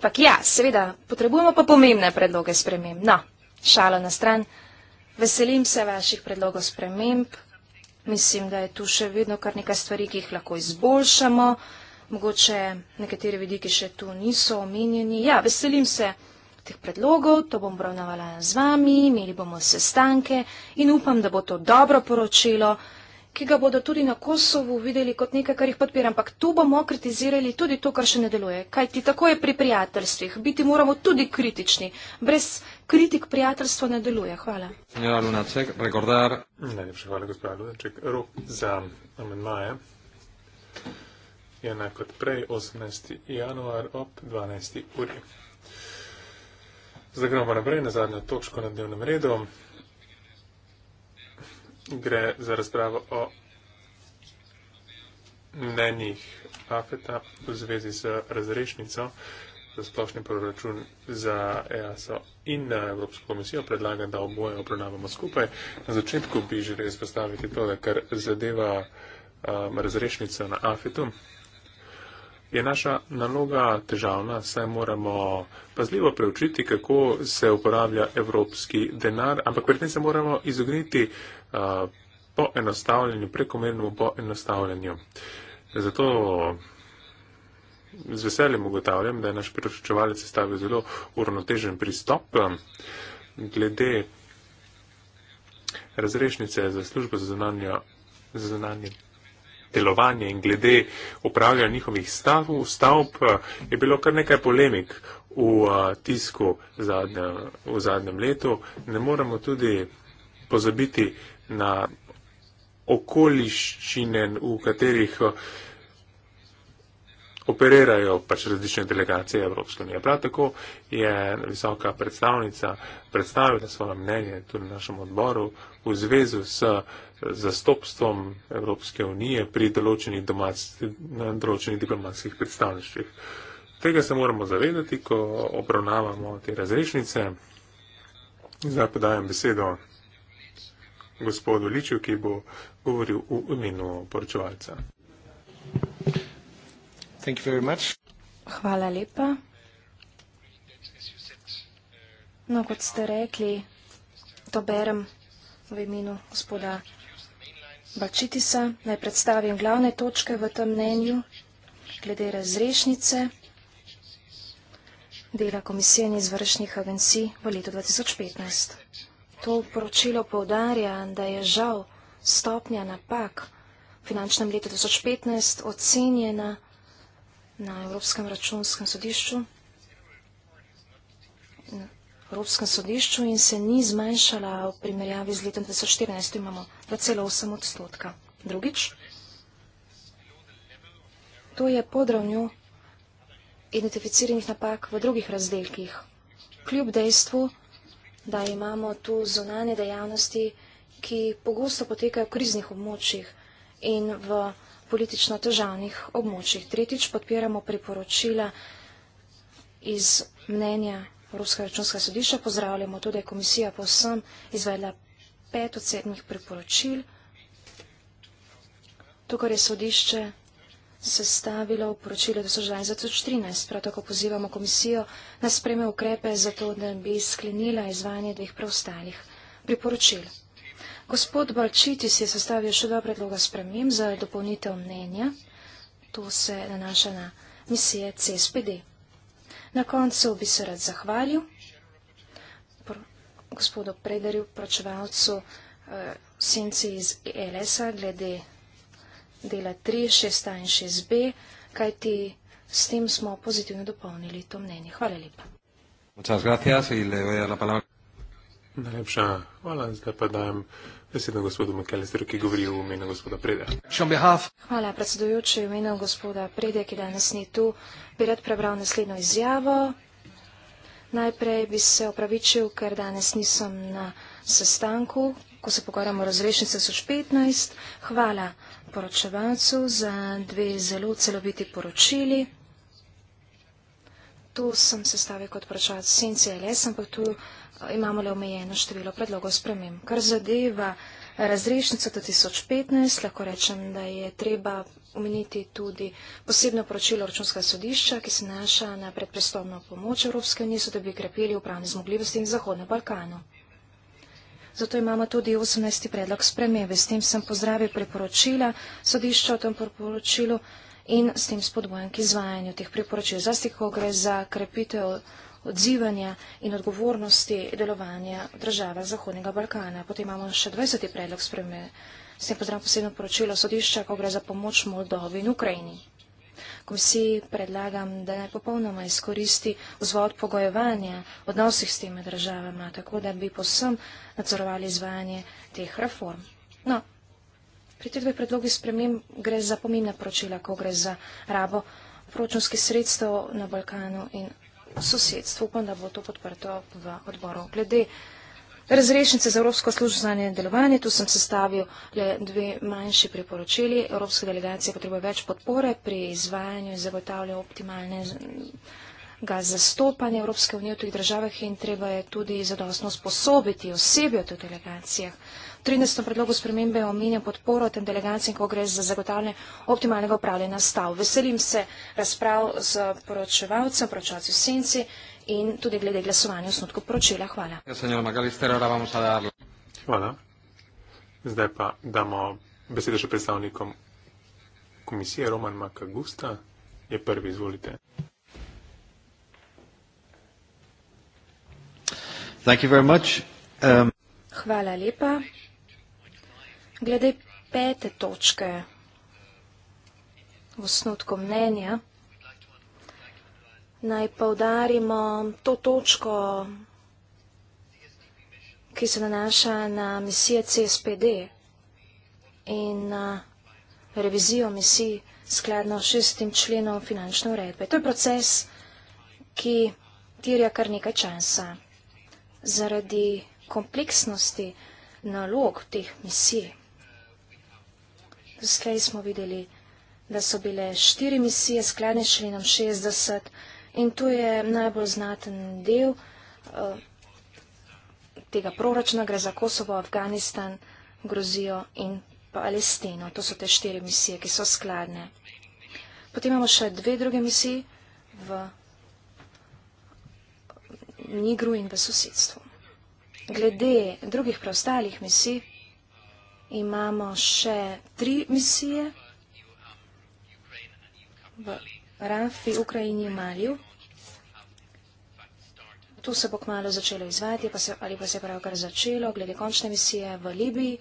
Pak ja, seveda, potrebujemo pa pomembne predloge sprememb. No, šalo na stran, veselim se vaših predlogov sprememb. Mislim, da je tu še vedno kar nekaj stvari, ki jih lahko izboljšamo. Mogoče nekatere vidiki še tu niso omenjeni. Ja, veselim se teh predlogov, to bom obravnavala z vami, imeli bomo sestanke in upam, da bo to dobro poročilo ki ga bodo tudi na Kosovu videli kot nekaj, kar jih podpira. Ampak tu bomo kritizirali tudi to, kar še ne deluje. Kaj ti tako je pri prijateljstvih? Biti moramo tudi kritični. Brez kritik prijateljstvo ne deluje. Hvala. Najlepša hvala, gospod Lunaček. Rok za amenmaje je enako prej, 18. januar ob 12. uri. Zdaj gremo naprej na zadnjo točko na dnevnem redu gre za razpravo o mnenjih AFETA v zvezi z razrešnico za splošni proračun za EASO in Evropsko komisijo predlaga, da oboje obravnavamo skupaj. Na začetku bi želel izpostaviti to, kar zadeva um, razrešnico na AFETU je naša naloga težavna, saj moramo pazljivo preučiti, kako se uporablja evropski denar, ampak pred tem se moramo izogniti uh, poenostavljenju, prekomernemu poenostavljenju. Zato z veseljem ugotavljam, da je naš preučevalec stavil zelo uravnotežen pristop um, glede razrešnice za službo za zunanje delovanje in glede upravljanja njihovih stav, stavb eh, je bilo kar nekaj polemik v eh, tisku zadnje, v zadnjem letu. Ne moramo tudi pozabiti na okoliščine, v katerih eh, operirajo pač različne delegacije Evropske unije. Prav tako je visoka predstavnica predstavila svoje mnenje tudi na našem odboru v zvezu s zastopstvom Evropske unije pri določenih, domači, določenih diplomatskih predstavništvih. Tega se moramo zavedati, ko obravnavamo te razrešnice. Zdaj podajam besedo gospodu Ličju, ki bo govoril v imenu poročevalca. Hvala lepa. No, kot ste rekli, to berem v imenu gospoda Bačitisa naj predstavim glavne točke v tem mnenju glede razrešnice dela Komisije in izvršnih agencij v letu 2015. To poročilo povdarja, da je žal stopnja napak v finančnem letu 2015 ocenjena na Evropskem računskem sodišču Evropskem sodišču in se ni zmanjšala v primerjavi z letom 2014, imamo 2,8 odstotka. Drugič, to je pod ravnjo identificiranih napak v drugih razdelkih. Kljub dejstvu, da imamo tu zonanje dejavnosti, ki pogosto potekajo v kriznih območjih in v politično težavnih območjih. Tretjič, podpiramo priporočila iz mnenja Ruska računska sodišča, pozdravljamo tudi, da je komisija povsem izvedla pet od sedmih priporočil. Tukaj je sodišče sestavilo v poročilu 2014. Prav tako pozivamo komisijo na spreme ukrepe za to, da bi sklenila izvajanje dveh preostalih priporočil. Gospod Balčitis je sestavil še dva predloga spremem za dopolnitev mnenja. To se nanaša na misije CSPD. Na koncu bi se rad zahvalil gospodu Prederju, pročevalcu eh, Sinci iz ELS-a glede dela 3, 6 in 6b, kajti s tem smo pozitivno dopolnili to mnenje. Hvala lepa. Najlepša hvala, zdaj pa dajem. Besedno gospodu Makalestru, ki govori v imenu gospoda Prede. Hvala, predsedujoči, v imenu gospoda Prede, ki danes ni tu, bi rad prebral naslednjo izjavo. Najprej bi se opravičil, ker danes nisem na sestanku, ko se pogovarjamo o razrešnici 2015. Hvala poročevalcu za dve zelo celoviti poročili tu sem se stavil kot vprašalec SNCLS, ampak tu eh, imamo le omejeno število predlogov spremem. Kar zadeva razrešnico 2015, lahko rečem, da je treba omeniti tudi posebno poročilo računskega sodišča, ki se naša na predprestovno pomoč Evropske unije, so da bi krepili upravne zmogljivosti in Zahodno Balkano. Zato imamo tudi 18. predlog spremembe. S tem sem pozdravil priporočila sodišča o tem priporočilu in s tem spodbujam k izvajanju teh priporočil. Zasti, ko gre za krepitev odzivanja in odgovornosti delovanja država Zahodnega Balkana. Potem imamo še 20. predlog spreme. S tem pozdravljam posebno poročilo sodišča, ko gre za pomoč Moldovi in Ukrajini. Komisiji predlagam, da naj popolnoma izkoristi vzvod pogojevanja odnosih s temi državama, tako da bi posem nadzorovali izvajanje teh reform. No, Pritetve predlogi sprememb gre za pomembna poročila, ko gre za rabo proračunskih sredstev na Balkanu in sosedstvu. Upam, da bo to podprto v odboru. Glede razrešnice za Evropsko službo za delovanje, tu sem sestavil le dve manjši priporočili. Evropska delegacija potrebuje več podpore pri izvajanju in zagotavlja optimalne ga zastopanje Evropske unije v tih državah in treba je tudi zadostno sposobiti osebje v teh delegacijah. 13. predlogu spremembe omenja podporo tem delegacijam, ko gre za zagotavljanje optimalnega upravljanja stav. Veselim se razprav z poročevalcem, poročevalcem Senci in tudi glede glasovanja v snutku poročila. Hvala. Ja, hvala. Zdaj pa damo besedo še predstavnikom komisije Roman Makagusta. Je prvi, izvolite. Thank you very much. Um... Hvala lepa. Glede pete točke v osnutku mnenja, naj povdarimo to točko, ki se nanaša na misije CSPD in na revizijo misij skladno s šestim členom finančne uredbe. To je proces, ki tirja kar nekaj časa zaradi kompleksnosti nalog teh misij. Doslej smo videli, da so bile štiri misije, sklene členom 60 in tu je najbolj znaten del eh, tega proračuna, gre za Kosovo, Afganistan, Grozijo in Palestino. To so te štiri misije, ki so skladne. Potem imamo še dve druge misije v Nigru in v sosedstvu. Glede drugih preostalih misij, imamo še tri misije v Rafi, Ukrajini in Maliju. Tu se bo kmalo začelo izvajati pa se, ali pa se je pravkar začelo glede končne misije v Libiji.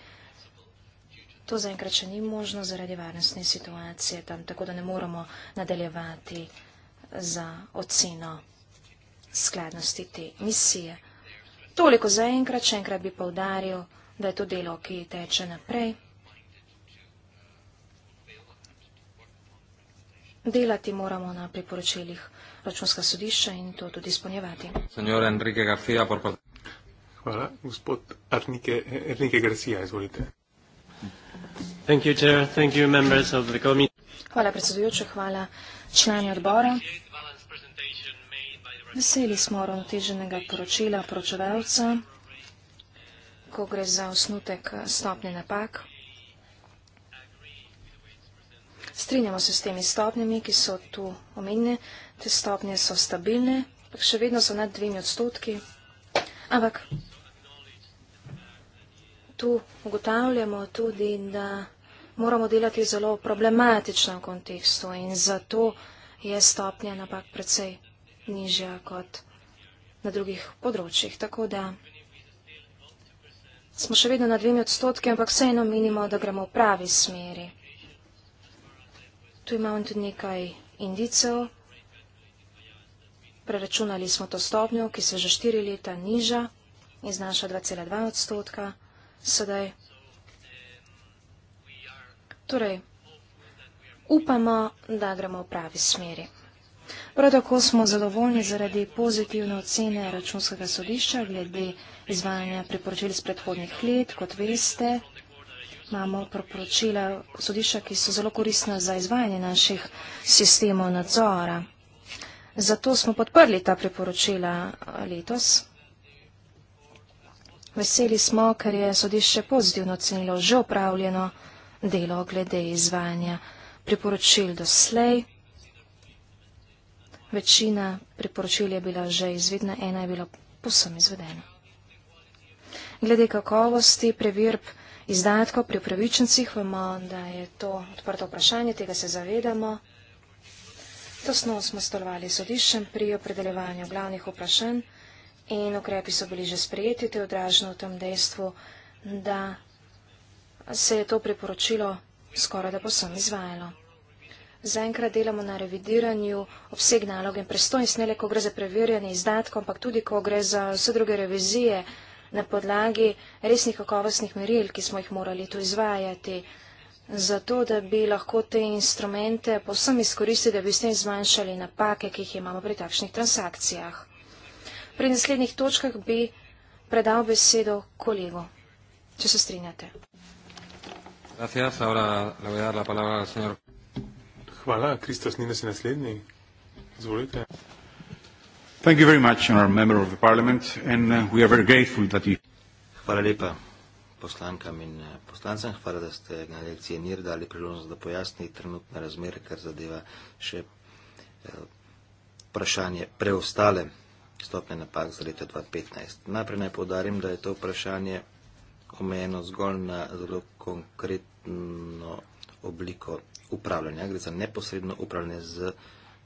To zaenkrat še ni možno zaradi varnostne situacije tam, tako da ne moremo nadaljevati za oceno skladnosti te misije. Toliko zaenkrat, še enkrat bi povdaril da je to delo, ki teče naprej. Delati moramo na priporočilih računska sodišča in to tudi izpolnjevati. Hvala. Gospod Arnike, Arnike Garcia, izvolite. Thank you, chair. Thank you, members of the committee. Hvala predsedujoče, hvala člani odbora. Veseli smo ravnoteženega poročila poročevalca ko gre za osnutek eh, stopnje napak. Strinjamo se s temi stopnjami, ki so tu omenjene. Te stopnje so stabilne, še vedno so nad dvemi odstotki. Ampak tu ugotavljamo tudi, da moramo delati zelo problematično v kontekstu in zato je stopnja napak precej nižja kot na drugih področjih. Tako da smo še vedno na dvemi odstotki, ampak vseeno menimo, da gremo v pravi smeri. Tu imamo tudi nekaj indicev. Preračunali smo to stopnjo, ki se že štiri leta niža in znaša 2,2 odstotka sedaj. Torej, upamo, da gremo v pravi smeri. Prav tako smo zadovoljni zaradi pozitivne ocene računskega sodišča glede izvajanja priporočil z predhodnih let. Kot veste, imamo priporočila sodišča, ki so zelo koristna za izvajanje naših sistemov nadzora. Zato smo podprli ta priporočila letos. Veseli smo, ker je sodišče pozitivno ocenilo že upravljeno delo glede izvajanja priporočil doslej. Večina priporočil je bila že izvedna, ena je bila posem izvedena. Glede kakovosti preverb izdatkov pri upravičencih vemo, da je to odprto vprašanje, tega se zavedamo. To smo ustvarjali sodiščem pri opredeljevanju glavnih vprašanj in ukrepi so bili že sprejeti, to je odraženo v tem dejstvu, da se je to priporočilo skoraj da posem izvajalo. Zaenkrat delamo na revidiranju obseg nalog in prestojnost, ne le, ko gre za preverjanje izdatkov, ampak tudi, ko gre za vse druge revizije na podlagi resnih kakovostnih meril, ki smo jih morali tu izvajati, zato da bi lahko te instrumente povsem izkoristili, da bi s tem zmanjšali napake, ki jih imamo pri takšnih transakcijah. Pri naslednjih točkah bi predal besedo kolegu, če se strinjate. Gracias, ahora le voy a dar la palabra al señor Hvala. Kristos Nines je naslednji. Izvolite. Thank you very much, honorable member of the parliament, and uh, we are very grateful that you. Hvala lepa poslankam in uh, poslancem, hvala, da ste na lekciji NIR dali priložnost, da pojasni trenutne razmere, kar zadeva še eh, vprašanje preostale stopne napak za leto 2015. Najprej naj povdarim, da je to vprašanje omejeno zgolj na zelo konkretno obliko upravljanja, gre za neposredno upravljanje z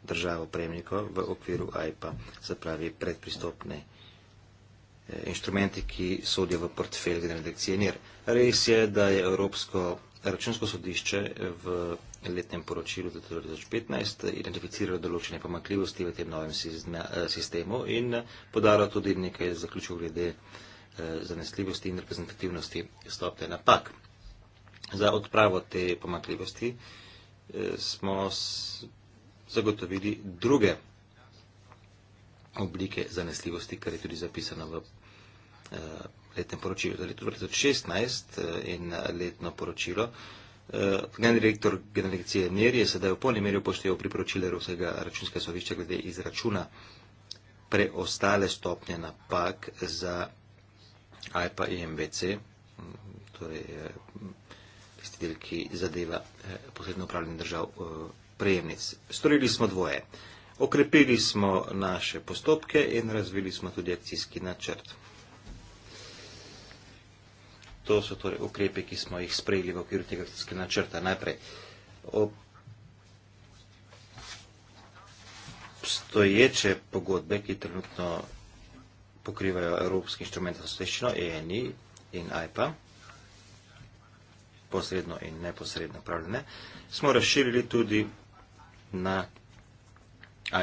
državo prejemniko v okviru AIPA, se pravi predpristopne eh, inštrumenti, ki sodijo v portfelj generalne direkcije NIR. Res je, da je Evropsko računsko sodišče v letnem poročilu za 2015 identificiralo določene pomakljivosti v tem novem eh, sistemu in eh, podaro tudi nekaj zaključkov glede zanesljivosti in reprezentativnosti stopne napak. Za odpravo te pomakljivosti smo zagotovili druge oblike zanesljivosti, kar je tudi zapisano v eh, letnem poročilu za leto 2016 eh, in eh, letno poročilo. Generalni direktor generalne direkcije NER je sedaj v polni meri upošteval priporočila Evropskega računskega sodišča glede izračuna preostale stopnje napak za IPA in MVC, torej tisti del, ki zadeva eh, posredno upravljanje držav eh, prejemnic. Storili smo dvoje. Okrepili smo naše postopke in razvili smo tudi akcijski načrt. To so torej ukrepe, ki smo jih sprejeli v okviru tega akcijskega načrta. Najprej obstoječe pogodbe, ki trenutno pokrivajo Evropski inštrument za sveščino, ENI in IPA posredno in neposredno upravljanje, smo razširili tudi na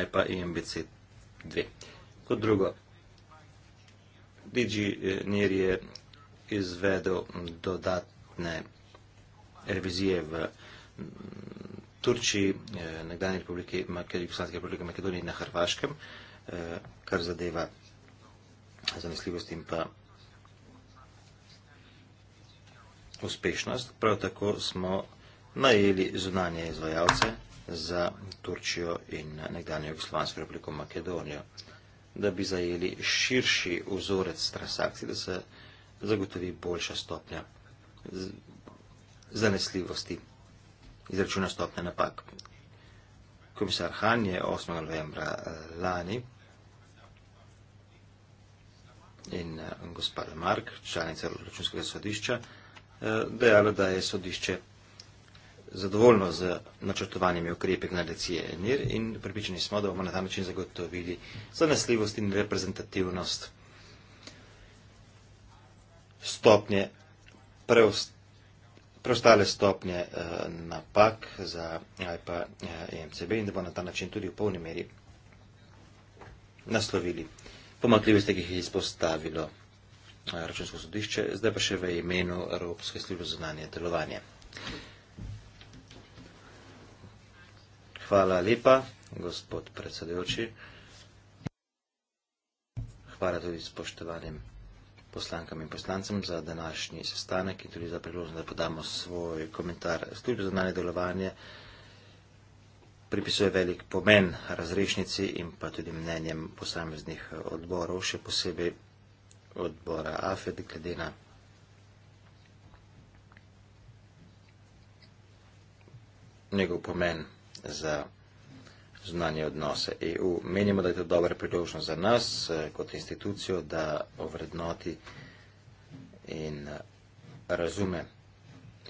iPad in MBC 2. Kot drugo, DigiNir eh, je izvedel dodatne revizije v mm, Turčiji, eh, nekdanji republiki, Jugoslavijske republike Makedonije in na Hrvaškem, eh, kar zadeva zanesljivost in pa uspešnost. Prav tako smo najeli zunanje izvajalce za Turčijo in nekdanje Jugoslovansko republiko Makedonijo, da bi zajeli širši vzorec transakcij, da se zagotovi boljša stopnja zanesljivosti izračuna stopnje napak. Komisar Han je 8. novembra eh, lani in eh, gospod Mark, članica računskega sodišča, dejala, da je sodišče zadovoljno z načrtovanimi ukrepi glede cije NIR in pripričani smo, da bomo na ta način zagotovili zanesljivost in reprezentativnost stopnje preost preostale stopnje eh, napak za IPA EMCB eh, e in da bo na ta način tudi v polni meri naslovili pomakljivosti, ki jih je izpostavilo računsko sodišče, zdaj pa še v imenu Evropske službe za znanje delovanje. Hvala lepa, gospod predsedujoči. Hvala tudi spoštovanim poslankam in poslancem za današnji sestanek in tudi za priložnost, da podamo svoj komentar. Službe za znanje delovanje pripisuje velik pomen razrešnici in pa tudi mnenjem posameznih odborov, še posebej odbora AFED glede na njegov pomen za znanje odnose EU. Menimo, da je to dobra priložnost za nas eh, kot institucijo, da ovrednoti in eh, razume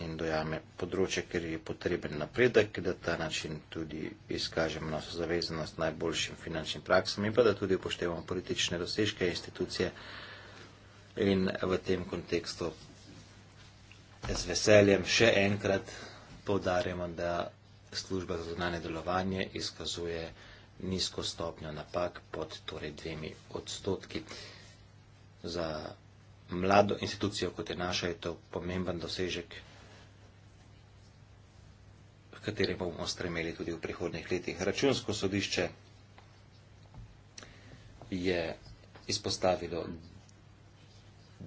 in dojame področje, ker je potreben napredek, da ta način tudi izkažemo našo zavezanost najboljšim finančnim praksam in pa da tudi upoštevamo politične dosežke institucije. In v tem kontekstu z veseljem še enkrat povdarjamo, da služba za zunanje delovanje izkazuje nizko stopnjo napak pod torej dvemi odstotki. Za mlado institucijo, kot je naša, je to pomemben dosežek, v katerem bomo stremeli tudi v prihodnjih letih. Računsko sodišče je izpostavilo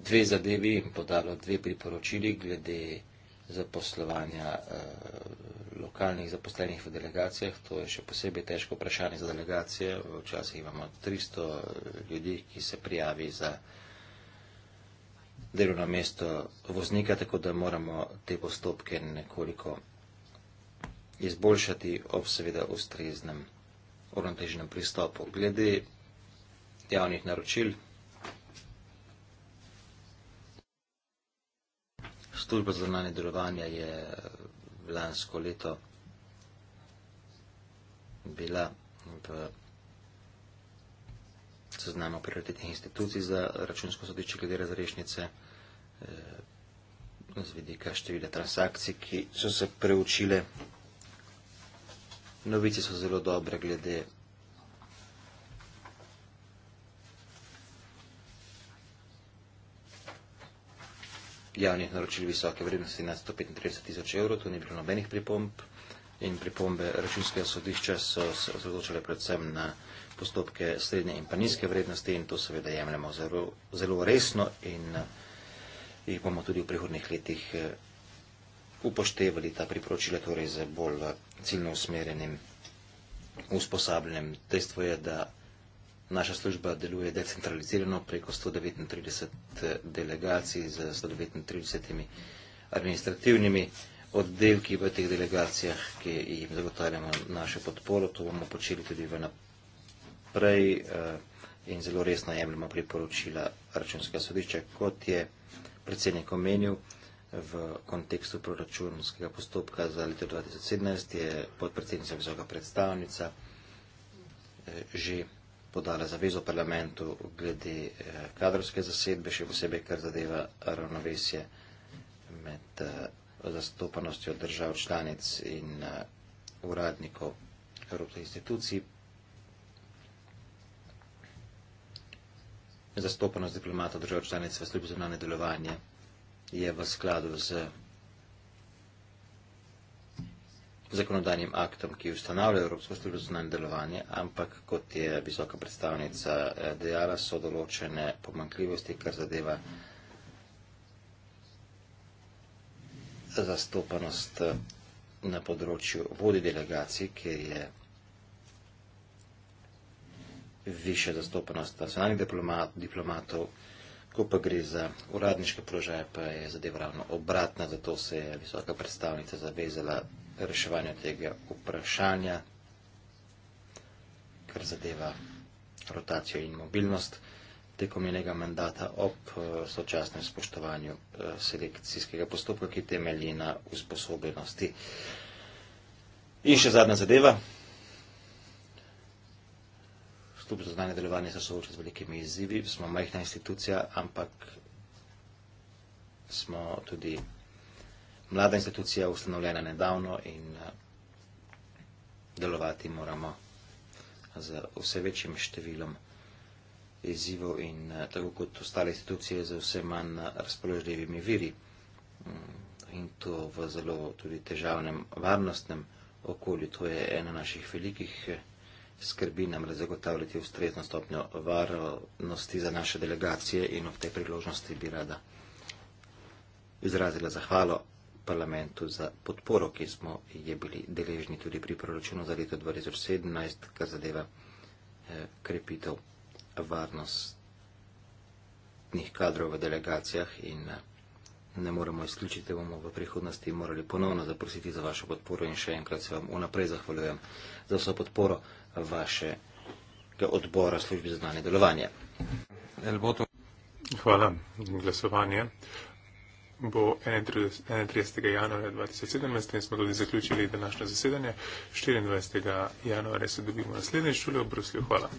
dve zadevi, podalo dve priporočili glede zaposlovanja eh, lokalnih zaposlenih v delegacijah. To je še posebej težko vprašanje za delegacije. Včasih imamo 300 eh, ljudi, ki se prijavi za delovno mesto voznika, tako da moramo te postopke nekoliko izboljšati ob seveda ustreznem, uravnoteženem pristopu. Glede javnih naročil. služba za znanje delovanja je eh, lansko leto bila v seznamu prioritetnih institucij za računsko sodišče glede razrešnice eh, z vidika števila transakcij, ki so se preučile. Novice so zelo dobre glede javnih naročil visoke vrednosti na 135 tisoč evrov, tu ni bilo nobenih pripomb in pripombe računskega sodišča so se osredotočile predvsem na postopke srednje in pa nizke vrednosti in to seveda jemljemo zelo, zelo resno in eh, jih bomo tudi v prihodnih letih eh, upoštevali ta priporočila torej z bolj eh, ciljno usmerjenim usposabljanjem. Dejstvo je, da Naša služba deluje decentralizirano preko 139 eh, delegacij z 139 administrativnimi oddelki v teh delegacijah, ki jim zagotavljamo naše podporo. To bomo počeli tudi v naprej eh, in zelo resno jemljamo priporočila računskega sodišča, kot je predsednik omenil v kontekstu proračunskega postopka za leto 2017, je podpredsednica visoka predstavnica eh, že predstavnica podala zavezo parlamentu glede eh, kadrovske zasedbe, še posebej kar zadeva ravnovesje med eh, zastopanostjo držav članic in eh, uradnikov Evropskih institucij. Zastopanost diplomatov držav članic v službi zunanje delovanje je v skladu z zakonodajnim aktom, ki ustanavlja Evropsko službo za zunanje delovanje, ampak, kot je visoka predstavnica eh, dejala, so določene pomankljivosti, kar zadeva zastopanost eh, na področju vodi delegacij, kjer je više zastopanost nacionalnih diplomat, diplomatov, ko pa gre za uradniške položaje, pa je zadeva ravno obratna, zato se je visoka predstavnica zavezala reševanju tega vprašanja, kar zadeva rotacijo in mobilnost tekom enega mandata ob eh, sočasnem spoštovanju eh, selekcijskega postopka, ki temelji na usposobljenosti. In še zadnja zadeva. Vstup za znanje delovanje se sooča z velikimi izzivi. Smo majhna institucija, ampak smo tudi mlada institucija ustanovljena nedavno in eh, delovati moramo z vse večjim številom izzivov in eh, tako kot ostale institucije z vse manj eh, razpoložljivimi viri mm, in to v zelo tudi težavnem varnostnem okolju. To je ena naših velikih skrbi nam zagotavljati ustrezno stopnjo varnosti za naše delegacije in ob tej priložnosti bi rada izrazila zahvalo parlamentu za podporo, ki smo je bili deležni tudi pri proračunu za leto 2017, kar zadeva eh, krepitev varnostnih kadrov v delegacijah in eh, ne moremo izključiti, da bomo v prihodnosti morali ponovno zaprositi za vašo podporo in še enkrat se vam vnaprej zahvaljujem za vso podporo vašega odbora službi za znanje delovanje. Hvala. Glasovanje bo 31. januarja 2017 in smo tudi zaključili današnje zasedanje. 24. januarja se dobimo naslednjič, Julio Bruslju. Hvala.